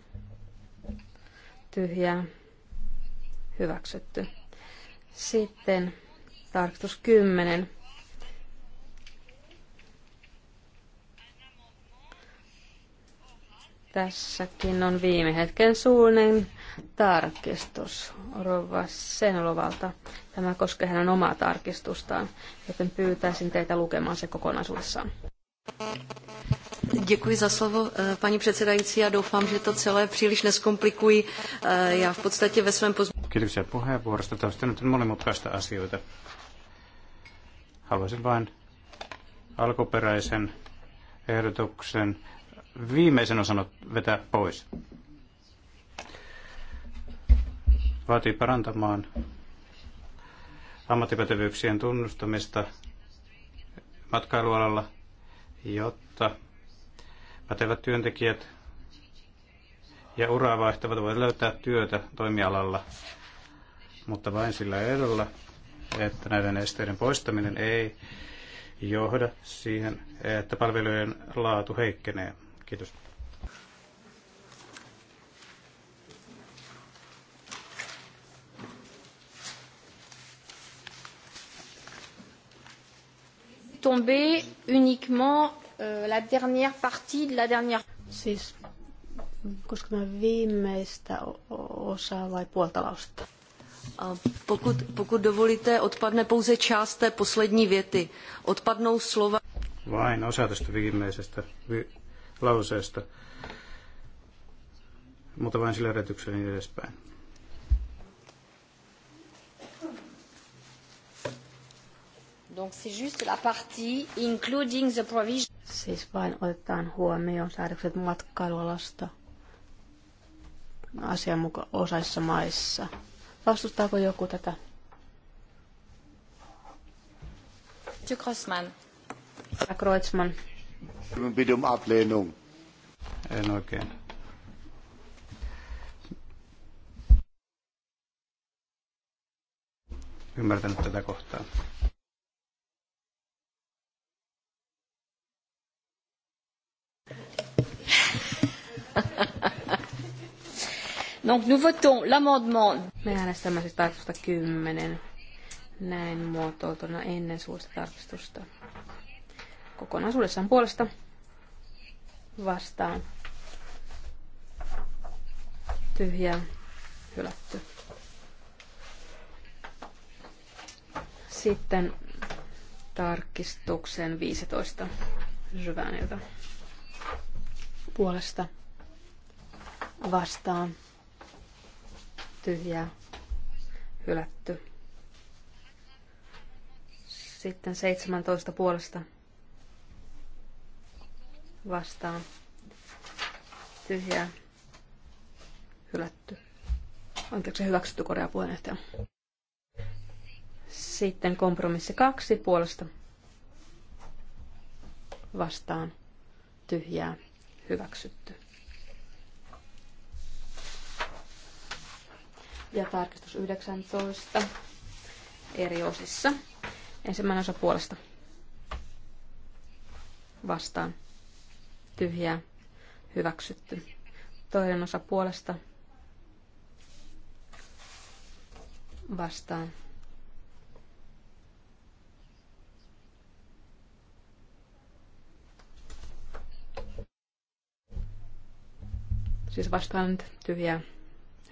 [SPEAKER 2] Tyhjää. Hyväksytty. Sitten tarkistus 10. Tässäkin on viime hetken suunnin tarkistus Rova Senolovalta. Tämä koskee hänen omaa tarkistustaan, joten pyytäisin teitä lukemaan se kokonaisuudessaan.
[SPEAKER 1] Děkuji za slovo, eh, paní předsedající. Já doufám, že to celé příliš neskomplikuji. Eh, já v podstatě ve svém
[SPEAKER 3] Kiitoksia puheenvuorosta. on monimutkaista asioita. Haluaisin vain alkuperäisen ehdotuksen viimeisen osan vetää pois. Vaatii parantamaan ammattipätevyyksien tunnustamista matkailualalla, jotta Pätevät työntekijät ja uraa vaihtavat voivat löytää työtä toimialalla, mutta vain sillä ehdolla, että näiden esteiden poistaminen ei johda siihen, että palvelujen laatu heikkenee. Kiitos.
[SPEAKER 1] tomber uniquement Euh, la dernière partie de la dernière... Siis, koska mä
[SPEAKER 2] viimeistä osaa vai puolta lausetta?
[SPEAKER 5] Pokud, pokud dovolíte,
[SPEAKER 2] odpadne
[SPEAKER 1] pouze část té poslední věty. Odpadnou slova...
[SPEAKER 3] Vain osa tästä viimeisestä vi- lauseesta, mutta vain sillä erityksellä niin edespäin.
[SPEAKER 1] Donc c'est juste la partie including the provision. Siis
[SPEAKER 2] vain otetaan huomioon säädökset matkailualasta osaissa maissa. Vastustaako joku tätä?
[SPEAKER 1] Herr Grossman.
[SPEAKER 5] Herr Bitte um Ablehnung. En oikein.
[SPEAKER 3] Ymmärtänyt tätä kohtaa.
[SPEAKER 1] Donc nous votons l'amendement. Me äänestämme siis tarkistusta 10 näin
[SPEAKER 2] muotoiltuna ennen suusta tarkistusta. Kokonaisuudessaan puolesta vastaan. Tyhjää, hylätty. Sitten tarkistuksen 15 Syväniltä puolesta vastaan tyhjää hylätty. Sitten 17 puolesta vastaan tyhjää hylätty. Anteeksi, hyväksytty korjaa puheenjohtaja. Sitten kompromissi kaksi puolesta vastaan tyhjää hyväksytty. ja tarkistus 19 eri osissa. Ensimmäinen osa puolesta vastaan tyhjää hyväksytty. Toinen osa puolesta vastaan siis vastaan tyhjää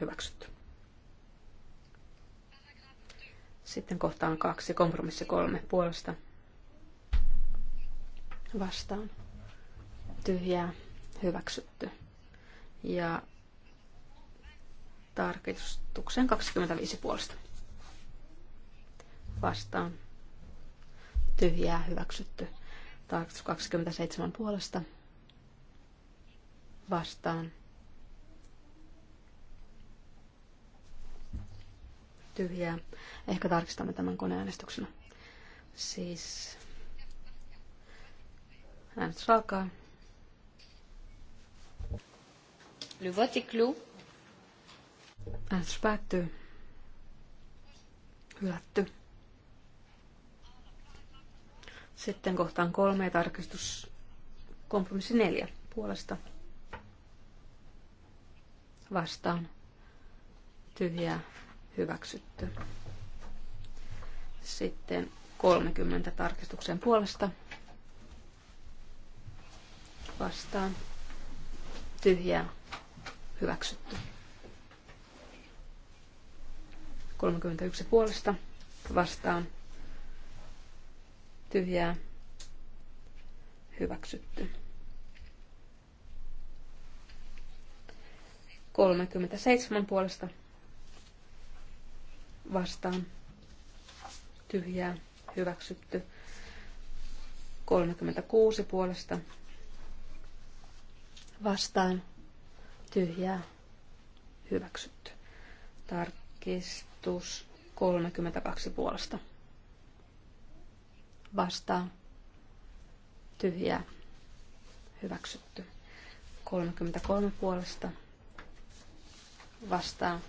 [SPEAKER 2] hyväksytty. Sitten kohtaan kaksi, kompromissi kolme puolesta. Vastaan. Tyhjää, hyväksytty. Ja tarkistukseen 25 puolesta. Vastaan. Tyhjää, hyväksytty. Tarkistus 27 puolesta. Vastaan tyhjää. Ehkä tarkistamme tämän koneäänestyksenä.
[SPEAKER 1] Siis äänestys alkaa. Le vote est clos. Äänestys päättyy. Hylätty.
[SPEAKER 2] Sitten kohtaan kolme ja tarkistus kompromissi neljä puolesta. Vastaan. Tyhjää hyväksytty. Sitten 30 tarkistuksen puolesta vastaan tyhjää hyväksytty. 31 puolesta vastaan tyhjää hyväksytty. 37 puolesta vastaan tyhjää hyväksytty. 36 puolesta vastaan tyhjää hyväksytty. Tarkistus 32 puolesta vastaan tyhjää hyväksytty. 33 puolesta vastaan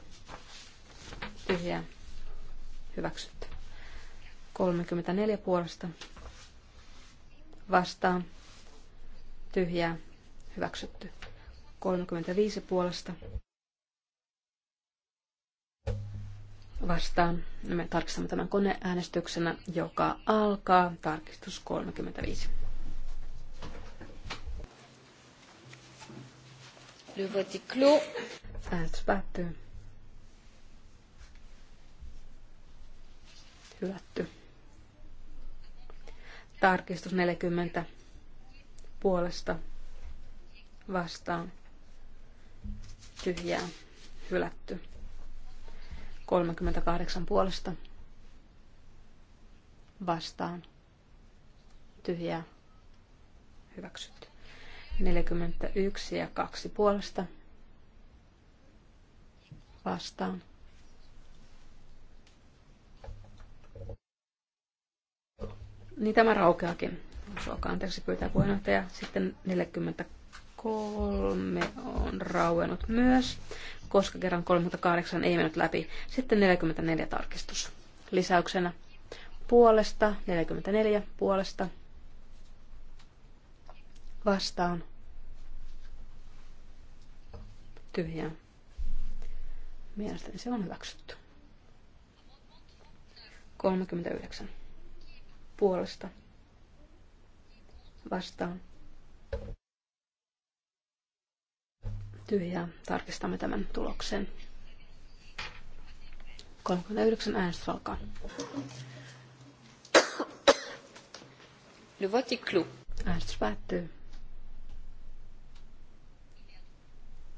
[SPEAKER 2] tyhjää Hyväksytty. 34 puolesta vastaan. Tyhjää. Hyväksytty. 35 puolesta vastaan. Me tarkistamme tämän koneäänestyksenä, joka alkaa. Tarkistus 35.
[SPEAKER 1] Le vote est clos.
[SPEAKER 2] pas päättyy. Hylätty. Tarkistus 40 puolesta vastaan. Tyhjää. Hylätty. 38 puolesta vastaan. Tyhjää. Hyväksytty. 41 ja 2 puolesta vastaan Niin tämä raukeakin. Suokaa anteeksi pyytää puheenjohtaja. Sitten 43 on rauennut myös, koska kerran 38 ei mennyt läpi. Sitten 44 tarkistus. Lisäyksenä puolesta, 44 puolesta, vastaan, tyhjää. Mielestäni se on hyväksytty. 39 puolesta vastaan. Tyhjää. Tarkistamme tämän tuloksen. 39 äänestys alkaa.
[SPEAKER 1] Le vote clou. Äänestys päättyy.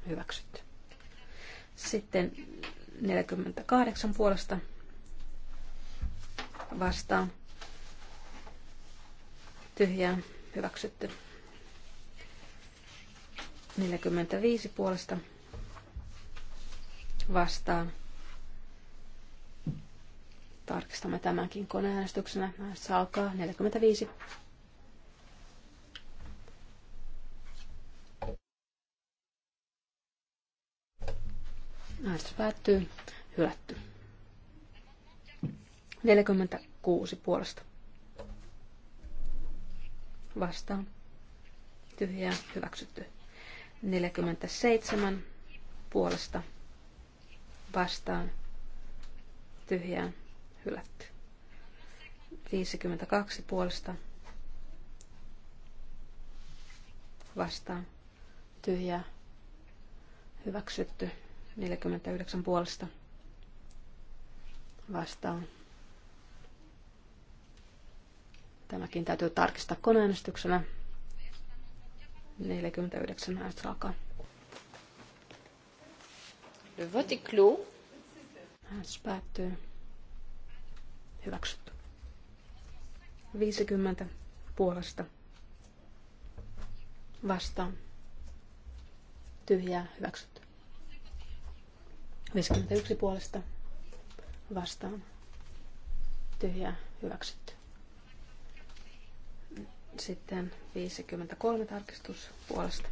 [SPEAKER 1] Hyväksytty.
[SPEAKER 2] Sitten 48 puolesta vastaan tyhjää hyväksytty. 45 puolesta vastaan. Tarkistamme tämänkin koneäänestyksenä. Äänestys alkaa 45. Näistä päättyy. Hylätty. 46 puolesta vastaan tyhjää hyväksytty. 47 puolesta vastaan tyhjää hylätty. 52 puolesta vastaan tyhjää hyväksytty. 49 puolesta vastaan Tämäkin täytyy tarkistaa koneäänestyksenä. 49 äänestys alkaa. Le vote Äänestys päättyy. Hyväksytty. 50 puolesta. Vastaan. Tyhjää. Hyväksytty. 51 puolesta. Vastaan. Tyhjää. Hyväksytty. Sitten 53 tarkistus puolesta.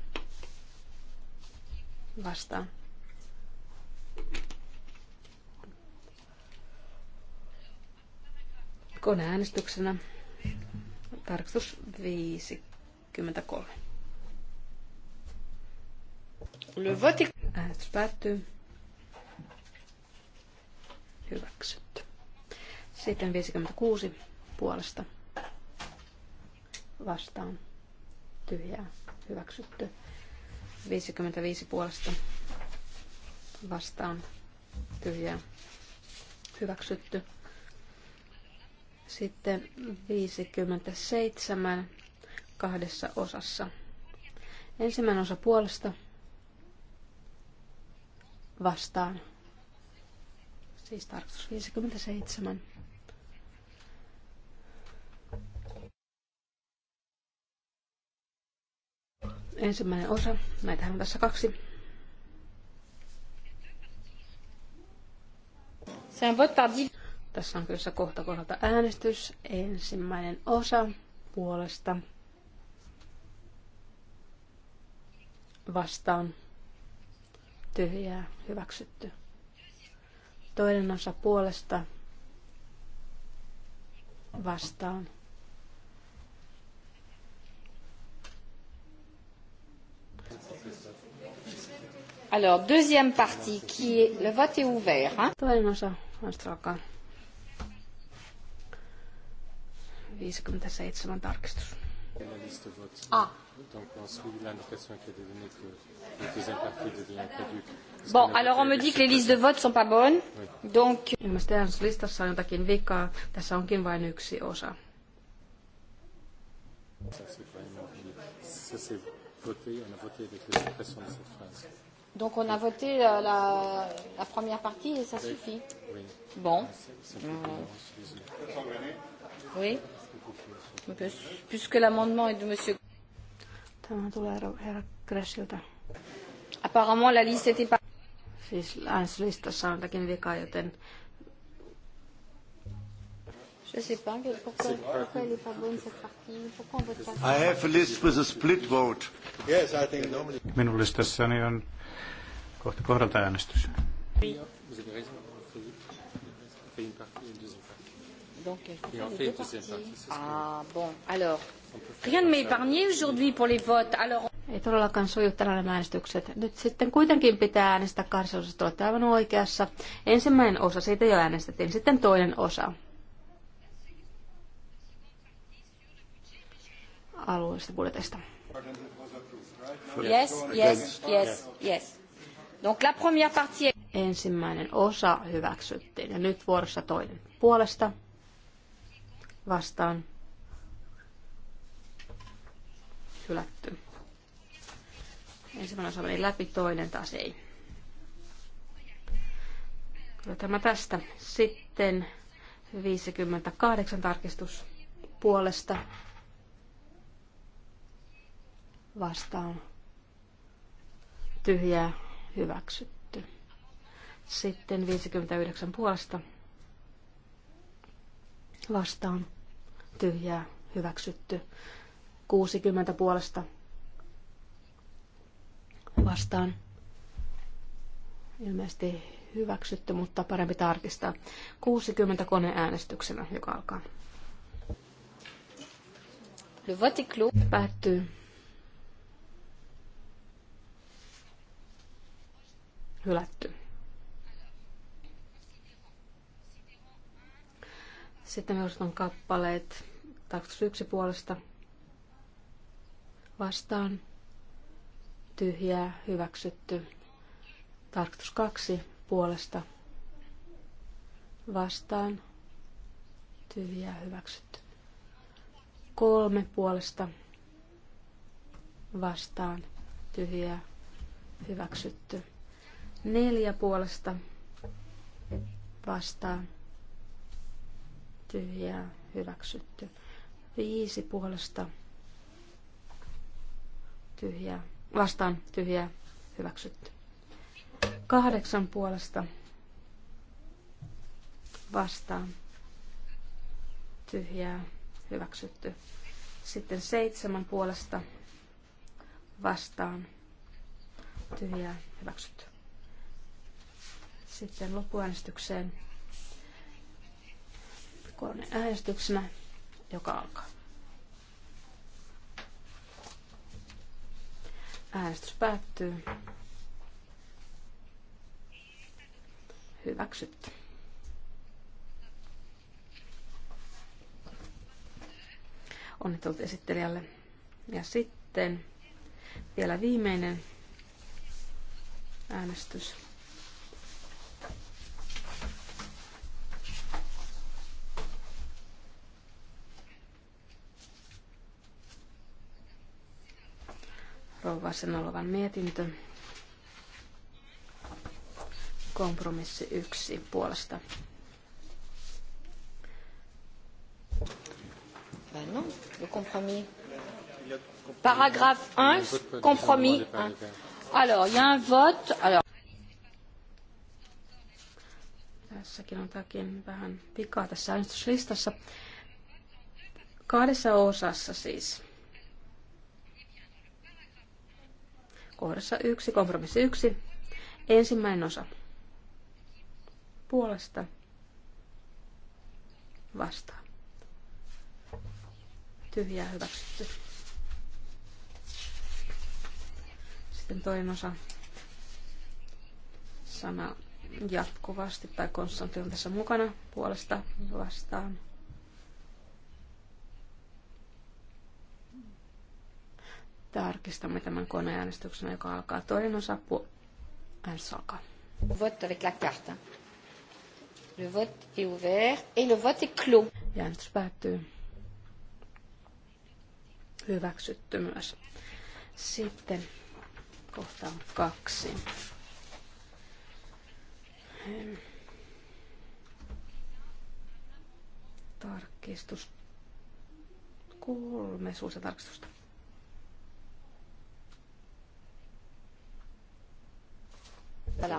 [SPEAKER 2] Vastaan. Koneäänestyksenä tarkistus 53.
[SPEAKER 1] Le vote Äänestys päättyy. Hyväksytty. Sitten 56
[SPEAKER 2] puolesta vastaan tyhjää hyväksytty. 55 puolesta vastaan tyhjää hyväksytty. Sitten 57 kahdessa osassa. Ensimmäinen osa puolesta vastaan. Siis tarkoitus 57. Ensimmäinen osa, näitähän on tässä kaksi. Tässä on kyllä kohta kohdalta äänestys. Ensimmäinen osa puolesta vastaan tyhjää hyväksytty. Toinen osa puolesta vastaan
[SPEAKER 1] Alors, deuxième partie, qui est... Le vote est ouvert. Hein? Toinen osa, äänestys alkaa.
[SPEAKER 2] 57 tarkistus.
[SPEAKER 6] Ah. Donc on suit l'indication qui a été donnée que la deuxième partie devient caduque.
[SPEAKER 1] Bon, alors on me dit que les listes de vote sont pas bonnes. Oui. Donc... Ilmeisesti äänestyslistassa on jotakin vikaa. Tässä onkin vain yksi osa.
[SPEAKER 6] Ça, c'est voté, on a voté avec les suppressions de cette phrase.
[SPEAKER 1] Donc on a voté la, euh, la, la première partie et ça oui. suffit.
[SPEAKER 6] Oui. Bon. Ah,
[SPEAKER 1] euh, oui. Puisque l'amendement est de Monsieur. Apparemment la liste n'était pas... Siis Je ne sais pas pourquoi, pourquoi elle n'est pas bonne cette partie. Pourquoi on vote pas... I have a list
[SPEAKER 6] with a split vote. Yes, I think normally...
[SPEAKER 3] Minun listassani on Kohta kohdalta äänestys. Ah,
[SPEAKER 2] Ei todellakaan suju tällainen äänestykset. Nyt sitten kuitenkin pitää äänestää kahdessa olette aivan oikeassa. Ensimmäinen osa, siitä jo äänestettiin, sitten toinen osa.
[SPEAKER 1] Alueellisesta budjetista.
[SPEAKER 6] Yes, Yes, yes, yes,
[SPEAKER 1] yes. Donc la première partie...
[SPEAKER 2] Ensimmäinen osa hyväksyttiin ja nyt vuorossa toinen puolesta vastaan hylätty. Ensimmäinen osa meni läpi, toinen taas ei. Kyllä tämä tästä. Sitten 58 tarkistus puolesta vastaan tyhjää hyväksytty. Sitten 59 puolesta vastaan tyhjää hyväksytty. 60 puolesta vastaan ilmeisesti hyväksytty, mutta parempi tarkistaa. 60 koneäänestyksenä, joka alkaa.
[SPEAKER 1] Päättyy. hylätty.
[SPEAKER 2] Sitten on kappaleet tarkoitus yksi puolesta vastaan tyhjää hyväksytty. Tarkoitus kaksi puolesta vastaan tyhjää hyväksytty. Kolme puolesta vastaan tyhjää hyväksytty. Neljä puolesta vastaan tyhjää hyväksytty. Viisi puolesta tyhjää vastaan tyhjää hyväksytty. Kahdeksan puolesta vastaan tyhjää hyväksytty. Sitten seitsemän puolesta vastaan tyhjää hyväksytty. Sitten loppuäänestykseen äänestyksenä, joka alkaa. Äänestys päättyy. Hyväksytty. Onnittelut esittelijälle. Ja sitten vielä viimeinen äänestys. Rouva Senolovan mietintö.
[SPEAKER 1] Kompromissi yksi puolesta. Ben non, le compromis. Paragraphe 1, compromis 1. Alors, il y a un vote. Alors.
[SPEAKER 2] Tässäkin on takin vähän pikaa tässä äänestyslistassa. Kahdessa osassa siis. Kohdassa yksi, kompromissi yksi. Ensimmäinen osa. Puolesta. Vastaan. Tyhjää hyväksytty. Sitten toinen osa. Sana jatkuvasti tai konstantti on tässä mukana. Puolesta vastaan Tarkistamme tämän koneäänestyksen, joka alkaa toinen osa. Pu- Äänestys alkaa.
[SPEAKER 1] Vote avec la carte. Le vote est ouvert et le vote est clos. Ja äänestys
[SPEAKER 2] päättyy. Hyväksytty myös. Sitten on kaksi. Tarkistus. Kolme suusia tarkistusta
[SPEAKER 1] Voilà.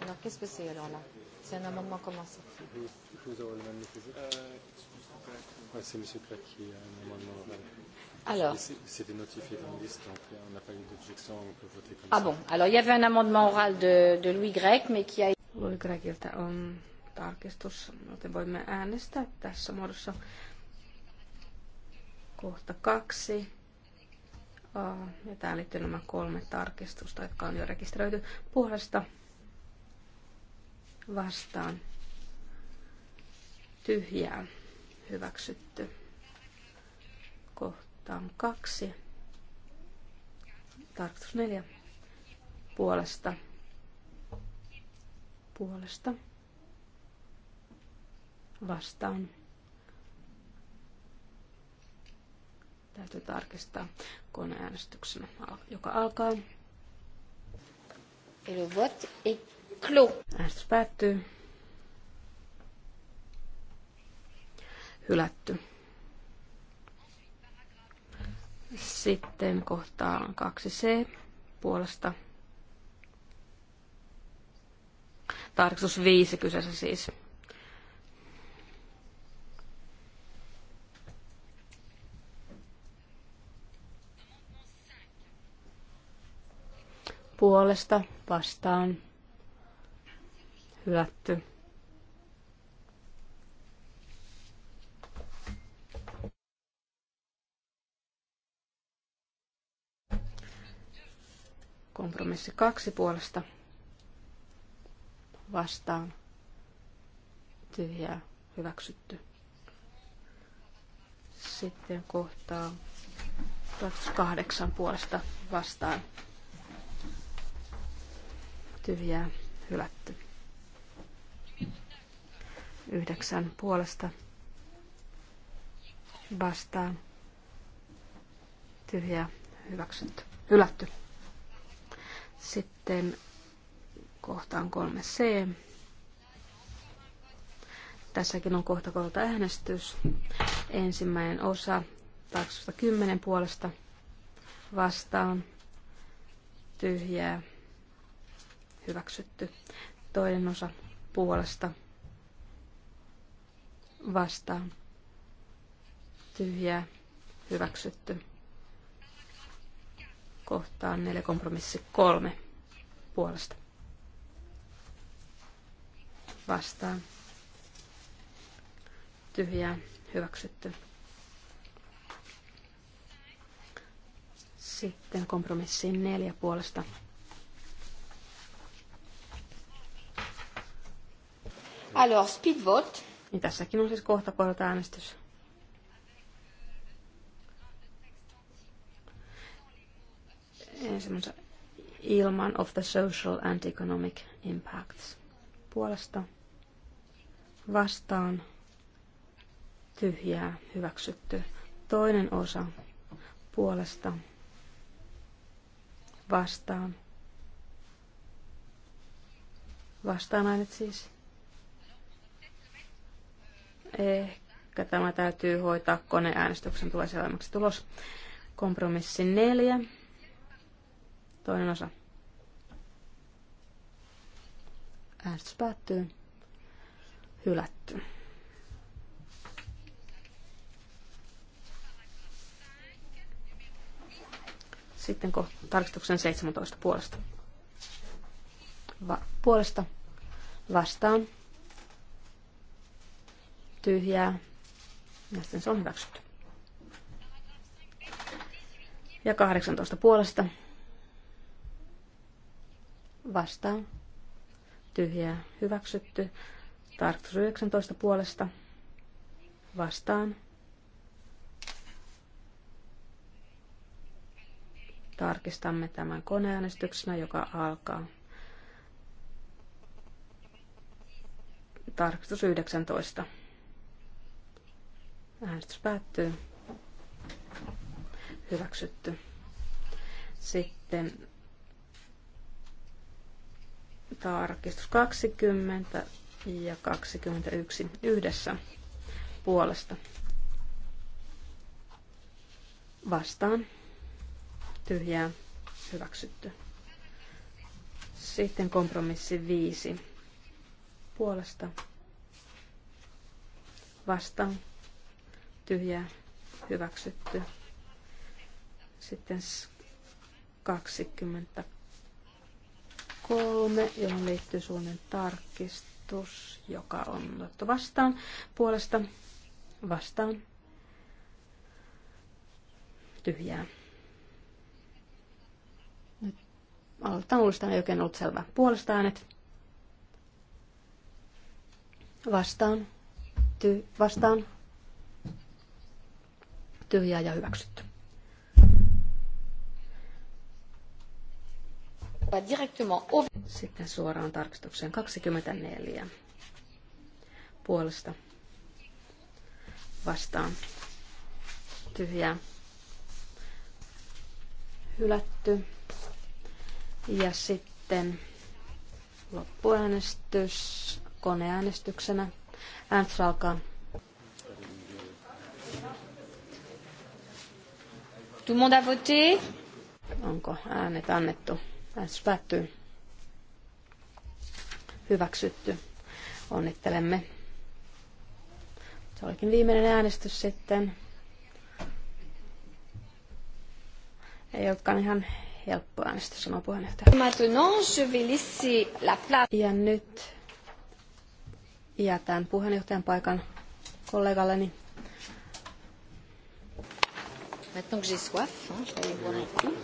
[SPEAKER 1] Alors, qu'est-ce que c'est alors là C'est un amendement comment ça
[SPEAKER 6] Ouais, c'est M. Plac qui a un amendement oral. Alors C'était notifié dans la liste, donc euh, on n'a pas eu d'objection, on peut voter comme ah ça. Ah bon, alors
[SPEAKER 1] il y avait un amendement oral de, de Louis Grec, mais qui a... Louis Greciltä on tarkistus, joten voimme äänestää tässä
[SPEAKER 2] muodossa kohta kaksi ja tähän liittyy nämä kolme tarkistusta, jotka on jo rekisteröity puolesta vastaan tyhjää hyväksytty. Kohtaan kaksi. Tarkistus neljä. Puolesta. Puolesta. Vastaan Täytyy tarkistaa
[SPEAKER 1] koneäänestyksen, joka alkaa. Le vote
[SPEAKER 2] Äänestys päättyy. Hylätty. Sitten kohtaan 2c puolesta. Tarkistus 5 kyseessä siis. puolesta vastaan hylätty. Kompromissi kaksi puolesta vastaan tyhjää hyväksytty. Sitten kohtaa 28 puolesta vastaan tyhjää hylätty. Yhdeksän puolesta vastaan tyhjää hyväksytty, hylätty. Sitten kohtaan 3c. Tässäkin on kohta kohta äänestys. Ensimmäinen osa 810 puolesta vastaan tyhjää hyväksytty. Toinen osa puolesta vastaan tyhjää hyväksytty. Kohtaan neljä kompromissi kolme puolesta vastaan tyhjää hyväksytty. Sitten kompromissiin neljä puolesta
[SPEAKER 1] Alors, speed vote.
[SPEAKER 2] Niin tässäkin on siis kohta kohdalta äänestys. ilman of the social and economic impacts. Puolesta vastaan tyhjää hyväksytty. Toinen osa puolesta vastaan. Vastaan äänet siis Ehkä tämä täytyy hoitaa koneäänestyksen, tulee selvemmäksi tulos. Kompromissi neljä, toinen osa. Äänestys päättyy. Hylätty. Sitten tarkistuksen 17 puolesta. Va- puolesta vastaan tyhjää. sitten se on hyväksytty. Ja 18 puolesta vastaan tyhjää hyväksytty. Tarkistus 19 puolesta vastaan. Tarkistamme tämän koneäänestyksenä, joka alkaa. Tarkistus 19. Äänestys päättyy. Hyväksytty. Sitten tarkistus 20 ja 21 yhdessä puolesta. Vastaan. Tyhjää. Hyväksytty. Sitten kompromissi 5 puolesta. Vastaan tyhjää hyväksytty. Sitten 23, johon liittyy suunnan tarkistus, joka on otettu vastaan puolesta vastaan tyhjää. Nyt aloitetaan uudestaan, ei oikein ollut selvä. Puolesta äänet. Vastaan. Ty- vastaan
[SPEAKER 1] tyhjää ja hyväksytty. Sitten suoraan tarkistukseen
[SPEAKER 2] 24 puolesta vastaan tyhjää hylätty. Ja sitten loppuäänestys koneäänestyksenä. Äänestys alkaa.
[SPEAKER 1] Tout le monde a voté? Onko äänet annettu? Äänestys päättyy.
[SPEAKER 2] Hyväksytty. Onnittelemme. Se olikin viimeinen äänestys sitten. Ei olekaan ihan helppo äänestys, sanoo puheenjohtaja.
[SPEAKER 1] Maintenant je vais laisser la place. Ja nyt jätän puheenjohtajan paikan kollegalleni Maintenant que j'ai soif, hein, je vais aller boire un coup.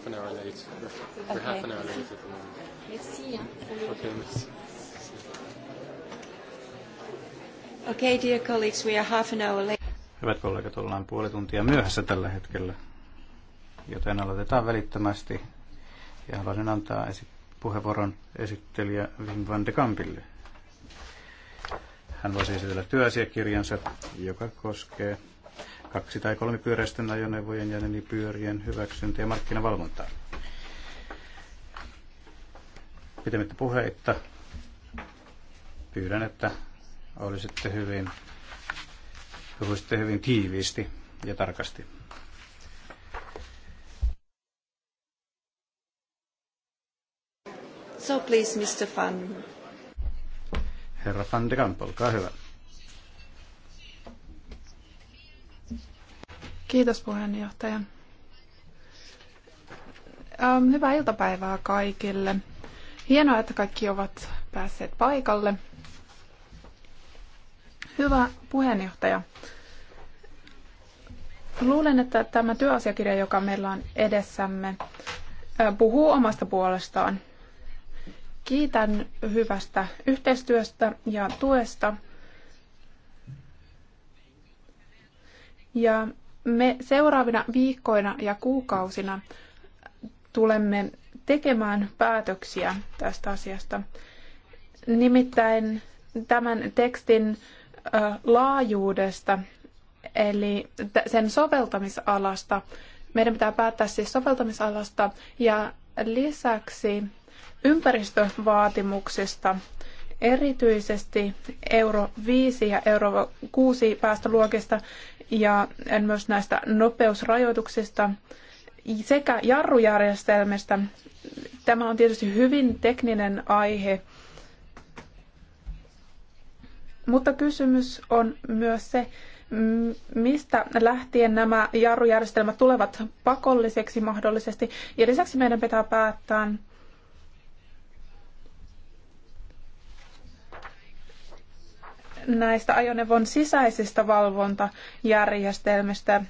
[SPEAKER 6] Half an hour late.
[SPEAKER 3] We're, okay. half an hour late at the
[SPEAKER 1] moment. Merci. Okay, merci. Okay, dear colleagues, we are half an hour late.
[SPEAKER 3] Hyvät kollegat, ollaan puoli tuntia myöhässä tällä hetkellä, joten aloitetaan välittömästi. Ja haluaisin antaa esi- puheenvuoron esittelijä Wim van de Kampille. Hän voisi esitellä työasiakirjansa, joka koskee kaksi- tai kolmipyöräisten ajoneuvojen ja nelipyörien hyväksyntä ja markkinavalvontaa. Pitämättä puheitta pyydän, että olisitte hyvin, puhuisitte hyvin tiiviisti ja tarkasti.
[SPEAKER 1] So please, Mr. Van.
[SPEAKER 3] Herra Van de Kamp, olkaa hyvä.
[SPEAKER 4] Kiitos puheenjohtaja. Ähm, hyvää iltapäivää kaikille. Hienoa, että kaikki ovat päässeet paikalle. Hyvä puheenjohtaja. Luulen, että tämä työasiakirja, joka meillä on edessämme, puhuu omasta puolestaan. Kiitän hyvästä yhteistyöstä ja tuesta. Ja me seuraavina viikkoina ja kuukausina tulemme tekemään päätöksiä tästä asiasta. Nimittäin tämän tekstin laajuudesta, eli sen soveltamisalasta. Meidän pitää päättää siis soveltamisalasta ja lisäksi ympäristövaatimuksista erityisesti euro 5 ja euro 6 päästöluokista ja myös näistä nopeusrajoituksista sekä jarrujärjestelmistä. Tämä on tietysti hyvin tekninen aihe, mutta kysymys on myös se, mistä lähtien nämä jarrujärjestelmät tulevat pakolliseksi mahdollisesti. Ja lisäksi meidän pitää päättää, näistä ajoneuvon sisäisistä valvontajärjestelmistä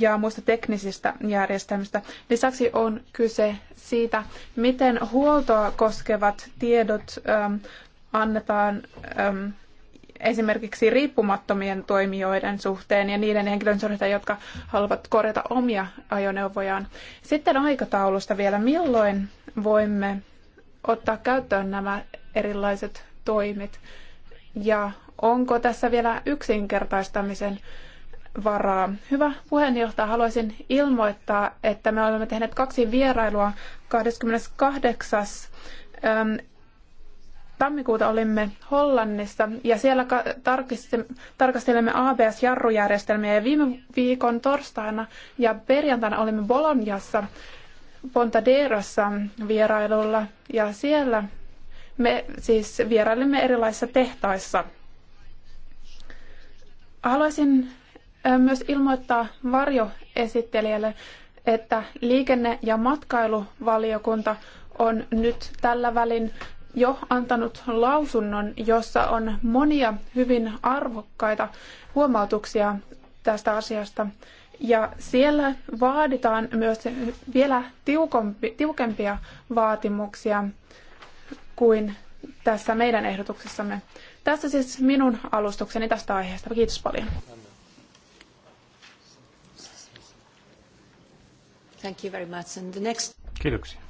[SPEAKER 4] ja muista teknisistä järjestelmistä. Lisäksi on kyse siitä, miten huoltoa koskevat tiedot ähm, annetaan ähm, esimerkiksi riippumattomien toimijoiden suhteen ja niiden henkilön suhteen, jotka haluavat korjata omia ajoneuvojaan. Sitten aikataulusta vielä, milloin voimme ottaa käyttöön nämä erilaiset toimit ja onko tässä vielä yksinkertaistamisen varaa. Hyvä puheenjohtaja, haluaisin ilmoittaa, että me olemme tehneet kaksi vierailua 28. Ähm, tammikuuta olimme Hollannissa ja siellä tarkastelemme ABS-jarrujärjestelmiä ja viime viikon torstaina ja perjantaina olimme Bolonjassa Pontaderossa vierailulla ja siellä me siis vierailimme erilaisissa tehtaissa. Haluaisin myös ilmoittaa varjoesittelijälle, että liikenne- ja matkailuvaliokunta on nyt tällä välin jo antanut lausunnon, jossa on monia hyvin arvokkaita huomautuksia tästä asiasta. Ja siellä vaaditaan myös vielä tiukempia vaatimuksia kuin tässä meidän ehdotuksessamme. Tässä siis minun alustukseni tästä aiheesta. Kiitos paljon.
[SPEAKER 1] Thank you very much. And the next...
[SPEAKER 3] Kiitoksia.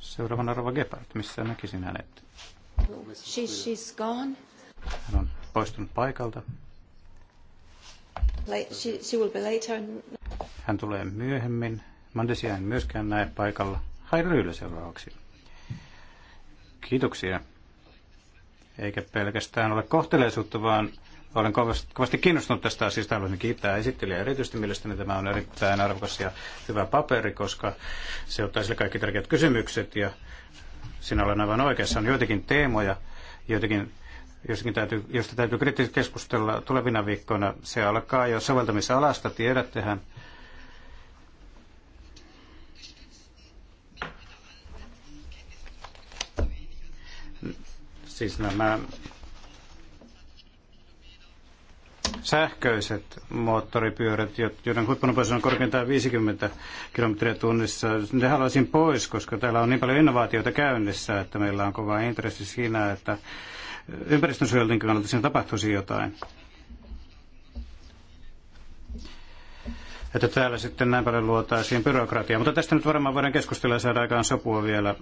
[SPEAKER 3] Seuraavana Rova Gepard, missä näkisin hänet?
[SPEAKER 1] She, she's gone.
[SPEAKER 3] Hän on poistunut paikalta.
[SPEAKER 1] Late, she, she will be later.
[SPEAKER 3] Hän tulee myöhemmin. Mandesia ei myöskään näe paikalla. Haida Ryylä seuraavaksi. Kiitoksia. Eikä pelkästään ole kohteleisuutta, vaan olen kovasti kiinnostunut tästä asiasta. Haluaisin kiittää esittelijä erityisesti. Mielestäni tämä on erittäin arvokas ja hyvä paperi, koska se ottaa sille kaikki tärkeät kysymykset ja sinä olen aivan oikeassa. On joitakin teemoja, joitakin jostakin täytyy, josta täytyy kriittisesti keskustella tulevina viikkoina. Se alkaa jo soveltamisalasta, tiedättehän. Siis nämä sähköiset moottoripyörät, joiden huippunopeus on korkeintaan 50 kilometriä tunnissa. Ne haluaisin pois, koska täällä on niin paljon innovaatioita käynnissä, että meillä on kova intressi siinä, että ympäristönsuojelun kannalta siinä tapahtuisi jotain. Että täällä sitten näin paljon luotaisiin byrokratiaa. Mutta tästä nyt varmaan voidaan keskustella ja saada aikaan sopua vielä.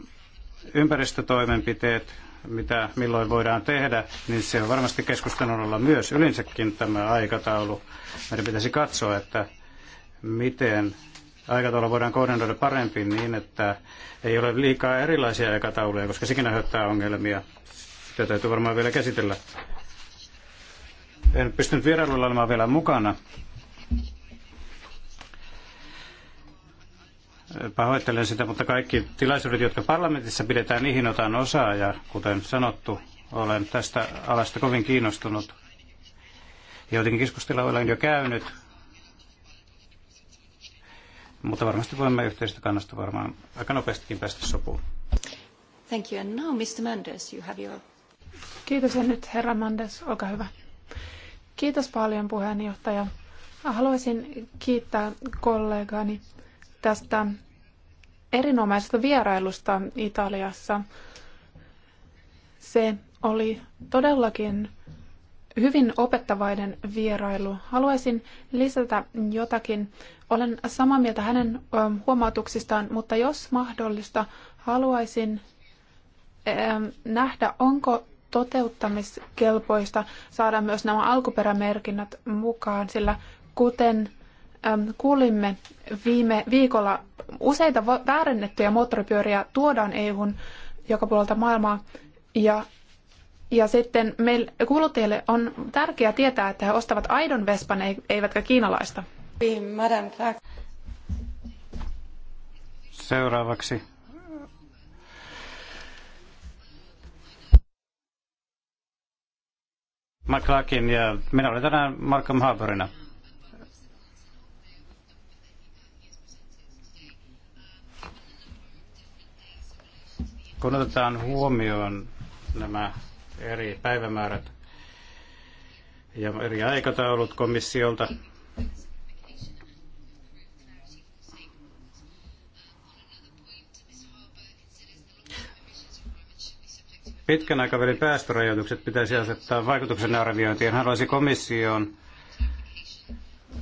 [SPEAKER 3] Ympäristötoimenpiteet, mitä milloin voidaan tehdä, niin se on varmasti keskustelun alla myös yleensäkin tämä aikataulu. Meidän pitäisi katsoa, että miten aikataulu voidaan koordinoida parempi niin, että ei ole liikaa erilaisia aikatauluja, koska sekin aiheuttaa ongelmia. Sitä täytyy varmaan vielä käsitellä. En pystynyt vierailulla olemaan vielä mukana, Pahoittelen sitä, mutta kaikki tilaisuudet, jotka parlamentissa pidetään, niihin otan osaa ja kuten sanottu, olen tästä alasta kovin kiinnostunut. Joitakin keskustella olen jo käynyt, mutta varmasti voimme yhteisestä kannasta varmaan aika nopeastikin päästä sopuun.
[SPEAKER 1] Thank you. And now, Mr. Manders,
[SPEAKER 4] you have your... Kiitos ja nyt herra Manders, olkaa hyvä. Kiitos paljon puheenjohtaja. Haluaisin kiittää kollegani tästä erinomaisesta vierailusta Italiassa. Se oli todellakin hyvin opettavainen vierailu. Haluaisin lisätä jotakin. Olen samaa mieltä hänen huomautuksistaan, mutta jos mahdollista, haluaisin nähdä, onko toteuttamiskelpoista saada myös nämä alkuperämerkinnät mukaan, sillä kuten Ähm, kuulimme viime viikolla useita väärennettyjä moottoripyöriä tuodaan EUhun joka puolelta maailmaa ja ja sitten meille kuluttajille on tärkeää tietää, että he ostavat aidon vespan eivätkä kiinalaista.
[SPEAKER 3] Seuraavaksi McLaughlin ja minä olen tänään Markham Harperina. Kun otetaan huomioon nämä eri päivämäärät ja eri aikataulut komissiolta, pitkän aikavälin päästörajoitukset pitäisi asettaa vaikutuksen arviointiin. Haluaisin komission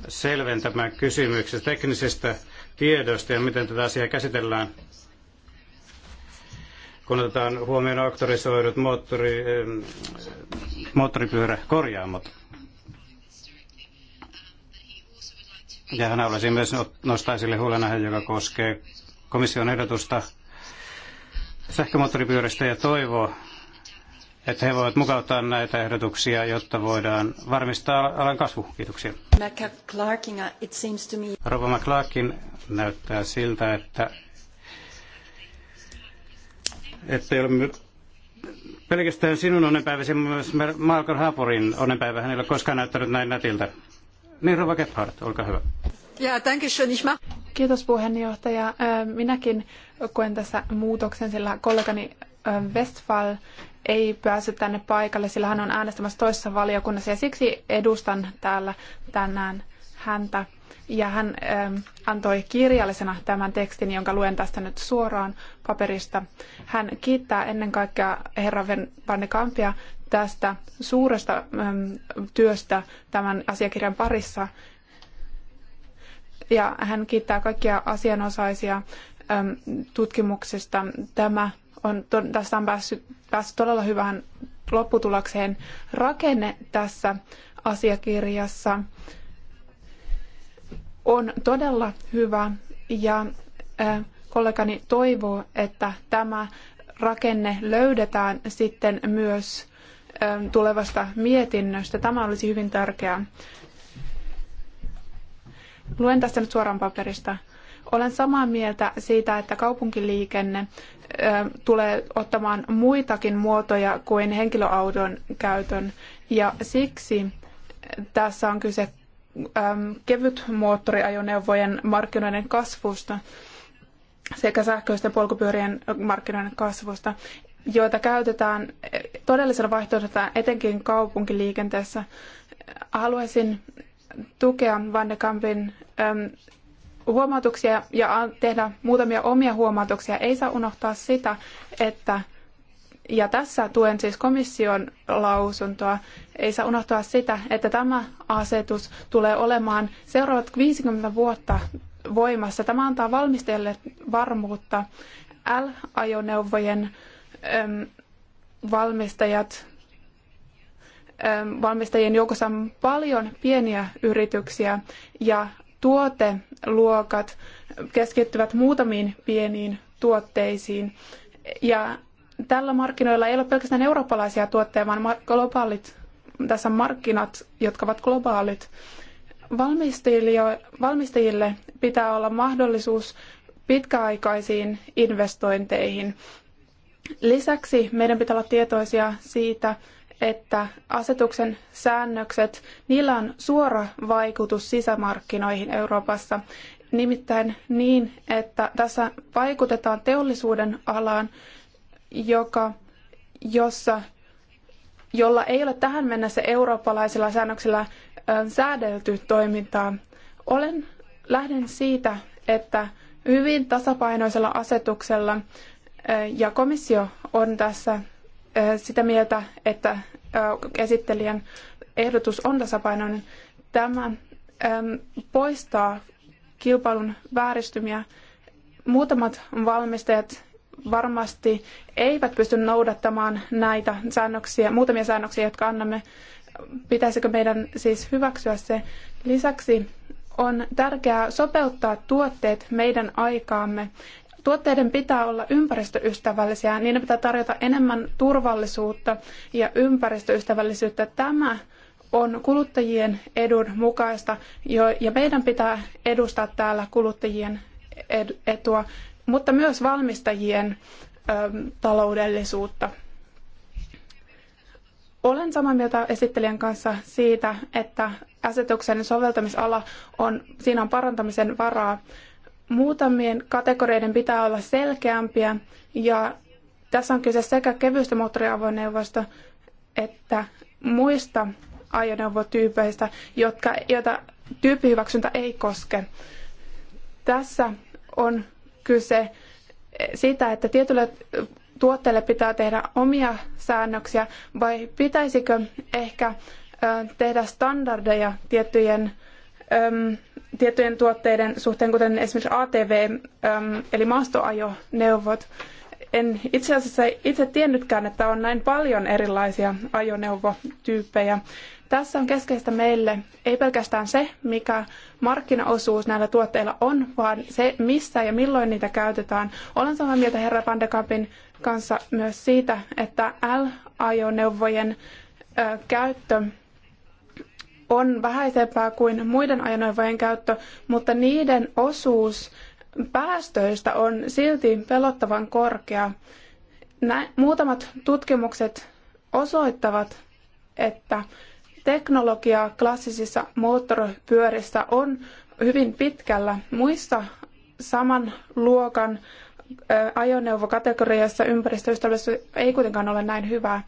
[SPEAKER 3] selventämään kysymyksestä teknisestä tiedosta ja miten tätä asiaa käsitellään kun otetaan huomioon auktorisoidut moottori, moottoripyöräkorjaamot. Ja hän haluaisi myös nostaa sille huolenaihe, joka koskee komission ehdotusta sähkömoottoripyöristä ja toivoo, että he voivat mukauttaa näitä ehdotuksia, jotta voidaan varmistaa alan kasvu. Kiitoksia. Rova McClarkin näyttää siltä, että ettei ole pelkästään sinun onnenpäiväsi, myös Malcolm Haapurin onnenpäivä. Hän ei ole koskaan näyttänyt näin nätiltä. Niin, Rova Gebhardt, olkaa hyvä.
[SPEAKER 4] Ja, danke Kiitos puheenjohtaja. Minäkin koen tässä muutoksen, sillä kollegani Westfall ei päässyt tänne paikalle, sillä hän on äänestämässä toisessa valiokunnassa ja siksi edustan täällä tänään häntä ja hän ähm, antoi kirjallisena tämän tekstin, jonka luen tästä nyt suoraan paperista. Hän kiittää ennen kaikkea herra Van de Kampia tästä suuresta ähm, työstä tämän asiakirjan parissa. Ja hän kiittää kaikkia asianosaisia ähm, tutkimuksista. Tämä on, tästä on päässyt, päässyt todella hyvään lopputulokseen. Rakenne tässä asiakirjassa on todella hyvä ja kollegani toivoo, että tämä rakenne löydetään sitten myös tulevasta mietinnöstä. Tämä olisi hyvin tärkeää. Luen tästä nyt suoraan paperista. Olen samaa mieltä siitä, että kaupunkiliikenne tulee ottamaan muitakin muotoja kuin henkilöauton käytön. Ja siksi tässä on kyse Ähm, kevytmoottoriajoneuvojen markkinoiden kasvusta sekä sähköisten polkupyörien markkinoiden kasvusta, joita käytetään todellisena vaihtoehtona etenkin kaupunkiliikenteessä. Haluaisin tukea Van de ähm, huomautuksia ja tehdä muutamia omia huomautuksia. Ei saa unohtaa sitä, että ja tässä tuen siis komission lausuntoa. Ei saa unohtaa sitä, että tämä asetus tulee olemaan seuraavat 50 vuotta voimassa. Tämä antaa valmistajille varmuutta. L-ajoneuvojen valmistajat, äm, valmistajien joukossa on paljon pieniä yrityksiä ja tuoteluokat keskittyvät muutamiin pieniin tuotteisiin. Ja tällä markkinoilla ei ole pelkästään eurooppalaisia tuotteita, vaan globaalit, tässä on markkinat, jotka ovat globaalit. Valmistajille pitää olla mahdollisuus pitkäaikaisiin investointeihin. Lisäksi meidän pitää olla tietoisia siitä, että asetuksen säännökset, niillä on suora vaikutus sisämarkkinoihin Euroopassa. Nimittäin niin, että tässä vaikutetaan teollisuuden alaan joka, jossa, jolla ei ole tähän mennessä eurooppalaisilla säännöksillä säädelty toimintaa. Olen lähden siitä, että hyvin tasapainoisella asetuksella ja komissio on tässä sitä mieltä, että esittelijän ehdotus on tasapainoinen. Tämä poistaa kilpailun vääristymiä. Muutamat valmistajat varmasti eivät pysty noudattamaan näitä säännöksiä, muutamia säännöksiä, jotka annamme. Pitäisikö meidän siis hyväksyä se? Lisäksi on tärkeää sopeuttaa tuotteet meidän aikaamme. Tuotteiden pitää olla ympäristöystävällisiä, niiden pitää tarjota enemmän turvallisuutta ja ympäristöystävällisyyttä. Tämä on kuluttajien edun mukaista ja meidän pitää edustaa täällä kuluttajien etua mutta myös valmistajien taloudellisuutta. Olen samaa mieltä esittelijän kanssa siitä, että asetuksen soveltamisala on, siinä on parantamisen varaa. Muutamien kategorioiden pitää olla selkeämpiä ja tässä on kyse sekä kevyistä moottoriajoneuvoista että muista ajoneuvotyypeistä, jotka, joita tyyppihyväksyntä ei koske. Tässä on kyse siitä, että tietylle tuotteelle pitää tehdä omia säännöksiä vai pitäisikö ehkä tehdä standardeja tiettyjen, äm, tiettyjen tuotteiden suhteen, kuten esimerkiksi ATV äm, eli maastoajoneuvot. En itse asiassa itse tiennytkään, että on näin paljon erilaisia ajoneuvotyyppejä. Tässä on keskeistä meille ei pelkästään se, mikä markkinaosuus näillä tuotteilla on, vaan se, missä ja milloin niitä käytetään. Olen samaa mieltä herra Pandekapin kanssa myös siitä, että L-ajoneuvojen käyttö on vähäisempää kuin muiden ajoneuvojen käyttö, mutta niiden osuus päästöistä on silti pelottavan korkea. muutamat tutkimukset osoittavat, että Teknologia klassisissa moottoripyörissä on hyvin pitkällä. Muissa saman luokan ajoneuvokategoriassa ympäristöystävällisyys ei kuitenkaan ole näin hyvää.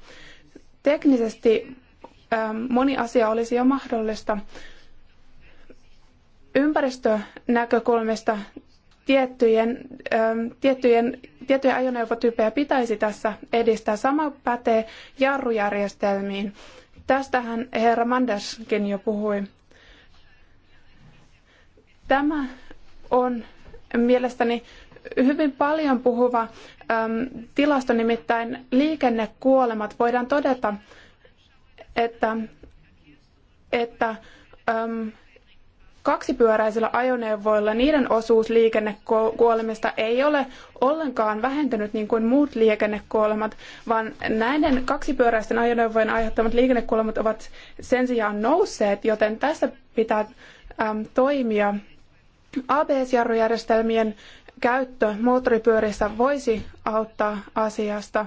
[SPEAKER 4] Teknisesti moni asia olisi jo mahdollista. Ympäristönäkökulmista tiettyjen, tiettyjen, tiettyjä ajoneuvotyyppejä pitäisi tässä edistää. Sama pätee jarrujärjestelmiin. Tästähän herra Manderskin jo puhui. Tämä on mielestäni hyvin paljon puhuva äm, tilasto, nimittäin liikennekuolemat. Voidaan todeta, että, että äm, kaksipyöräisillä ajoneuvoilla niiden osuus liikennekuolemista ei ole ollenkaan vähentynyt niin kuin muut liikennekuolemat, vaan näiden kaksipyöräisten ajoneuvojen aiheuttamat liikennekuolemat ovat sen sijaan nousseet, joten tässä pitää äm, toimia. ABS-jarrujärjestelmien käyttö moottoripyörissä voisi auttaa asiasta,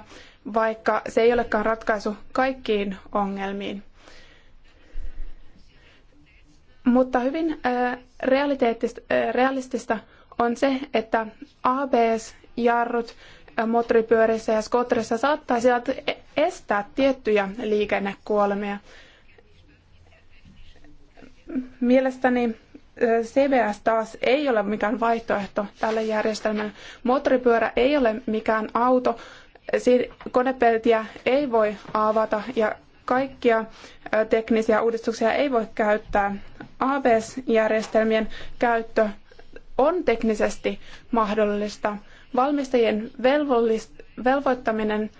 [SPEAKER 4] vaikka se ei olekaan ratkaisu kaikkiin ongelmiin. Mutta hyvin äh, äh, realistista on se, että ABS-jarrut äh, moottoripyörissä ja skootterissa saattaisivat e-, estää tiettyjä liikennekuolemia. Mielestäni CBS taas ei ole mikään vaihtoehto tälle järjestelmälle. Moottoripyörä ei ole mikään auto, konepeltiä ei voi avata ja kaikkia teknisiä uudistuksia ei voi käyttää. ABS-järjestelmien käyttö on teknisesti mahdollista. Valmistajien velvoittaminen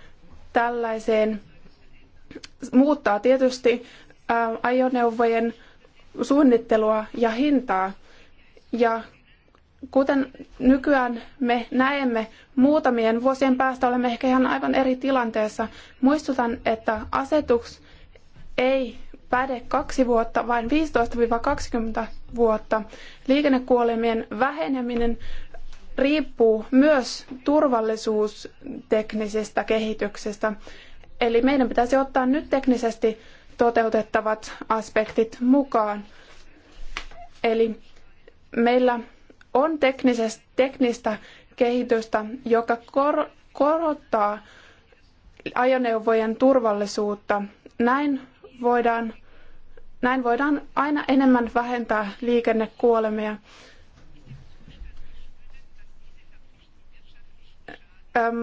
[SPEAKER 4] tällaiseen muuttaa tietysti ajoneuvojen suunnittelua ja hintaa. Ja kuten nykyään me näemme, muutamien vuosien päästä olemme ehkä ihan aivan eri tilanteessa. Muistutan, että asetus ei päde kaksi vuotta, vaan 15-20 vuotta. Liikennekuolemien väheneminen riippuu myös turvallisuusteknisestä kehityksestä. Eli meidän pitäisi ottaa nyt teknisesti toteutettavat aspektit mukaan. Eli meillä on teknistä kehitystä, joka kor- korottaa ajoneuvojen turvallisuutta. Näin voidaan, näin voidaan aina enemmän vähentää liikennekuolemia.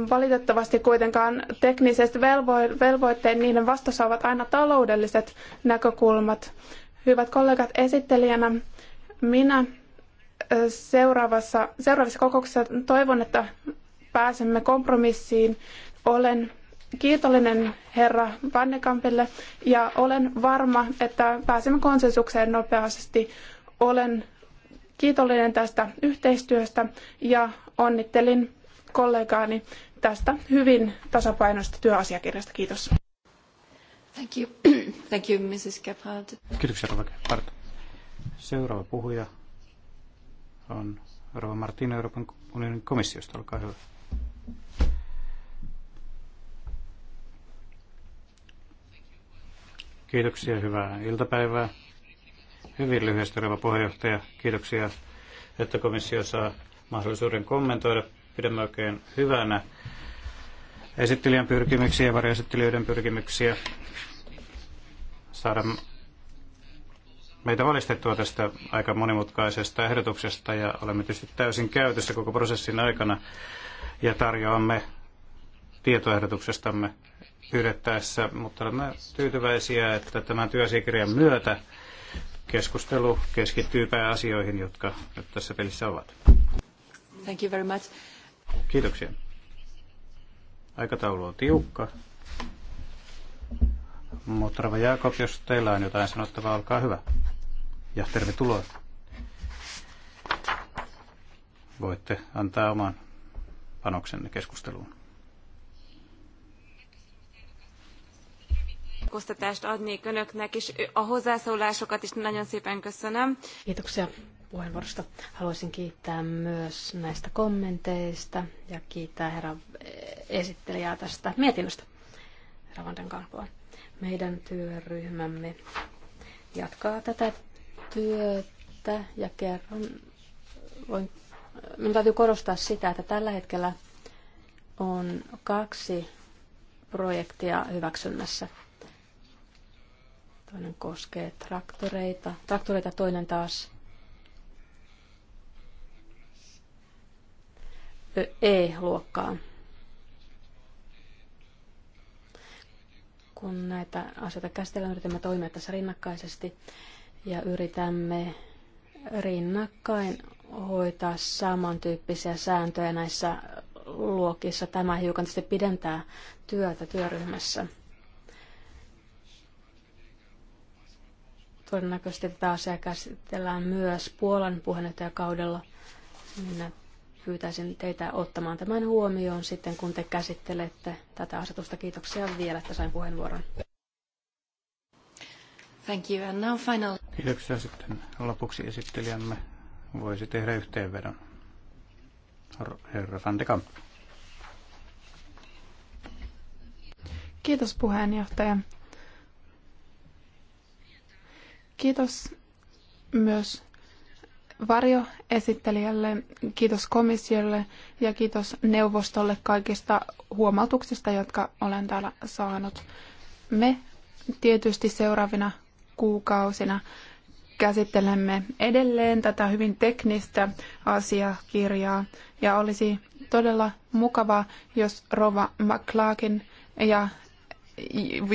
[SPEAKER 4] Valitettavasti kuitenkaan tekniset velvo- velvoitteet, niiden vastassa ovat aina taloudelliset näkökulmat. Hyvät kollegat, esittelijänä minä seuraavassa, seuraavissa kokouksissa toivon, että pääsemme kompromissiin. Olen kiitollinen herra Vannekampille ja olen varma, että pääsemme konsensukseen nopeasti. Olen kiitollinen tästä yhteistyöstä ja onnittelin kollegaani tästä hyvin tasapainoista työasiakirjasta. Kiitos.
[SPEAKER 1] Thank you. Thank you, Mrs. Gebhardt.
[SPEAKER 3] Kiitoksia, Rova Seuraava puhuja on Rova Martin Euroopan unionin komissiosta. Olkaa hyvä. Kiitoksia, hyvää iltapäivää. Hyvin lyhyesti, rouva puheenjohtaja. Kiitoksia, että komissio saa mahdollisuuden kommentoida. Pidämme oikein hyvänä esittelijän pyrkimyksiä ja varjoesittelijöiden pyrkimyksiä saada meitä valistettua tästä aika monimutkaisesta ehdotuksesta ja olemme tietysti täysin käytössä koko prosessin aikana ja tarjoamme tietoehdotuksestamme pyydettäessä, mutta olemme tyytyväisiä, että tämän työasiakirjan myötä keskustelu keskittyy pääasioihin, jotka nyt tässä pelissä ovat.
[SPEAKER 1] Thank you very much.
[SPEAKER 3] Kiitoksia. Aikataulu on tiukka. Mutrava Jaakob, jos teillä on jotain sanottavaa, olkaa hyvä ja tervetuloa. Voitte antaa oman panoksenne keskusteluun.
[SPEAKER 2] tájékoztatást adnék önöknek, és a hozzászólásokat is nagyon szépen köszönöm. Kiitoksia puheenvuorosta. Haluaisin kiittää myös näistä kommenteista ja kiittää herra eh, esittelijää tästä mietinnöstä, herra Vanden Meidän työryhmämme jatkaa tätä työtä ja kerron. Voin, minun täytyy korostaa sitä, että tällä hetkellä on kaksi projektia hyväksynnässä. Toinen koskee traktoreita, traktoreita toinen taas E-luokkaa. Kun näitä asioita käsitellään, yritämme toimia tässä rinnakkaisesti ja yritämme rinnakkain hoitaa samantyyppisiä sääntöjä näissä luokissa. Tämä hiukan tietysti pidentää työtä työryhmässä. Todennäköisesti tätä asiaa käsitellään myös Puolan puheenjohtajakaudella. Minä pyytäisin teitä ottamaan tämän huomioon sitten, kun te käsittelette tätä asetusta. Kiitoksia vielä, että sain
[SPEAKER 1] puheenvuoron. Thank you. And now final...
[SPEAKER 3] Kiitoksia sitten lopuksi esittelijämme voisi tehdä yhteenvedon. Herra Van de Kamp.
[SPEAKER 4] Kiitos puheenjohtaja. Kiitos myös varjoesittelijälle, kiitos komissiolle ja kiitos neuvostolle kaikista huomautuksista, jotka olen täällä saanut. Me tietysti seuraavina kuukausina käsittelemme edelleen tätä hyvin teknistä asiakirjaa ja olisi todella mukavaa, jos Rova McClarkin ja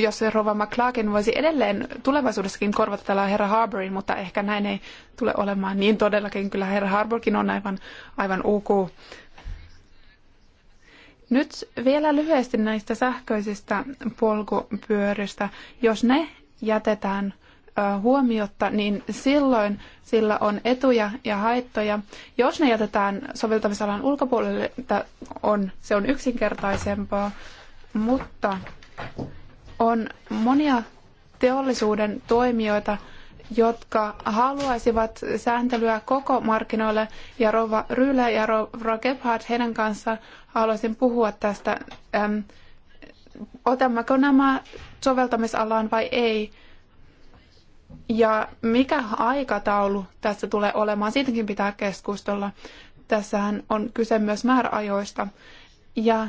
[SPEAKER 4] jos Rova McClarkin voisi edelleen tulevaisuudessakin korvata tällä herra Harborin, mutta ehkä näin ei tule olemaan niin todellakin. Kyllä herra Harborkin on aivan, aivan uk. Nyt vielä lyhyesti näistä sähköisistä polkupyöristä. Jos ne jätetään huomiotta, niin silloin sillä on etuja ja haittoja. Jos ne jätetään soveltamisalan ulkopuolelle, on, se on yksinkertaisempaa, mutta on monia teollisuuden toimijoita, jotka haluaisivat sääntelyä koko markkinoille, ja Rova Ryle ja Rova Gebhardt, heidän kanssa haluaisin puhua tästä, äm, otammeko nämä soveltamisalaan vai ei ja mikä aikataulu tässä tulee olemaan, siitäkin pitää keskustella. Tässähän on kyse myös määräajoista. Ja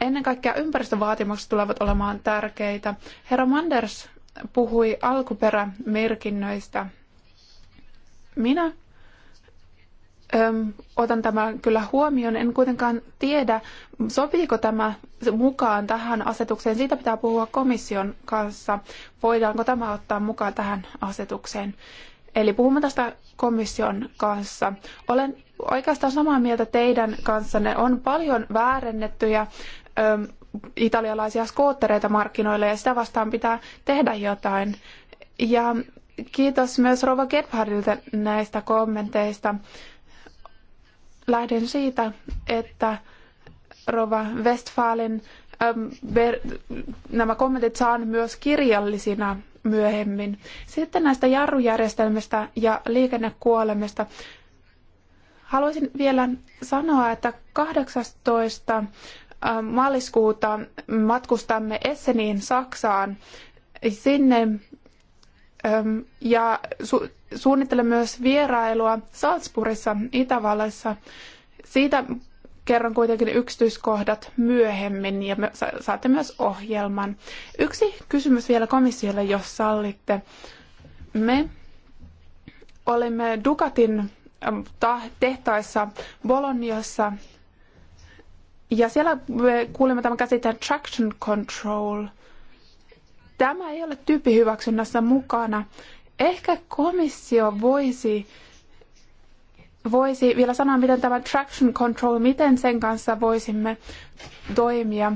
[SPEAKER 4] ennen kaikkea ympäristövaatimukset tulevat olemaan tärkeitä. Herra Manders puhui alkuperämerkinnöistä. Minä Öm, otan tämän kyllä huomioon. En kuitenkaan tiedä, sopiiko tämä mukaan tähän asetukseen. Siitä pitää puhua komission kanssa. Voidaanko tämä ottaa mukaan tähän asetukseen? Eli puhumme tästä komission kanssa. Olen oikeastaan samaa mieltä teidän kanssanne. On paljon väärennettyjä öm, italialaisia skoottereita markkinoille ja sitä vastaan pitää tehdä jotain. Ja kiitos myös Rova Gebhardilta näistä kommenteista lähden siitä, että Rova Westfalin nämä kommentit saan myös kirjallisina myöhemmin. Sitten näistä jarrujärjestelmistä ja liikennekuolemista. Haluaisin vielä sanoa, että 18. maaliskuuta matkustamme Esseniin Saksaan. Sinne ja su- suunnittelen myös vierailua Salzburgissa Itävallassa. Siitä kerron kuitenkin yksityiskohdat myöhemmin ja saatte myös ohjelman. Yksi kysymys vielä komissiolle, jos sallitte. Me olimme Dukatin tehtaissa Boloniassa ja siellä kuulimme tämän käsitteen traction control – Tämä ei ole tyyppihyväksynnässä mukana. Ehkä komissio voisi, voisi vielä sanoa, miten tämä traction control, miten sen kanssa voisimme toimia.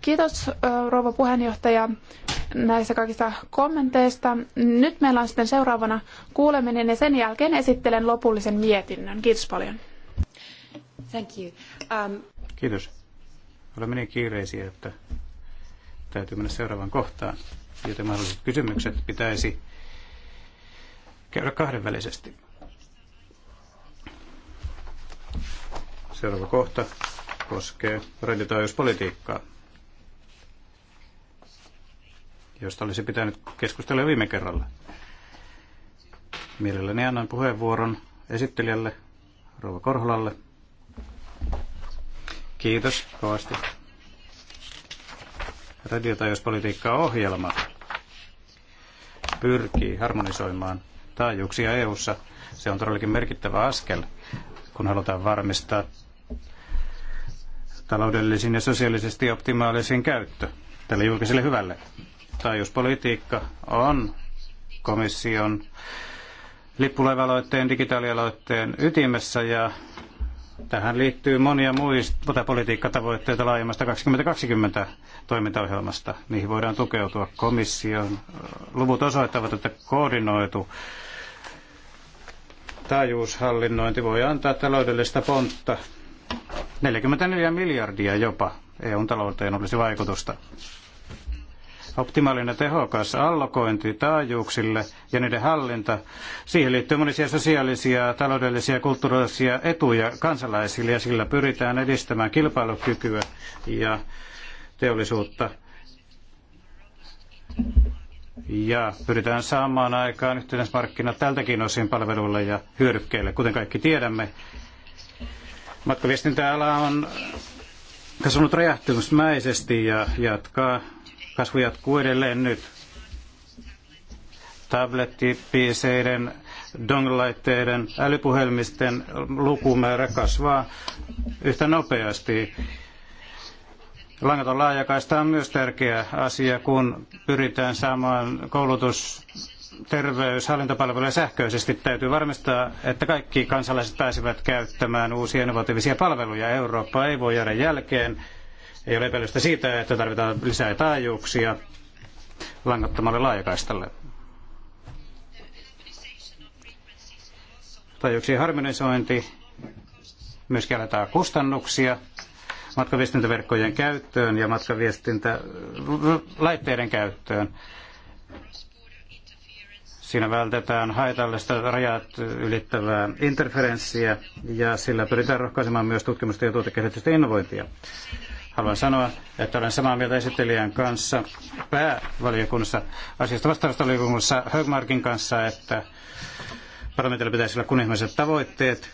[SPEAKER 4] Kiitos rouva puheenjohtaja näistä kaikista kommenteista. Nyt meillä on sitten seuraavana kuuleminen ja sen jälkeen esittelen lopullisen mietinnön. Kiitos paljon. Thank you. Um...
[SPEAKER 3] Kiitos. Olemme niin kiireisiä, että Täytyy mennä seuraavaan kohtaan, joten mahdolliset kysymykset pitäisi käydä kahdenvälisesti. Seuraava kohta koskee radiotaajuuspolitiikkaa, josta olisi pitänyt keskustella viime kerralla. Mielelläni annan puheenvuoron esittelijälle, Rouva Korholalle. Kiitos kovasti ohjelma pyrkii harmonisoimaan taajuuksia EU:ssa. Se on todellakin merkittävä askel, kun halutaan varmistaa taloudellisin ja sosiaalisesti optimaalisin käyttö tälle julkiselle hyvälle. Taajuuspolitiikka on komission lippulaiva-aloitteen, digitaalialoitteen ytimessä ja Tähän liittyy monia muista politiikkatavoitteita laajemmasta 2020 toimintaohjelmasta. Niihin voidaan tukeutua komission. Luvut osoittavat, että koordinoitu taajuushallinnointi voi antaa taloudellista pontta 44 miljardia jopa EUn talouteen olisi vaikutusta optimaalinen ja tehokas allokointi taajuuksille ja niiden hallinta. Siihen liittyy monisia sosiaalisia, taloudellisia ja kulttuurisia etuja kansalaisille ja sillä pyritään edistämään kilpailukykyä ja teollisuutta. Ja pyritään saamaan aikaan yhtenäismarkkinat tältäkin osin palveluille ja hyödykkeille. Kuten kaikki tiedämme, matkaviestintäala on kasvanut räjähtymismäisesti ja jatkaa Kasvu jatkuu edelleen nyt. Tablettipiiseiden, donglaitteiden, älypuhelmisten lukumäärä kasvaa yhtä nopeasti. Langaton laajakaista on myös tärkeä asia, kun pyritään saamaan koulutus, terveys, hallintopalveluja sähköisesti. Täytyy varmistaa, että kaikki kansalaiset pääsevät käyttämään uusia innovatiivisia palveluja. Eurooppa ei voi jäädä jälkeen ei ole epäilystä siitä, että tarvitaan lisää taajuuksia langattomalle laajakaistalle. Taajuuksien harmonisointi myös aletaan kustannuksia matkaviestintäverkkojen käyttöön ja matkaviestintälaitteiden käyttöön. Siinä vältetään haitallista rajat ylittävää interferenssiä ja sillä pyritään rohkaisemaan myös tutkimusta ja tuotekehitystä innovointia. Haluan sanoa, että olen samaa mieltä esittelijän kanssa päävaliokunnassa, asiasta vastaavasta valiokunnassa Högmarkin kanssa, että parlamentilla pitäisi olla kunnianhimoiset tavoitteet.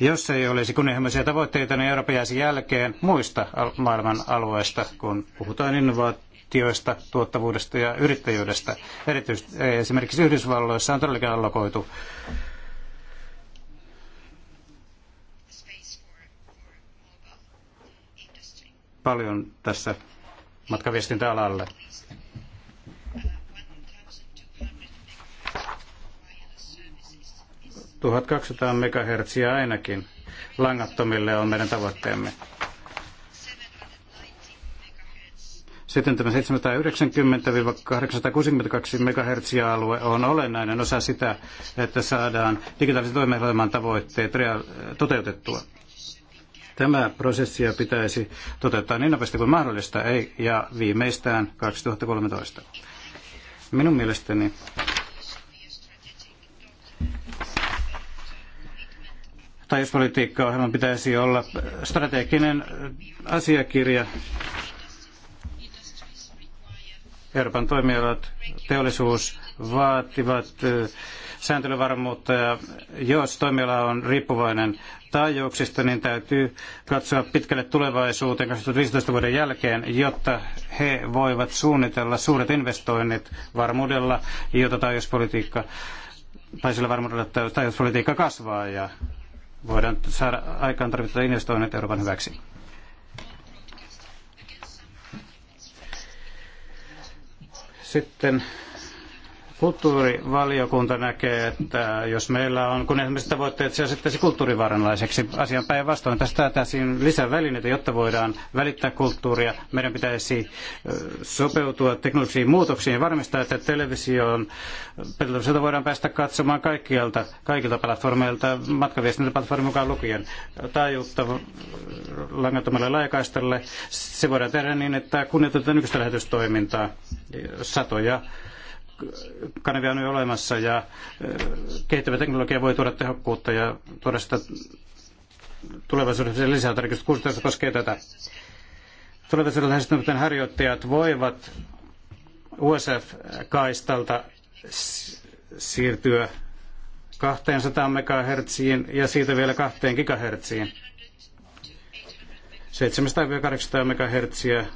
[SPEAKER 3] Jos ei olisi kunnianhimoisia tavoitteita, niin Eurooppa jäisi jälkeen muista maailman alueista, kun puhutaan innovaatioista, tuottavuudesta ja yrittäjyydestä. Erityisesti esimerkiksi Yhdysvalloissa on todellakin allokoitu paljon tässä matkaviestintäalalle. alalle. 1200 megahertsiä ainakin langattomille on meidän tavoitteemme. Sitten tämä 790-862 MHz-alue on olennainen osa sitä, että saadaan digitaalisen toimeenpanemaan tavoitteet toteutettua. Tämä prosessia pitäisi toteuttaa niin nopeasti kuin mahdollista ei, ja viimeistään 2013. Minun mielestäni taajuuspolitiikkaohjelman pitäisi olla strateginen asiakirja. Euroopan toimialat, teollisuus vaativat sääntelyvarmuutta ja jos toimiala on riippuvainen taajuuksista, niin täytyy katsoa pitkälle tulevaisuuteen 2015 vuoden jälkeen, jotta he voivat suunnitella suuret investoinnit varmuudella, jota taajuuspolitiikka tai sillä varmuudella, että taajuuspolitiikka kasvaa ja voidaan saada aikaan tarvittavat investoinnit Euroopan hyväksi. Sitten Kulttuurivaliokunta näkee, että jos meillä on, kun esimerkiksi tavoitteet se asettaisi kulttuurivaaranlaiseksi asian päinvastoin, tästä täysin lisää välineitä, jotta voidaan välittää kulttuuria. Meidän pitäisi sopeutua teknologisiin muutoksiin ja varmistaa, että televisioon, televisiota voidaan päästä katsomaan kaikkialta, kaikilta platformeilta, matkaviestintäplatformin mukaan lukien, taajuutta langattomalle laajakaistalle. Se voidaan tehdä niin, että kunnioitetaan nykyistä lähetystoimintaa satoja kanavia on jo olemassa ja kehittävä teknologia voi tuoda tehokkuutta ja tuoda sitä tulevaisuudessa lisää. tarkistusta. 16 koskee tätä. Tulevaisuudessa lähestymisen harjoittajat voivat USF-kaistalta siirtyä 200 MHz ja siitä vielä 2 GHz. 700-800 MHz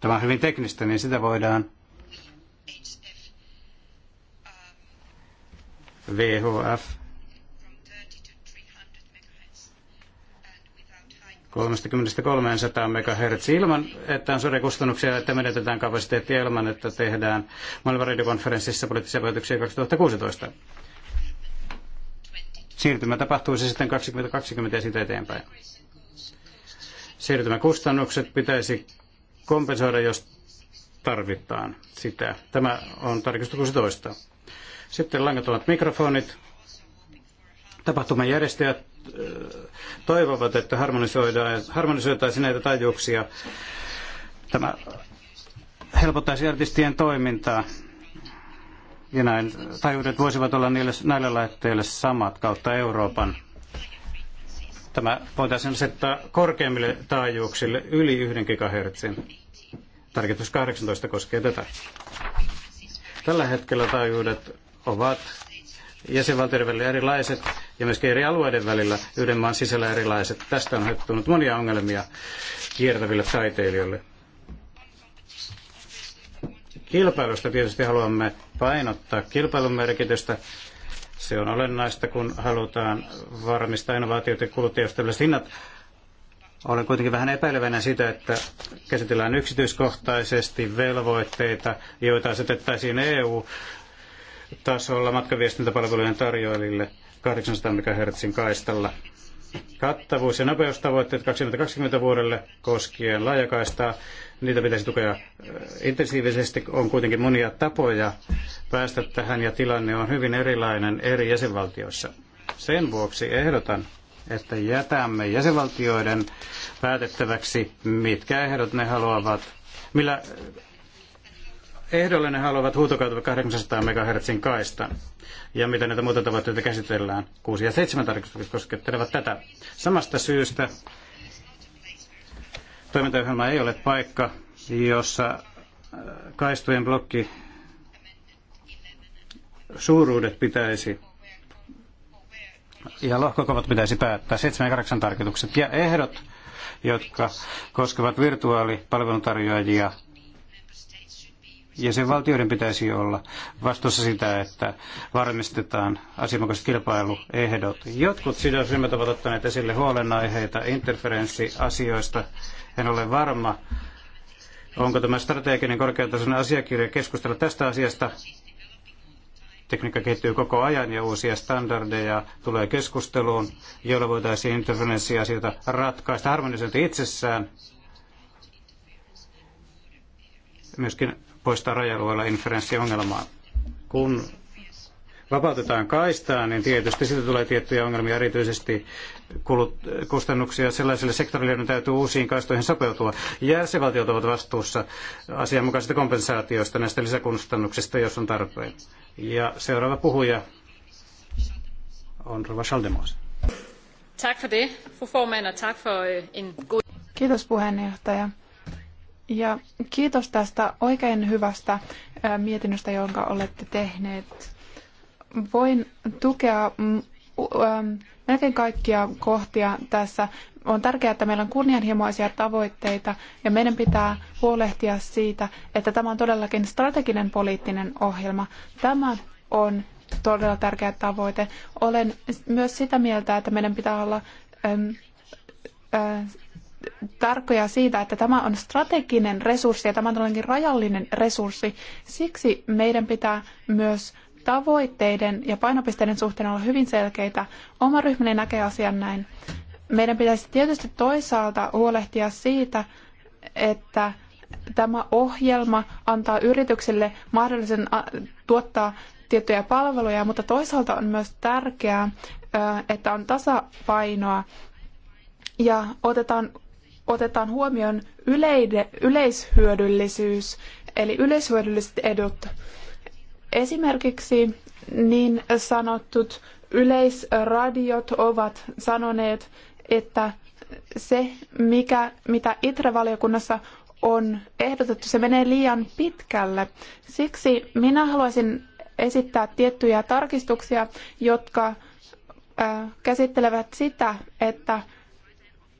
[SPEAKER 3] Tämä on hyvin teknistä, niin sitä voidaan VHF 30-300 MHz ilman, että on suuria kustannuksia, että menetetään kapasiteettia ilman, että tehdään maailman radiokonferenssissa poliittisia päätöksiä 2016. Siirtymä tapahtuisi sitten 2020 ja siitä eteenpäin. Siirtymäkustannukset pitäisi kompensoida, jos tarvitaan sitä. Tämä on tarkistus 16. Sitten langattomat mikrofonit. Tapahtuman järjestäjät äh, toivovat, että harmonisoitaisiin näitä taajuuksia. Tämä helpottaisi artistien toimintaa. Ja näin tajuudet voisivat olla niille, näille laitteille samat kautta Euroopan. Tämä voitaisiin asettaa korkeammille taajuuksille yli 1 GHz. Tarkoitus 18 koskee tätä. Tällä hetkellä taajuudet ovat jäsenvaltioiden välillä erilaiset ja myöskin eri alueiden välillä yhden maan sisällä erilaiset. Tästä on hyttunut monia ongelmia kiertäville taiteilijoille. Kilpailusta tietysti haluamme painottaa kilpailun merkitystä se on olennaista, kun halutaan varmistaa ja kuluttajaystävälliset hinnat. Olen kuitenkin vähän epäilevänä sitä, että käsitellään yksityiskohtaisesti velvoitteita, joita asetettaisiin EU-tasolla matkaviestintäpalvelujen tarjoajille 800 MHz kaistalla. Kattavuus- ja nopeustavoitteet 2020 vuodelle koskien laajakaistaa niitä pitäisi tukea intensiivisesti. On kuitenkin monia tapoja päästä tähän ja tilanne on hyvin erilainen eri jäsenvaltioissa. Sen vuoksi ehdotan, että jätämme jäsenvaltioiden päätettäväksi, mitkä ehdot ne haluavat, millä ehdolle ne haluavat huutokautua 800 MHz kaistan. Ja miten näitä muita tavoitteita käsitellään. 6 ja 7 tarkistukset koskettelevat tätä. Samasta syystä toimintaohjelma ei ole paikka, jossa äh, kaistojen blokki suuruudet pitäisi ja lohkokovat pitäisi päättää, 7 ja 8 tarkoitukset ja ehdot, jotka koskevat virtuaalipalveluntarjoajia ja sen valtioiden pitäisi olla vastuussa sitä, että varmistetaan asianmukaiset kilpailuehdot. Jotkut sidosryhmät ovat ottaneet esille huolenaiheita interferenssiasioista, en ole varma, onko tämä strateginen korkeatasoinen asiakirja keskustella tästä asiasta. Tekniikka kehittyy koko ajan ja uusia standardeja tulee keskusteluun, joilla voitaisiin interferenssiasioita ratkaista. Harmonisointi itsessään myöskin poistaa rajaluoilla inferenssiongelmaa. Kun vapautetaan kaistaa, niin tietysti siitä tulee tiettyjä ongelmia erityisesti kulut, kustannuksia sellaisille sektorille, joiden täytyy uusiin kaistoihin sopeutua. Jäsenvaltiot ovat vastuussa asianmukaisesta kompensaatiosta näistä lisäkustannuksista, jos on tarpeen. Ja seuraava puhuja on Rova Schaldemos. Tack
[SPEAKER 2] för det, fru tack för øh, en god...
[SPEAKER 4] Kiitos puheenjohtaja. Ja kiitos tästä oikein hyvästä mietinnöstä, jonka olette tehneet. Voin tukea mm, Melkein kaikkia kohtia tässä on tärkeää, että meillä on kunnianhimoisia tavoitteita ja meidän pitää huolehtia siitä, että tämä on todellakin strateginen poliittinen ohjelma. Tämä on todella tärkeä tavoite. Olen myös sitä mieltä, että meidän pitää olla äm, äh, tarkkoja siitä, että tämä on strateginen resurssi ja tämä on todellakin rajallinen resurssi. Siksi meidän pitää myös tavoitteiden ja painopisteiden suhteen olla hyvin selkeitä. Oma ryhmäni näkee asian näin. Meidän pitäisi tietysti toisaalta huolehtia siitä, että tämä ohjelma antaa yrityksille mahdollisen tuottaa tiettyjä palveluja, mutta toisaalta on myös tärkeää, että on tasapainoa ja otetaan, otetaan huomioon yleide, yleishyödyllisyys, eli yleishyödylliset edut. Esimerkiksi niin sanottut yleisradiot ovat sanoneet, että se, mikä, mitä ITRE-valiokunnassa on ehdotettu, se menee liian pitkälle. Siksi minä haluaisin esittää tiettyjä tarkistuksia, jotka käsittelevät sitä, että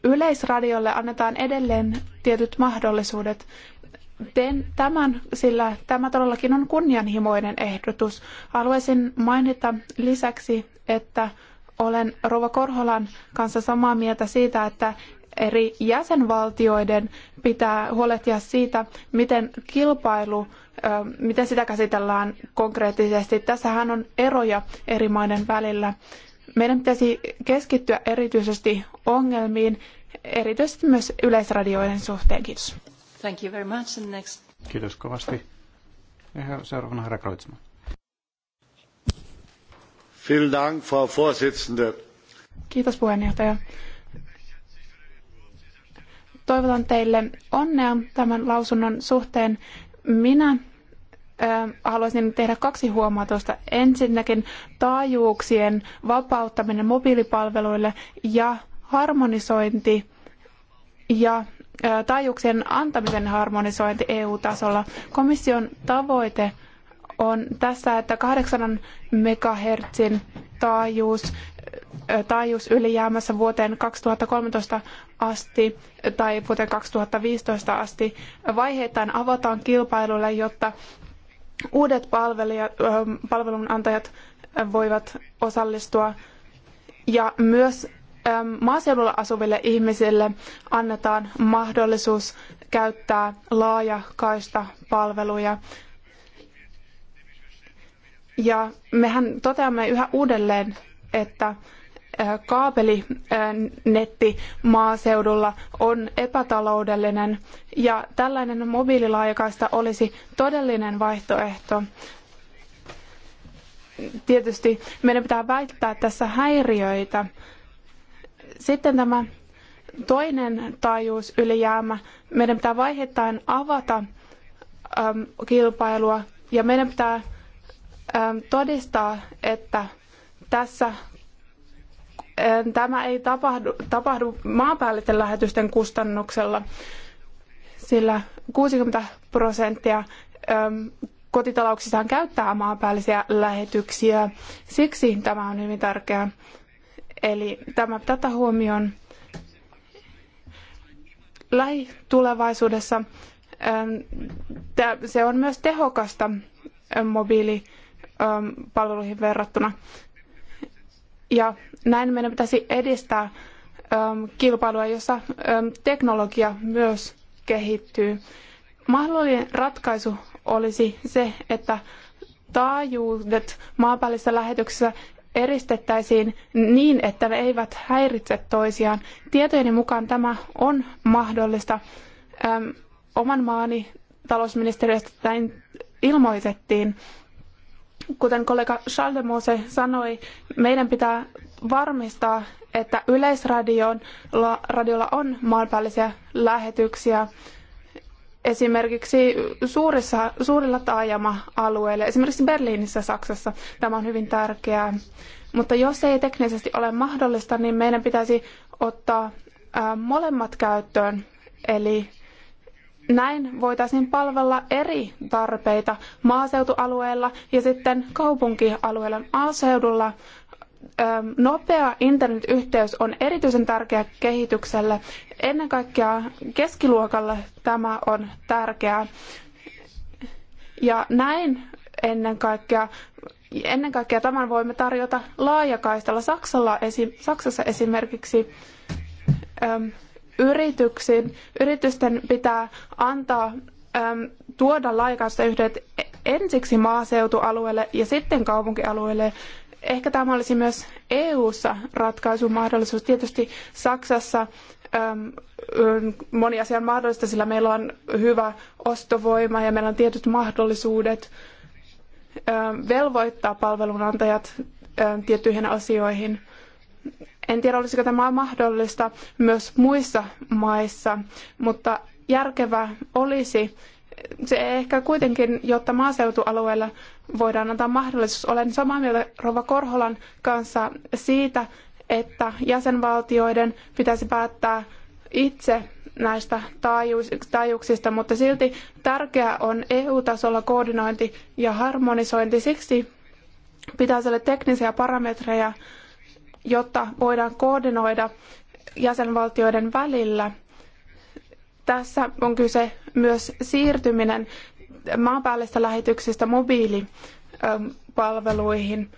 [SPEAKER 4] yleisradiolle annetaan edelleen tietyt mahdollisuudet, Teen tämän, sillä tämä todellakin on kunnianhimoinen ehdotus. Haluaisin mainita lisäksi, että olen Rova Korholan kanssa samaa mieltä siitä, että eri jäsenvaltioiden pitää huolehtia siitä, miten kilpailu, miten sitä käsitellään konkreettisesti. Tässähän on eroja eri maiden välillä. Meidän pitäisi keskittyä erityisesti ongelmiin, erityisesti myös yleisradioiden suhteen. Kiitos. Thank you very much. And next.
[SPEAKER 3] Kiitos kovasti. Ja seuraavana herra Kreutzmann.
[SPEAKER 5] Vielen Dank, Frau Vorsitzende.
[SPEAKER 4] Kiitos puheenjohtaja. Toivotan teille onnea tämän lausunnon suhteen. Minä haluaisin tehdä kaksi huomautusta. Ensinnäkin taajuuksien vapauttaminen mobiilipalveluille ja harmonisointi ja taajuuksien antamisen harmonisointi EU-tasolla. Komission tavoite on tässä, että 8 megahertsin taajuus taajuus ylijäämässä vuoteen 2013 asti tai vuoteen 2015 asti vaiheittain avataan kilpailulle, jotta uudet palvelijat, palvelunantajat voivat osallistua ja myös maaseudulla asuville ihmisille annetaan mahdollisuus käyttää laajakaista palveluja. Ja mehän toteamme yhä uudelleen, että kaapelinetti maaseudulla on epätaloudellinen ja tällainen mobiililaajakaista olisi todellinen vaihtoehto. Tietysti meidän pitää välttää tässä häiriöitä, sitten tämä toinen taajuusylijäämä. Meidän pitää vaiheittain avata kilpailua ja meidän pitää todistaa, että tässä tämä ei tapahdu, tapahdu maanpäällisten lähetysten kustannuksella, sillä 60 prosenttia kotitalouksistaan käyttää maanpäällisiä lähetyksiä. Siksi tämä on hyvin tärkeää. Eli tämä tätä huomioon lähitulevaisuudessa. Ähm, se on myös tehokasta ähm, mobiilipalveluihin ähm, verrattuna. Ja näin meidän pitäisi edistää kilpailua, jossa teknologia myös kehittyy. Mahdollinen ratkaisu olisi se, että taajuudet maapallisessa lähetyksessä eristettäisiin niin, että ne eivät häiritse toisiaan. Tietojeni mukaan tämä on mahdollista. Öm, oman maani talousministeriöstä näin ilmoitettiin. Kuten kollega Schaldemose sanoi, meidän pitää varmistaa, että yleisradiolla on maanpäällisiä lähetyksiä esimerkiksi suurissa, suurilla taajama-alueilla, esimerkiksi Berliinissä Saksassa, tämä on hyvin tärkeää. Mutta jos ei teknisesti ole mahdollista, niin meidän pitäisi ottaa molemmat käyttöön. Eli näin voitaisiin palvella eri tarpeita maaseutualueella ja sitten kaupunkialueella. Maaseudulla nopea internetyhteys on erityisen tärkeä kehitykselle. Ennen kaikkea keskiluokalle tämä on tärkeää. Ja näin ennen kaikkea, ennen kaikkea tämän voimme tarjota laajakaistalla Saksalla, Saksassa esimerkiksi äm, yrityksiin. Yritysten pitää antaa äm, tuoda laajakaistayhteydet ensiksi maaseutualueelle ja sitten kaupunkialueelle Ehkä tämä olisi myös EU-ssa ratkaisun mahdollisuus. Tietysti Saksassa moni asia on mahdollista, sillä meillä on hyvä ostovoima ja meillä on tietyt mahdollisuudet velvoittaa palvelunantajat tiettyihin asioihin. En tiedä, olisiko tämä mahdollista myös muissa maissa, mutta järkevää olisi, se ehkä kuitenkin, jotta maaseutualueella voidaan antaa mahdollisuus. Olen samaa mieltä Rova Korholan kanssa siitä, että jäsenvaltioiden pitäisi päättää itse näistä taajuuksista, mutta silti tärkeää on EU-tasolla koordinointi ja harmonisointi. Siksi pitäisi olla teknisiä parametreja, jotta voidaan koordinoida jäsenvaltioiden välillä – tässä on kyse myös siirtyminen maanpäällistä lähetyksestä mobiilipalveluihin.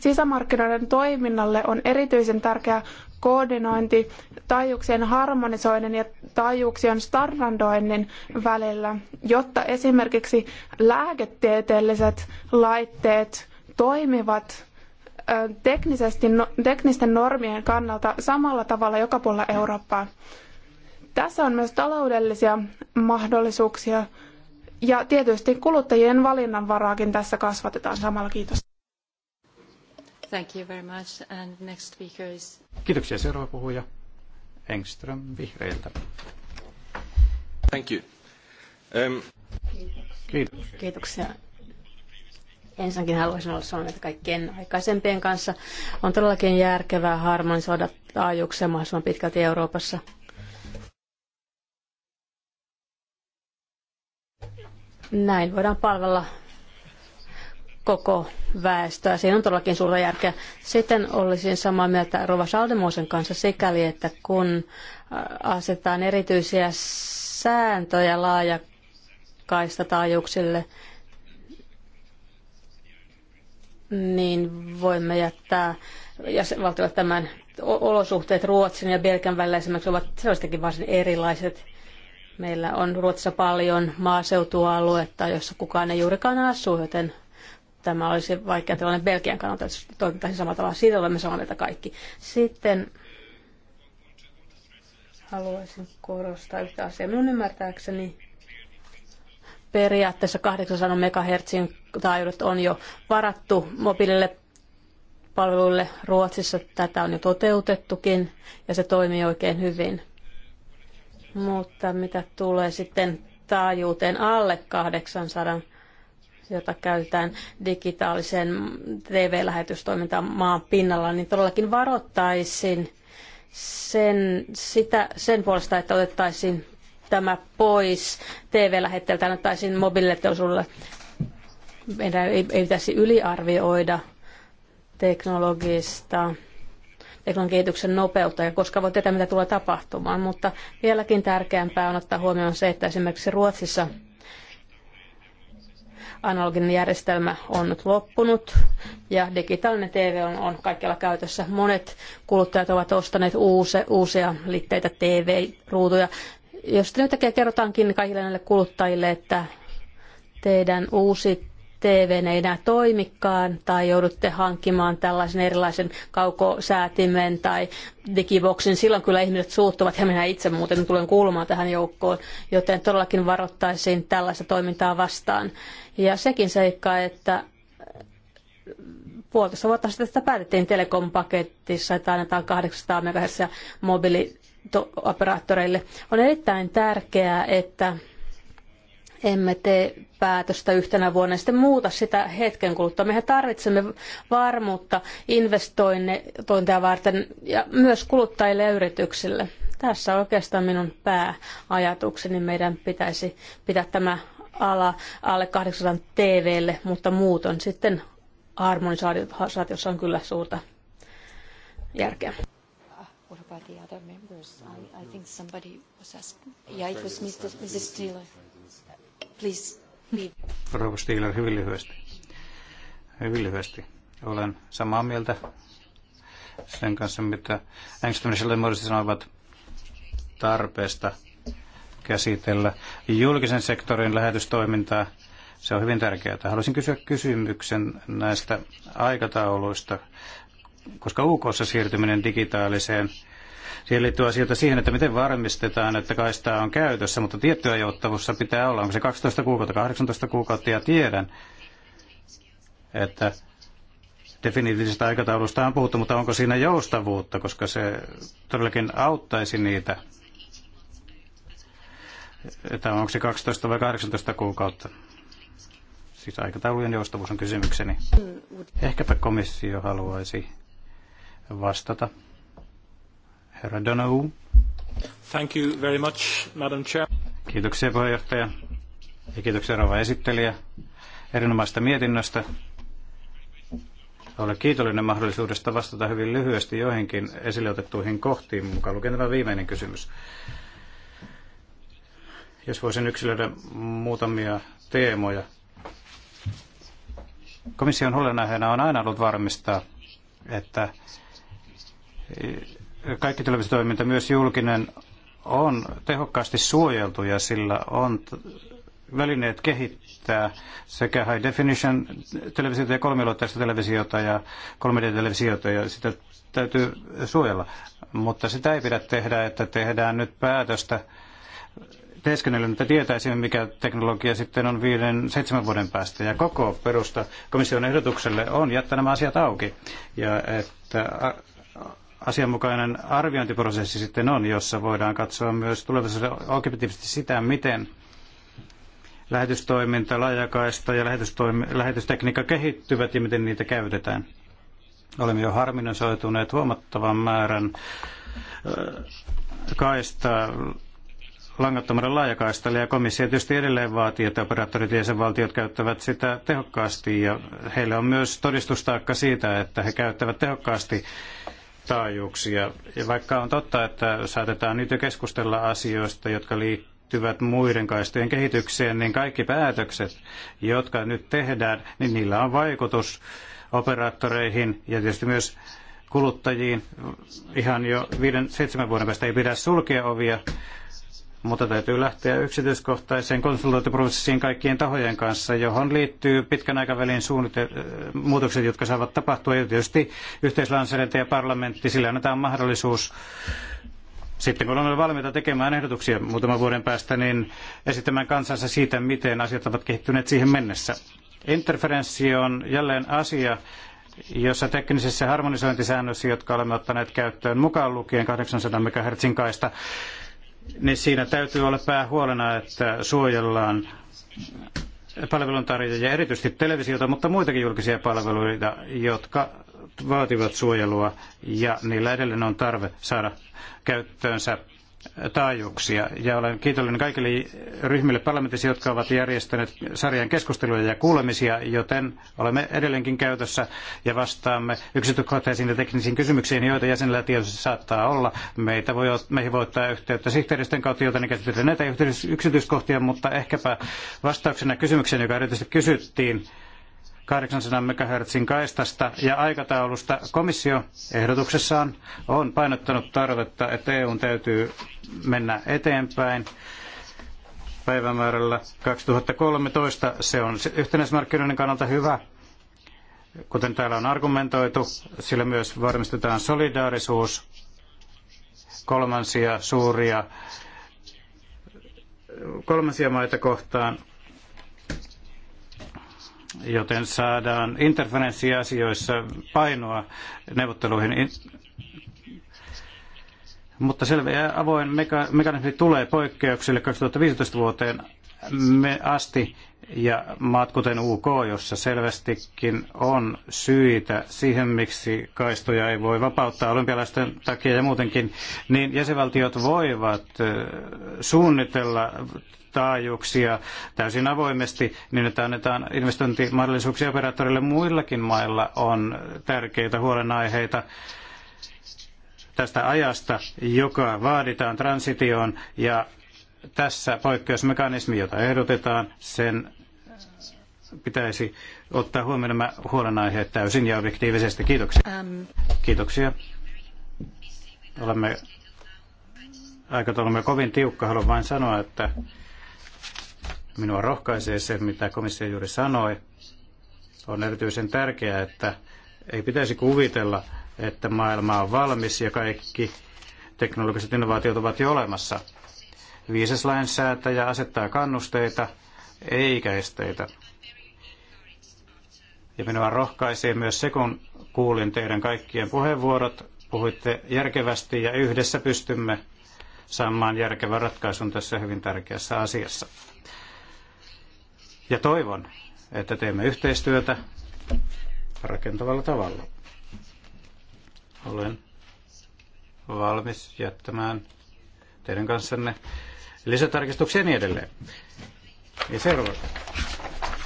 [SPEAKER 4] Sisämarkkinoiden toiminnalle on erityisen tärkeää koordinointi taajuuksien harmonisoinnin ja taajuuksien standardoinnin välillä, jotta esimerkiksi lääketieteelliset laitteet toimivat teknisesti, no, teknisten normien kannalta samalla tavalla joka puolella Eurooppaa. Tässä on myös taloudellisia mahdollisuuksia ja tietysti kuluttajien valinnanvaraakin tässä kasvatetaan
[SPEAKER 1] samalla. Kiitos. Thank you very much. And next speaker is...
[SPEAKER 3] Kiitoksia. Seuraava puhuja Engström vihreiltä. Thank you. Um... Kiitoksia. Kiitoksia. Ensinnäkin
[SPEAKER 2] haluaisin olla samaa mieltä kaikkien aikaisempien kanssa. On todellakin järkevää harmonisoida taajuuksia mahdollisimman pitkälti Euroopassa – Näin voidaan palvella koko väestöä. Siinä on todellakin suurta järkeä. Sitten olisin samaa mieltä Rova Saldemosen kanssa sikäli, että kun asetetaan erityisiä sääntöjä laajakaistataajuuksille, niin voimme jättää jäsenvaltiolle tämän olosuhteet Ruotsin ja Belgian välillä esimerkiksi ovat sellaistakin varsin erilaiset. Meillä on Ruotsissa paljon maaseutualuetta, jossa kukaan ei juurikaan asu, joten tämä olisi vaikea tilanne Belgian kannalta, jos toimittaisiin samalla tavalla. Siitä olemme samaa mieltä kaikki. Sitten haluaisin korostaa yhtä asiaa. Minun ymmärtääkseni periaatteessa 800 megahertsin taajuudet on jo varattu mobiilille palveluille Ruotsissa. Tätä on jo toteutettukin ja se toimii oikein hyvin. Mutta mitä tulee sitten taajuuteen alle 800, jota käytetään digitaaliseen TV-lähetystoimintaan maan pinnalla, niin todellakin varoittaisin sen, sitä, sen puolesta, että otettaisiin tämä pois TV-lähettäjältä, annettaisiin mobiiliteollisuudelle. Meidän ei, ei pitäisi yliarvioida teknologista teknologian kehityksen nopeutta ja koska voi tietää, mitä tulee tapahtumaan. Mutta vieläkin tärkeämpää on ottaa huomioon se, että esimerkiksi Ruotsissa analoginen järjestelmä on nyt loppunut ja digitaalinen TV on, on kaikkialla käytössä. Monet kuluttajat ovat ostaneet uusia, uusia liitteitä TV-ruutuja. Jos nyt kerrotaankin kaikille näille kuluttajille, että teidän uusi TV ei enää toimikaan tai joudutte hankkimaan tällaisen erilaisen kaukosäätimen tai digiboksin, silloin kyllä ihmiset suuttuvat ja minä itse muuten tulen kuulumaan tähän joukkoon, joten todellakin varoittaisin tällaista toimintaa vastaan. Ja sekin seikka, että puolitoista vuotta sitten tästä päätettiin telekompakettissa, että annetaan 800 MHz mobiilioperaattoreille. On erittäin tärkeää, että emme tee päätöstä yhtenä vuonna ja sitten muuta sitä hetken kuluttua. Mehän tarvitsemme varmuutta investointeja varten ja myös kuluttajille ja yrityksille. Tässä on oikeastaan minun pääajatukseni. Meidän pitäisi pitää tämä ala alle 800 TVlle, mutta muuton sitten harmonisaatiossa on kyllä suurta järkeä.
[SPEAKER 1] What about the other members? I, I think somebody was asking. Yeah, it was Mrs. Please.
[SPEAKER 3] Rouva Stiiler, hyvin lyhyesti. Hyvin lyhyesti. Olen samaa mieltä sen kanssa, mitä Engström ja Morsi sanovat tarpeesta käsitellä julkisen sektorin lähetystoimintaa. Se on hyvin tärkeää. Haluaisin kysyä kysymyksen näistä aikatauluista, koska UK siirtyminen digitaaliseen Siihen liittyy asioita siihen, että miten varmistetaan, että kaistaa on käytössä, mutta tiettyä jouttavuussa pitää olla. Onko se 12 kuukautta, 18 kuukautta ja tiedän, että definitiivisesta aikataulusta on puhuttu, mutta onko siinä joustavuutta, koska se todellakin auttaisi niitä, että onko se 12 vai 18 kuukautta. Siis aikataulujen joustavuus on kysymykseni. Ehkäpä komissio haluaisi vastata. Herra Thank you very much, Madam Chair. Kiitoksia puheenjohtaja ja kiitoksia rouva esittelijä erinomaista mietinnöstä. Olen kiitollinen mahdollisuudesta vastata hyvin lyhyesti joihinkin esille otettuihin kohtiin, mukaan lukien tämä viimeinen kysymys. Jos voisin yksilöidä muutamia teemoja. Komission huolenaiheena on aina ollut varmistaa, että kaikki televisiotoiminta, myös julkinen, on tehokkaasti suojeltu ja sillä on välineet kehittää sekä high definition televisiota ja kolmiulotteista televisiota ja 3D-televisiota ja sitä täytyy suojella. Mutta sitä ei pidä tehdä, että tehdään nyt päätöstä teeskennellä, että tietäisimme, mikä teknologia sitten on viiden, seitsemän vuoden päästä. Ja koko perusta komission ehdotukselle on jättää nämä asiat auki. Ja että asianmukainen arviointiprosessi sitten on, jossa voidaan katsoa myös tulevaisuudessa objektiivisesti sitä, miten lähetystoiminta, laajakaista ja lähetystekniikka kehittyvät ja miten niitä käytetään. Olemme jo harminosoituneet huomattavan määrän kaista langattomalle laajakaistalle ja komissio tietysti edelleen vaatii, että operaattorit ja jäsenvaltiot käyttävät sitä tehokkaasti ja heillä on myös todistustaakka siitä, että he käyttävät tehokkaasti taajuuksia. Ja vaikka on totta, että saatetaan nyt jo keskustella asioista, jotka liittyvät muiden kaistojen kehitykseen, niin kaikki päätökset, jotka nyt tehdään, niin niillä on vaikutus operaattoreihin ja tietysti myös kuluttajiin. Ihan jo viiden, seitsemän vuoden päästä ei pidä sulkea ovia mutta täytyy lähteä yksityiskohtaiseen konsultointiprosessiin kaikkien tahojen kanssa, johon liittyy pitkän aikavälin suunnite- äh, muutokset, jotka saavat tapahtua. Ja tietysti yhteislainsäädäntö ja parlamentti, sillä annetaan mahdollisuus sitten kun olemme valmiita tekemään ehdotuksia muutaman vuoden päästä, niin esittämään kansansa siitä, miten asiat ovat kehittyneet siihen mennessä. Interferenssi on jälleen asia, jossa teknisessä harmonisointisäännössä, jotka olemme ottaneet käyttöön mukaan lukien 800 MHz kaista, niin siinä täytyy olla päähuolena, että suojellaan palveluntarjoajia, erityisesti televisiota, mutta muitakin julkisia palveluita, jotka vaativat suojelua ja niillä edelleen on tarve saada käyttöönsä taajuuksia. Ja olen kiitollinen kaikille ryhmille parlamentissa, jotka ovat järjestäneet sarjan keskusteluja ja kuulemisia, joten olemme edelleenkin käytössä ja vastaamme yksityiskohtaisiin ja teknisiin kysymyksiin, joita jäsenillä tietysti saattaa olla. Meitä voi, meihin voi ottaa yhteyttä sihteeristön kautta, joten käsitellään näitä yksityiskohtia, mutta ehkäpä vastauksena kysymykseen, joka erityisesti kysyttiin, 800 MHz kaistasta ja aikataulusta komissio ehdotuksessaan on painottanut tarvetta, että EUn täytyy mennä eteenpäin päivämäärällä 2013. Se on yhtenäismarkkinoiden kannalta hyvä, kuten täällä on argumentoitu, sillä myös varmistetaan solidaarisuus kolmansia suuria kolmansia maita kohtaan, joten saadaan interferenssiasioissa painoa neuvotteluihin. Mutta ja avoin meka- mekanismi tulee poikkeuksille 2015 vuoteen asti ja maat kuten UK, jossa selvästikin on syitä siihen, miksi kaistoja ei voi vapauttaa olympialaisten takia ja muutenkin, niin jäsenvaltiot voivat suunnitella taajuuksia täysin avoimesti, niin että annetaan investointimahdollisuuksia operaattorille. Muillakin mailla on tärkeitä huolenaiheita tästä ajasta, joka vaaditaan transitioon, ja tässä poikkeusmekanismi, jota ehdotetaan, sen pitäisi ottaa huomioon nämä huolenaiheet täysin ja objektiivisesti. Kiitoksia. Ähm. Kiitoksia. Olemme aikataulumme kovin tiukka. Haluan vain sanoa, että Minua rohkaisee se, mitä komissio juuri sanoi. On erityisen tärkeää, että ei pitäisi kuvitella, että maailma on valmis ja kaikki teknologiset innovaatiot ovat jo olemassa. Viisas lainsäätäjä asettaa kannusteita eikä esteitä. Ja minua rohkaisee myös se, kun kuulin teidän kaikkien puheenvuorot. Puhuitte järkevästi ja yhdessä pystymme saamaan järkevän ratkaisun tässä hyvin tärkeässä asiassa. Ja toivon, että teemme yhteistyötä rakentavalla tavalla. Olen valmis jättämään teidän kanssanne lisätarkistuksia ja niin edelleen. Ja seuraava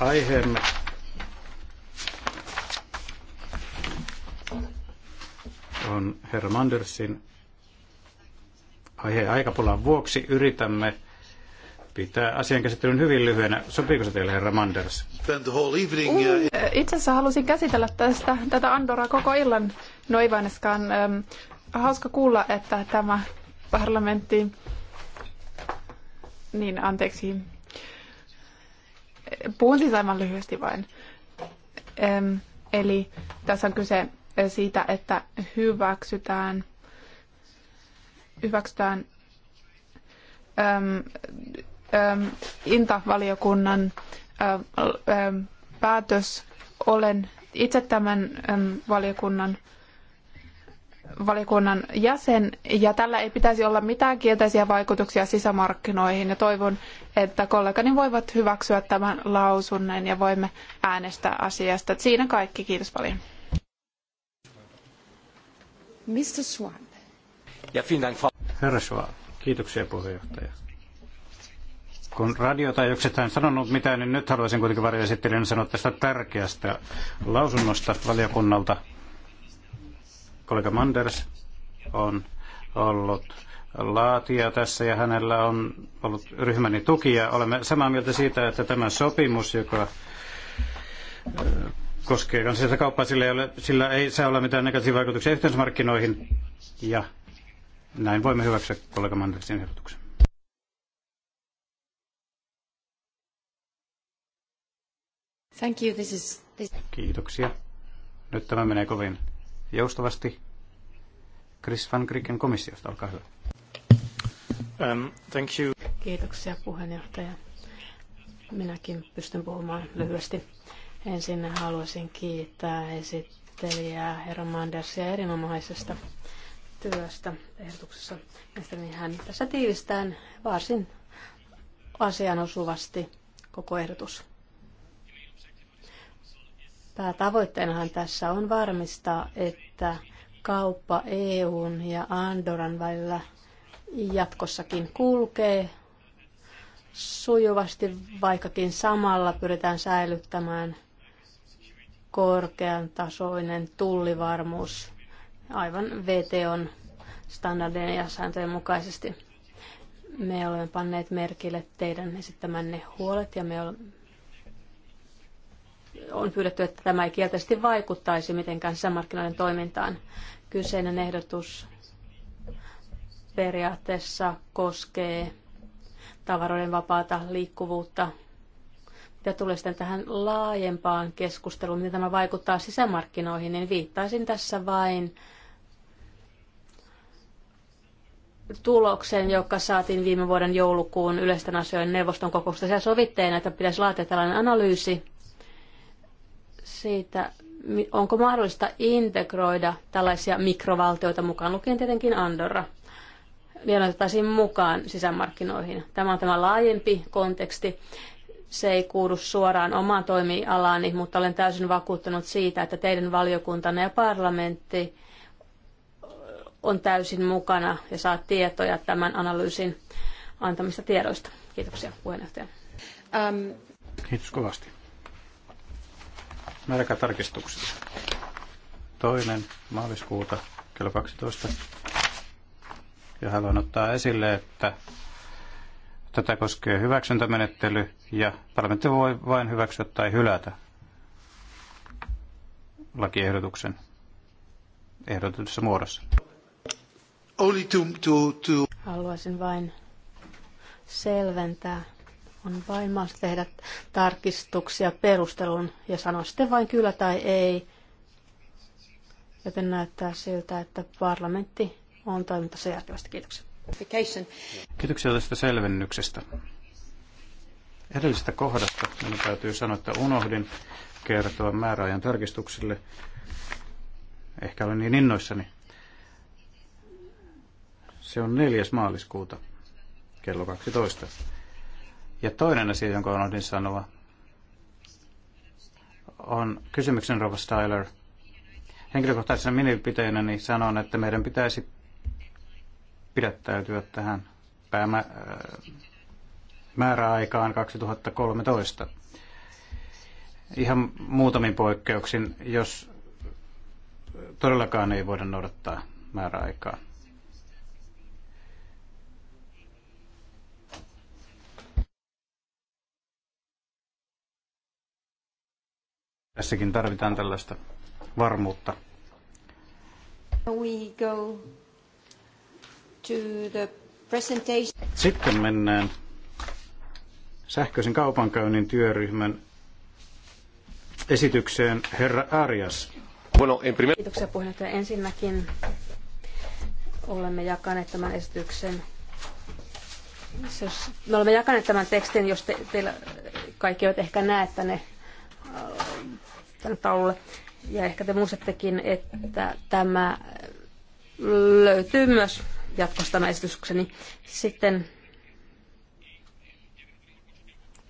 [SPEAKER 3] aiheemme on herra Mandersin aihe aikapulan vuoksi yritämme pitää asian käsittelyn hyvin lyhyenä. Sopiiko se teille, herra Manders? Uh,
[SPEAKER 4] itse asiassa halusin käsitellä tästä, tätä Andoraa koko illan. No ei hauska kuulla, että tämä parlamentti... Niin, anteeksi. Puhun siis aivan lyhyesti vain. Um, eli tässä on kyse siitä, että hyväksytään, hyväksytään um, Inta-valiokunnan päätös. Olen itse tämän valiokunnan valiokunnan jäsen, ja tällä ei pitäisi olla mitään kielteisiä vaikutuksia sisämarkkinoihin, ja toivon, että kollegani voivat hyväksyä tämän lausunnon ja voimme äänestää asiasta. Siinä kaikki, kiitos paljon. Mr. Swan.
[SPEAKER 3] Ja Herra Schwab, kiitoksia puheenjohtaja. Kun radio tai yksittäin sanonut mitään, niin nyt haluaisin kuitenkin varjoesittelijän sanoa tästä tärkeästä lausunnosta valiokunnalta. Kollega Manders on ollut laatia tässä ja hänellä on ollut ryhmäni tuki ja olemme samaa mieltä siitä, että tämä sopimus, joka koskee kansallista kauppaa, sillä ei, ole, sillä ei saa olla mitään negatiivisia vaikutuksia yhteismarkkinoihin ja näin voimme hyväksyä kollega Mandersin ehdotuksen.
[SPEAKER 1] Thank you. This is, this...
[SPEAKER 3] Kiitoksia. Nyt tämä menee kovin joustavasti. Chris van Kriken komissiosta, olkaa hyvä. Um, thank you.
[SPEAKER 2] Kiitoksia puheenjohtaja. Minäkin pystyn puhumaan lyhyesti. Ensin haluaisin kiittää esittelijää herra Mandersia erinomaisesta työstä ehdotuksessa. Mielestäni hän tässä tiivistään varsin asianosuvasti osuvasti koko ehdotus. Päätavoitteenahan tässä on varmistaa, että kauppa EUn ja Andoran välillä jatkossakin kulkee sujuvasti, vaikkakin samalla pyritään säilyttämään korkean tasoinen tullivarmuus aivan VTOn standardien ja sääntöjen mukaisesti. Me olemme panneet merkille teidän esittämänne huolet ja me olemme on pyydetty, että tämä ei kielteisesti vaikuttaisi mitenkään sisämarkkinoiden toimintaan. Kyseinen ehdotus periaatteessa koskee tavaroiden vapaata liikkuvuutta. Mitä tulee sitten tähän laajempaan keskusteluun, miten tämä vaikuttaa sisämarkkinoihin, niin viittaisin tässä vain tuloksen, joka saatiin viime vuoden joulukuun yleisten asioiden neuvoston kokouksesta. Siellä sovittiin, että pitäisi laatia tällainen analyysi siitä, onko mahdollista integroida tällaisia mikrovaltioita mukaan lukien tietenkin Andorra vielä otettaisiin mukaan sisämarkkinoihin. Tämä on tämä laajempi konteksti. Se ei kuulu suoraan omaan toimialaani, mutta olen täysin vakuuttunut siitä, että teidän valiokuntanne ja parlamentti on täysin mukana ja saa tietoja tämän analyysin antamista tiedoista. Kiitoksia puheenjohtaja.
[SPEAKER 1] Um.
[SPEAKER 3] Kiitos kovasti märkätarkistuksia. Toinen maaliskuuta kello 12. Ja haluan ottaa esille, että tätä koskee hyväksyntämenettely ja parlamentti voi vain hyväksyä tai hylätä lakiehdotuksen ehdotetussa muodossa.
[SPEAKER 2] Haluaisin vain selventää on vain mahdollista tehdä tarkistuksia perustelun ja sanoa sitten vain kyllä tai ei. Joten näyttää siltä, että parlamentti on toimintassa
[SPEAKER 1] järkevästi. Kiitoksia.
[SPEAKER 3] Kiitoksia tästä selvennyksestä. Edellisestä kohdasta minun täytyy sanoa, että unohdin kertoa määräajan tarkistuksille. Ehkä olen niin innoissani. Se on 4. maaliskuuta kello 12. Ja toinen asia, jonka unohdin sanoa, on kysymyksen Rova Styler. Henkilökohtaisena minipiteenä niin sanon, että meidän pitäisi pidättäytyä tähän päämä, äh, määräaikaan 2013. Ihan muutamin poikkeuksin, jos todellakaan ei voida noudattaa määräaikaa. Tässäkin tarvitaan tällaista varmuutta.
[SPEAKER 1] We go to the presentation.
[SPEAKER 3] Sitten mennään sähköisen kaupankäynnin työryhmän esitykseen herra Arias. Bueno, en primer...
[SPEAKER 2] Kiitoksia puheenjohtaja. Ensinnäkin olemme jakaneet tämän esityksen. Me olemme jakaneet tämän tekstin, jos te, teillä kaikki eivät ehkä näe ne tälle taululle. Ja ehkä te muistattekin, että tämä löytyy myös jatkossa tämä esitykseni. Sitten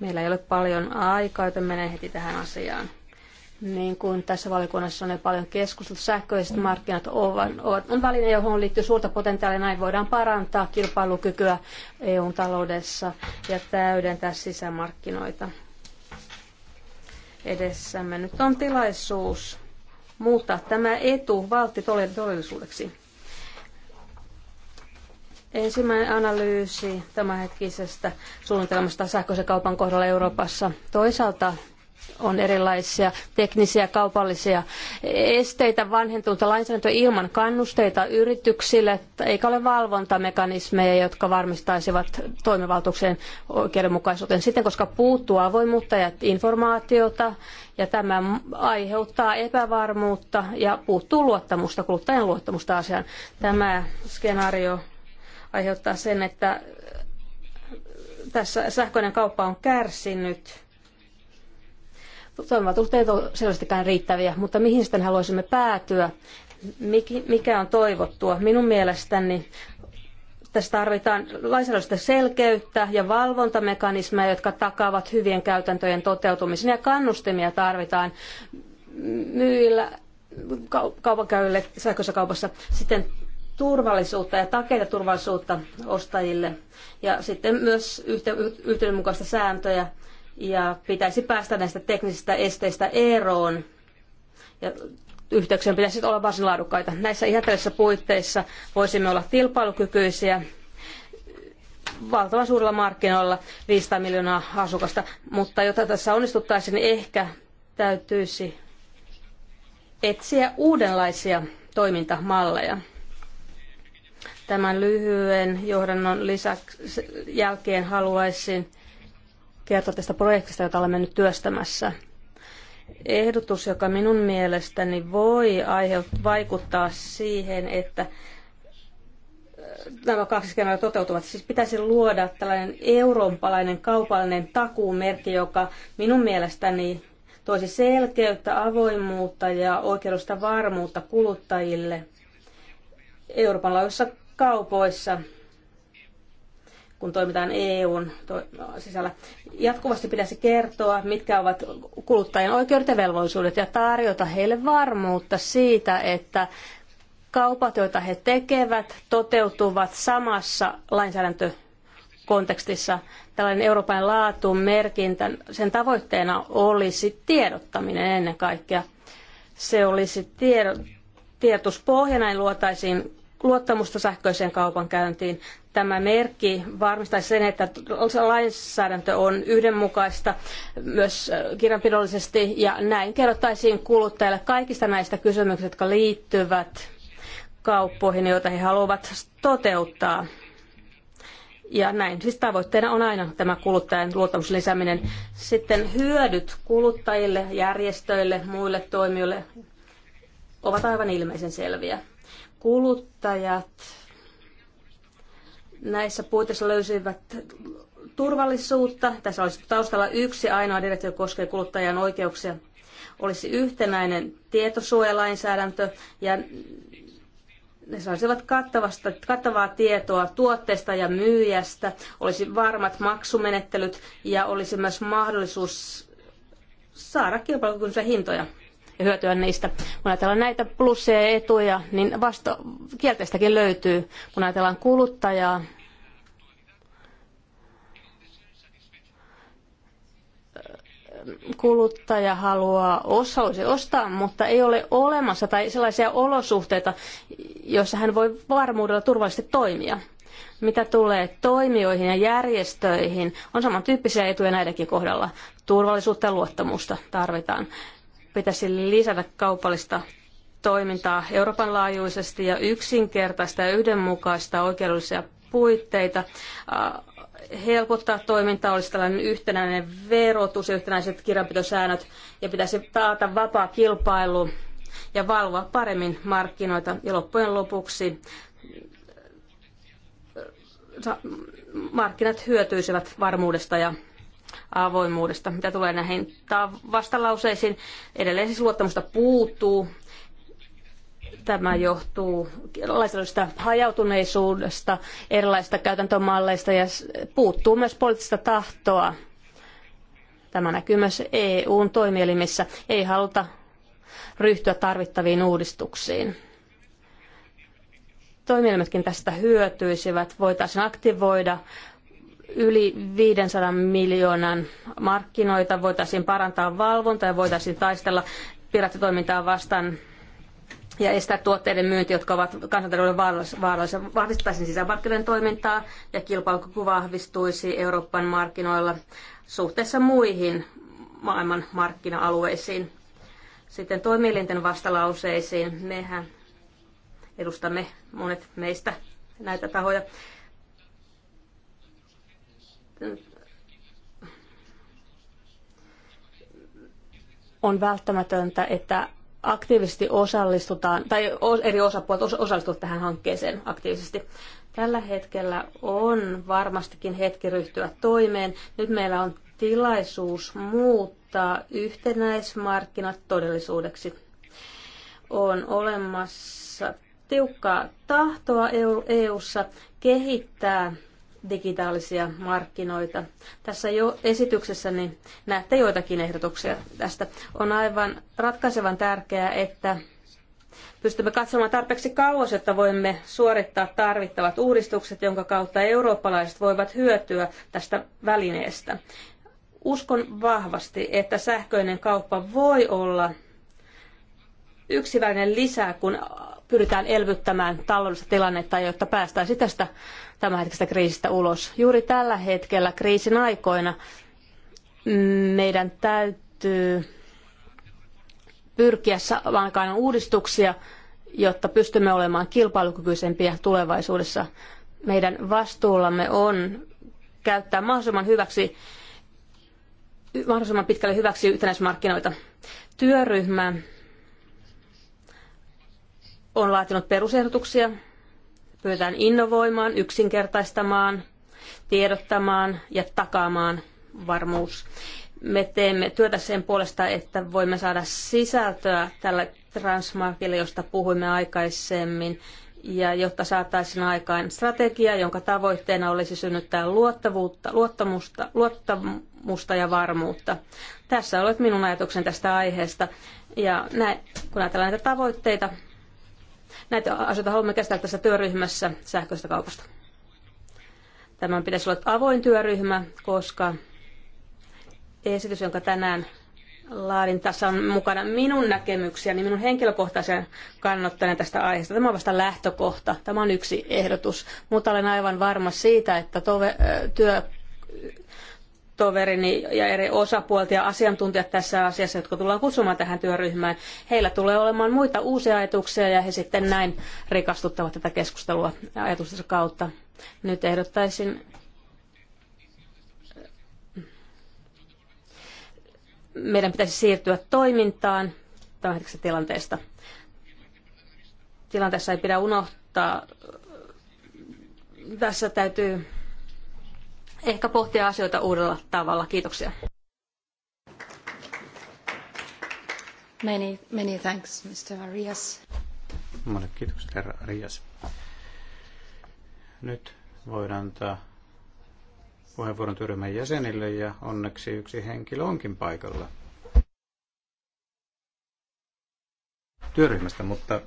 [SPEAKER 2] meillä ei ole paljon aikaa, joten menen heti tähän asiaan. Niin kuin tässä valikunnassa on jo paljon keskusteltu, sähköiset markkinat ovat, ovat, on väline, johon liittyy suurta potentiaalia. Näin voidaan parantaa kilpailukykyä eu taloudessa ja täydentää sisämarkkinoita edessämme. Nyt on tilaisuus muuttaa tämä etu valtti todellisuudeksi. Ensimmäinen analyysi tämänhetkisestä suunnitelmasta sähköisen kaupan kohdalla Euroopassa. Toisaalta on erilaisia teknisiä kaupallisia esteitä vanhentunutta lainsäädäntöä ilman kannusteita yrityksille, eikä ole valvontamekanismeja, jotka varmistaisivat toimivaltuuksien oikeudenmukaisuuteen. Sitten, koska puuttuu avoimuutta ja informaatiota, ja tämä aiheuttaa epävarmuutta ja puuttuu luottamusta, kuluttajan luottamusta asiaan. Tämä skenaario aiheuttaa sen, että tässä sähköinen kauppa on kärsinyt toimivaltuudet eivät ole selvästikään riittäviä, mutta mihin sitten haluaisimme päätyä? Mikä on toivottua? Minun mielestäni tässä tarvitaan lainsäädännöllistä selkeyttä ja valvontamekanismeja, jotka takaavat hyvien käytäntöjen toteutumisen ja kannustimia tarvitaan myyjillä kaupankäyjille sähköisessä kaupassa. Sitten turvallisuutta ja takeita turvallisuutta ostajille ja sitten myös yhteydenmukaista sääntöjä ja pitäisi päästä näistä teknisistä esteistä eroon. Ja yhteyksien pitäisi olla varsin laadukkaita. Näissä ihanteellisissa puitteissa voisimme olla kilpailukykyisiä valtavan suurilla markkinoilla 500 miljoonaa asukasta, mutta jotta tässä onnistuttaisiin, niin ehkä täytyisi etsiä uudenlaisia toimintamalleja. Tämän lyhyen johdannon lisäksi jälkeen haluaisin kertoa tästä projektista, jota olemme nyt työstämässä. Ehdotus, joka minun mielestäni voi aiheuttaa, vaikuttaa siihen, että äh, nämä kaksi skenaaria toteutuvat. Siis pitäisi luoda tällainen eurooppalainen kaupallinen takuumerkki, joka minun mielestäni toisi selkeyttä, avoimuutta ja oikeudellista varmuutta kuluttajille Euroopan laajuisissa kaupoissa – kun toimitaan EUn sisällä. Jatkuvasti pitäisi kertoa, mitkä ovat kuluttajien oikeudet ja velvollisuudet ja tarjota heille varmuutta siitä, että kaupat, joita he tekevät, toteutuvat samassa kontekstissa Tällainen Euroopan laatu merkintä, sen tavoitteena olisi tiedottaminen ennen kaikkea. Se olisi tiedotuspohja, näin luotaisiin luottamusta sähköiseen kaupankäyntiin. Tämä merkki varmistaisi sen, että lainsäädäntö on yhdenmukaista myös kirjanpidollisesti ja näin kerrottaisiin kuluttajille kaikista näistä kysymyksistä, jotka liittyvät kauppoihin, joita he haluavat toteuttaa. Ja näin, siis tavoitteena on aina tämä kuluttajan luottamus lisääminen. Sitten hyödyt kuluttajille, järjestöille, muille toimijoille ovat aivan ilmeisen selviä. Kuluttajat näissä puitteissa löysivät turvallisuutta. Tässä olisi taustalla yksi ainoa direktio koskee kuluttajan oikeuksia. Olisi yhtenäinen tietosuojalainsäädäntö ja ne saisivat kattavasta, kattavaa tietoa tuotteesta ja myyjästä, olisi varmat maksumenettelyt ja olisi myös mahdollisuus saada kilpailukykyisiä hintoja ja hyötyä niistä. Kun ajatellaan näitä plusseja ja etuja, niin vasta kielteistäkin löytyy. Kun ajatellaan kuluttajaa, kuluttaja haluaa osaisi ostaa, mutta ei ole olemassa tai sellaisia olosuhteita, joissa hän voi varmuudella turvallisesti toimia. Mitä tulee toimijoihin ja järjestöihin, on samantyyppisiä etuja näidenkin kohdalla. Turvallisuutta ja luottamusta tarvitaan pitäisi lisätä kaupallista toimintaa Euroopan laajuisesti ja yksinkertaista ja yhdenmukaista oikeudellisia puitteita. Helpottaa toimintaa olisi tällainen yhtenäinen verotus ja yhtenäiset kirjanpitosäännöt ja pitäisi taata vapaa kilpailu ja valvoa paremmin markkinoita. Ja loppujen lopuksi markkinat hyötyisivät varmuudesta ja avoimuudesta. Mitä tulee näihin vastalauseisiin, edelleen siis luottamusta puuttuu. Tämä johtuu erilaisesta hajautuneisuudesta, erilaisista käytäntömalleista ja puuttuu myös poliittista tahtoa. Tämä näkyy myös EUn toimielimissä. Ei haluta ryhtyä tarvittaviin uudistuksiin toimielimetkin tästä hyötyisivät, voitaisiin aktivoida yli 500 miljoonan markkinoita, voitaisiin parantaa valvontaa ja voitaisiin taistella piraattitoimintaa vastaan ja estää tuotteiden myynti, jotka ovat kansantalouden vaarallisia. Vahvistettaisiin sisämarkkinoiden toimintaa ja kilpailukyky vahvistuisi Euroopan markkinoilla suhteessa muihin maailman markkina-alueisiin. Sitten toimielinten vastalauseisiin. Mehän edustamme monet meistä näitä tahoja on välttämätöntä, että aktiivisesti osallistutaan, tai eri osapuolet osallistuvat tähän hankkeeseen aktiivisesti. Tällä hetkellä on varmastikin hetki ryhtyä toimeen. Nyt meillä on tilaisuus muuttaa yhtenäismarkkinat todellisuudeksi. On olemassa tiukkaa tahtoa EU:ssa kehittää digitaalisia markkinoita. Tässä jo niin näette joitakin ehdotuksia tästä. On aivan ratkaisevan tärkeää, että pystymme katsomaan tarpeeksi kauas, että voimme suorittaa tarvittavat uudistukset, jonka kautta eurooppalaiset voivat hyötyä tästä välineestä. Uskon vahvasti, että sähköinen kauppa voi olla yksi väline lisää, kun pyritään elvyttämään taloudellista tilannetta, jotta päästäisiin tästä tämänhetkisestä kriisistä ulos. Juuri tällä hetkellä kriisin aikoina meidän täytyy pyrkiä saamaan uudistuksia, jotta pystymme olemaan kilpailukykyisempiä tulevaisuudessa. Meidän vastuullamme on käyttää mahdollisimman hyväksi mahdollisimman pitkälle hyväksi yhtenäismarkkinoita. Työryhmä on laatinut perusehdotuksia. pyydetään innovoimaan, yksinkertaistamaan, tiedottamaan ja takaamaan varmuus. Me teemme työtä sen puolesta, että voimme saada sisältöä tälle transmarkille, josta puhuimme aikaisemmin, ja jotta saataisiin aikaan strategia, jonka tavoitteena olisi synnyttää luottavuutta, luottamusta, luottamusta ja varmuutta. Tässä olet minun ajatukseni tästä aiheesta. Ja näin, kun ajatellaan näitä tavoitteita, Näitä asioita haluamme käsitellä tässä työryhmässä sähköistä kaupasta. Tämän pitäisi olla avoin työryhmä, koska esitys, jonka tänään laadin, tässä on mukana minun näkemyksiäni, minun henkilökohtaisen kannattajana tästä aiheesta. Tämä on vasta lähtökohta, tämä on yksi ehdotus, mutta olen aivan varma siitä, että tove, työ, toverini ja eri osapuolta ja asiantuntijat tässä asiassa, jotka tullaan kutsumaan tähän työryhmään. Heillä tulee olemaan muita uusia ajatuksia ja he sitten näin rikastuttavat tätä keskustelua ajatustensa kautta. Nyt ehdottaisin meidän pitäisi siirtyä toimintaan tämänhetkisestä tilanteesta. Tilanteessa ei pidä unohtaa, tässä täytyy ehkä pohtia asioita uudella tavalla. Kiitoksia.
[SPEAKER 1] Many, many thanks, Mr. Arias.
[SPEAKER 3] Monet kiitokset, herra Arias. Nyt voidaan antaa puheenvuoron työryhmän jäsenille ja onneksi yksi henkilö onkin paikalla työryhmästä, mutta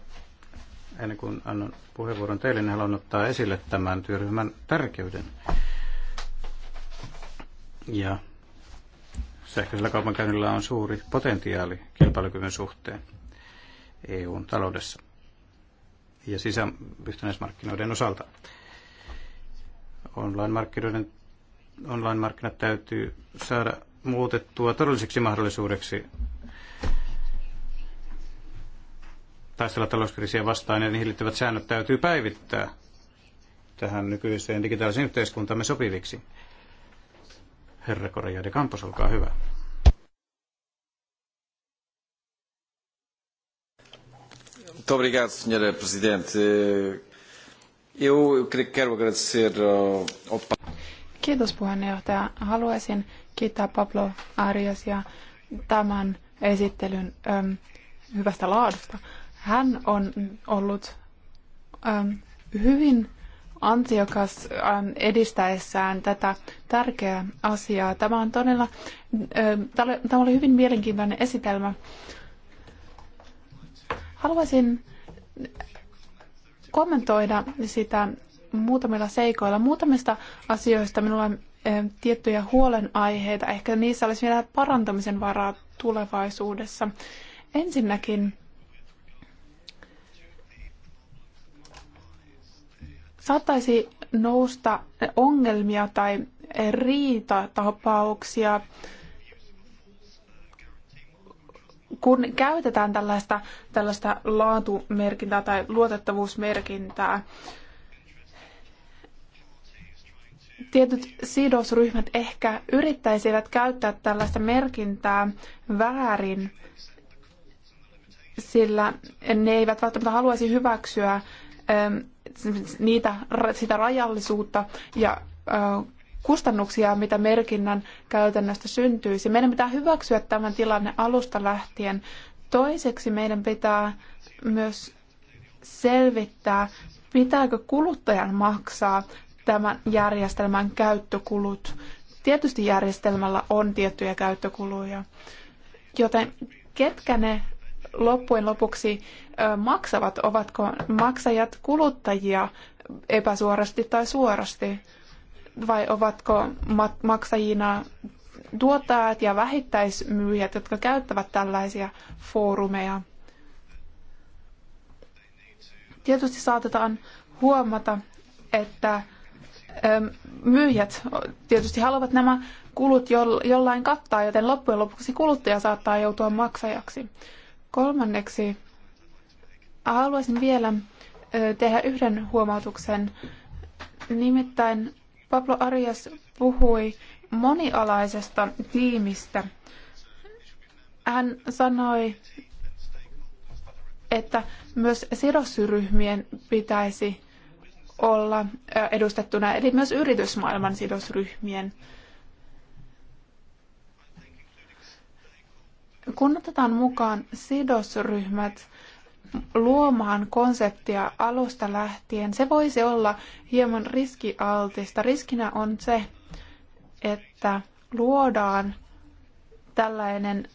[SPEAKER 3] ennen kuin annan puheenvuoron teille, niin haluan ottaa esille tämän työryhmän tärkeyden. Ja sähköisellä kaupankäynnillä on suuri potentiaali kilpailukyvyn suhteen EUn taloudessa ja sisäyhtenäismarkkinoiden osalta. Online-markkinoiden, online-markkinat täytyy saada muutettua todelliseksi mahdollisuudeksi taistella talouskriisiä vastaan ja niihin liittyvät säännöt täytyy päivittää tähän nykyiseen digitaaliseen yhteiskuntamme sopiviksi. Herra Korea de Campos,
[SPEAKER 5] olkaa hyvä. Muito obrigado, Sr. Presidente. Eu quero agradecer ao...
[SPEAKER 4] Kiitos puheenjohtaja. Haluaisin kiittää Pablo Arias ja tämän esittelyn äm, hyvästä laadusta. Hän on ollut äm, hyvin ansiokas edistäessään tätä tärkeää asiaa. Tämä on todella, tämä oli hyvin mielenkiintoinen esitelmä. Haluaisin kommentoida sitä muutamilla seikoilla. Muutamista asioista minulla on tiettyjä huolenaiheita. Ehkä niissä olisi vielä parantamisen varaa tulevaisuudessa. Ensinnäkin saattaisi nousta ongelmia tai riitatapauksia, kun käytetään tällaista, tällaista laatumerkintää tai luotettavuusmerkintää. Tietyt sidosryhmät ehkä yrittäisivät käyttää tällaista merkintää väärin, sillä ne eivät välttämättä haluaisi hyväksyä ähm, niitä, sitä rajallisuutta ja kustannuksia, mitä merkinnän käytännöstä syntyisi. Meidän pitää hyväksyä tämän tilanne alusta lähtien. Toiseksi meidän pitää myös selvittää, pitääkö kuluttajan maksaa tämän järjestelmän käyttökulut. Tietysti järjestelmällä on tiettyjä käyttökuluja, joten ketkä ne loppujen lopuksi maksavat? Ovatko maksajat kuluttajia epäsuorasti tai suorasti? Vai ovatko maksajina tuottajat ja vähittäismyyjät, jotka käyttävät tällaisia foorumeja? Tietysti saatetaan huomata, että myyjät tietysti haluavat nämä kulut jollain kattaa, joten loppujen lopuksi kuluttaja saattaa joutua maksajaksi. Kolmanneksi haluaisin vielä tehdä yhden huomautuksen. Nimittäin Pablo Arias puhui monialaisesta tiimistä. Hän sanoi, että myös sidosryhmien pitäisi olla edustettuna, eli myös yritysmaailman sidosryhmien. kun otetaan mukaan sidosryhmät luomaan konseptia alusta lähtien, se voisi olla hieman riskialtista. Riskinä on se, että luodaan tällainen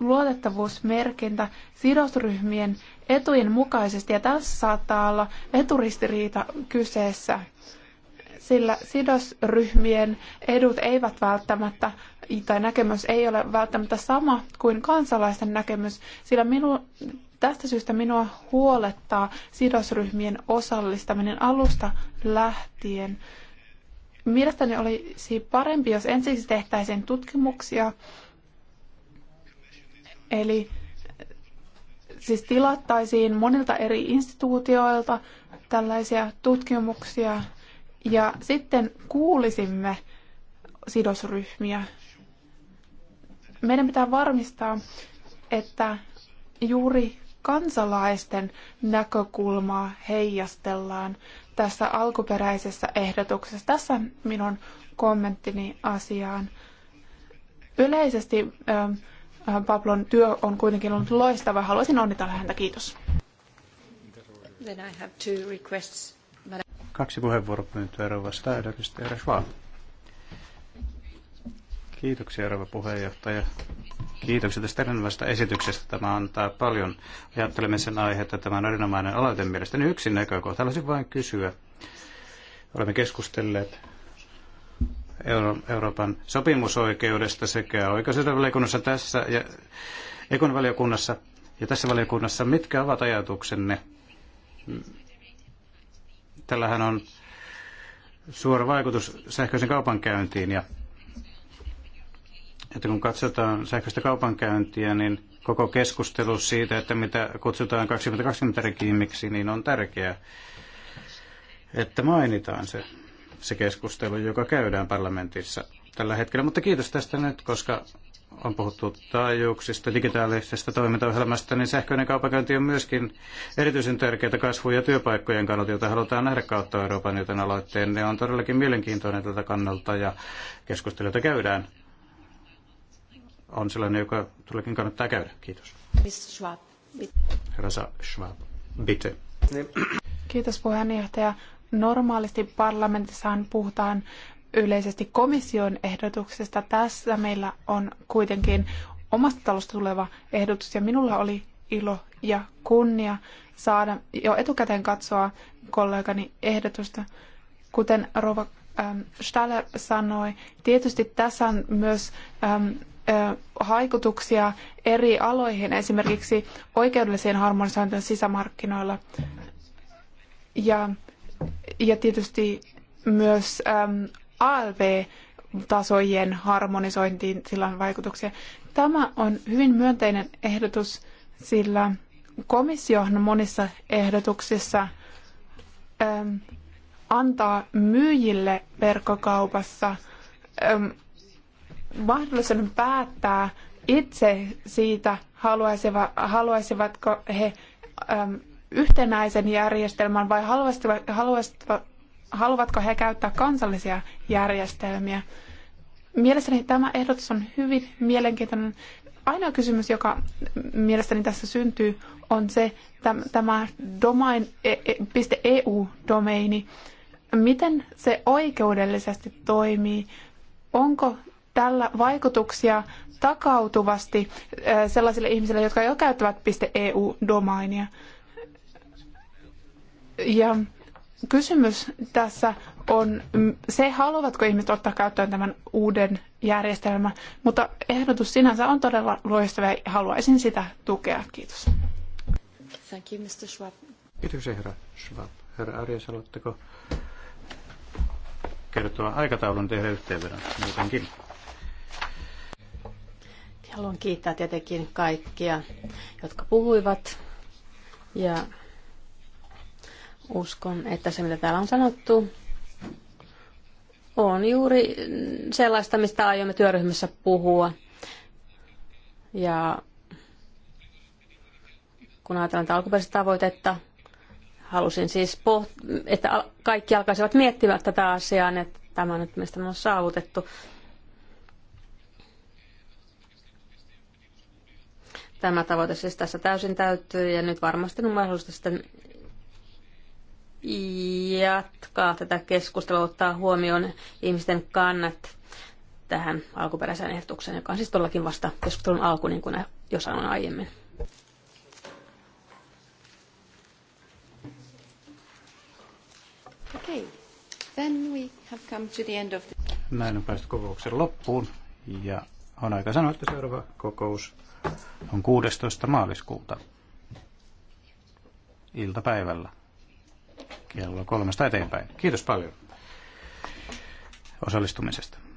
[SPEAKER 4] luotettavuusmerkintä sidosryhmien etujen mukaisesti, ja tässä saattaa olla eturistiriita kyseessä, sillä sidosryhmien edut eivät välttämättä tai näkemys ei ole välttämättä sama kuin kansalaisten näkemys, sillä minu, tästä syystä minua huolettaa sidosryhmien osallistaminen alusta lähtien. Mielestäni olisi parempi, jos ensiksi tehtäisiin tutkimuksia, eli siis tilattaisiin monilta eri instituutioilta tällaisia tutkimuksia ja sitten kuulisimme sidosryhmiä. Meidän pitää varmistaa, että juuri kansalaisten näkökulmaa heijastellaan tässä alkuperäisessä ehdotuksessa. Tässä minun kommenttini asiaan. Yleisesti ähm, äh, Pablon työ on kuitenkin ollut loistava. Haluaisin onnitella häntä.
[SPEAKER 1] Kiitos.
[SPEAKER 3] Kaksi puheenvuoropyyntöä Rova Steiderista ja Schwab. Kiitoksia, rouva puheenjohtaja. Kiitoksia tästä erinomaisesta esityksestä. Tämä antaa paljon aihe, että Tämä on erinomainen aloite mielestäni yksi näkökohta. Haluaisin vain kysyä. Olemme keskustelleet Euro- Euroopan sopimusoikeudesta sekä oikeusvaliokunnassa tässä ja Ekon valiokunnassa ja tässä valiokunnassa. Mitkä ovat ajatuksenne? Tällähän on suora vaikutus sähköisen kaupankäyntiin ja että kun katsotaan sähköistä kaupankäyntiä, niin koko keskustelu siitä, että mitä kutsutaan 2020 regiimiksi, niin on tärkeää, että mainitaan se, se keskustelu, joka käydään parlamentissa tällä hetkellä. Mutta kiitos tästä nyt, koska on puhuttu taajuuksista, digitaalisesta toimintaohjelmasta, niin sähköinen kaupankäynti on myöskin erityisen tärkeää kasvu- ja työpaikkojen kannalta, jota halutaan nähdä kautta Euroopan, joten aloitteen ne on todellakin mielenkiintoinen tältä kannalta ja keskusteluita käydään on sellainen, joka tuleekin kannattaa käydä. Kiitos. Herra Schwab, bitte.
[SPEAKER 4] Kiitos puheenjohtaja. Normaalisti parlamentissahan puhutaan yleisesti komission ehdotuksesta. Tässä meillä on kuitenkin omasta talosta tuleva ehdotus ja minulla oli ilo ja kunnia saada jo etukäteen katsoa kollegani ehdotusta. Kuten Rova ähm, Staller sanoi, tietysti tässä on myös ähm, vaikutuksia eri aloihin, esimerkiksi oikeudelliseen harmonisointiin sisämarkkinoilla. Ja, ja tietysti myös ALV-tasojen harmonisointiin sillä on vaikutuksia. Tämä on hyvin myönteinen ehdotus, sillä komissiohan monissa ehdotuksissa äm, antaa myyjille verkkokaupassa äm, mahdollisuuden päättää itse siitä, haluaisivatko he yhtenäisen järjestelmän vai haluavatko he käyttää kansallisia järjestelmiä. Mielestäni tämä ehdotus on hyvin mielenkiintoinen. Ainoa kysymys, joka mielestäni tässä syntyy, on se tämä domain, .eu-domeini. E-, e Miten se oikeudellisesti toimii? Onko tällä vaikutuksia takautuvasti äh, sellaisille ihmisille, jotka jo käyttävät .eu-domainia. E ja kysymys tässä on mm, se, haluavatko ihmiset ottaa käyttöön tämän uuden järjestelmän, mutta ehdotus sinänsä on todella loistava ja haluaisin sitä tukea. Kiitos.
[SPEAKER 1] Thank you, Mr. Schwab.
[SPEAKER 3] Kiitoksia, herra Schwab. Herra Arjas, haluatteko kertoa aikataulun tehdä yhteenvedon muutenkin?
[SPEAKER 2] Haluan kiittää tietenkin kaikkia, jotka puhuivat. Ja uskon, että se mitä täällä on sanottu, on juuri sellaista, mistä aiomme työryhmässä puhua. Ja kun ajatellaan tätä alkuperäistä tavoitetta, halusin siis, pohtia, että kaikki alkaisivat miettiä tätä asiaa, että tämä on nyt mistä on saavutettu. Tämä tavoite siis tässä täysin täyttyy ja nyt varmasti on mahdollista sitten jatkaa tätä keskustelua, ottaa huomioon ihmisten kannat tähän alkuperäiseen ehdotukseen, joka on siis todellakin vasta keskustelun alku, niin kuin jo sanoin aiemmin.
[SPEAKER 1] Okay. Then we have come to the end of the...
[SPEAKER 3] Näin on päästy kokouksen loppuun ja on aika sanoa, että seuraava kokous on 16. maaliskuuta iltapäivällä kello kolmesta eteenpäin. Kiitos paljon osallistumisesta.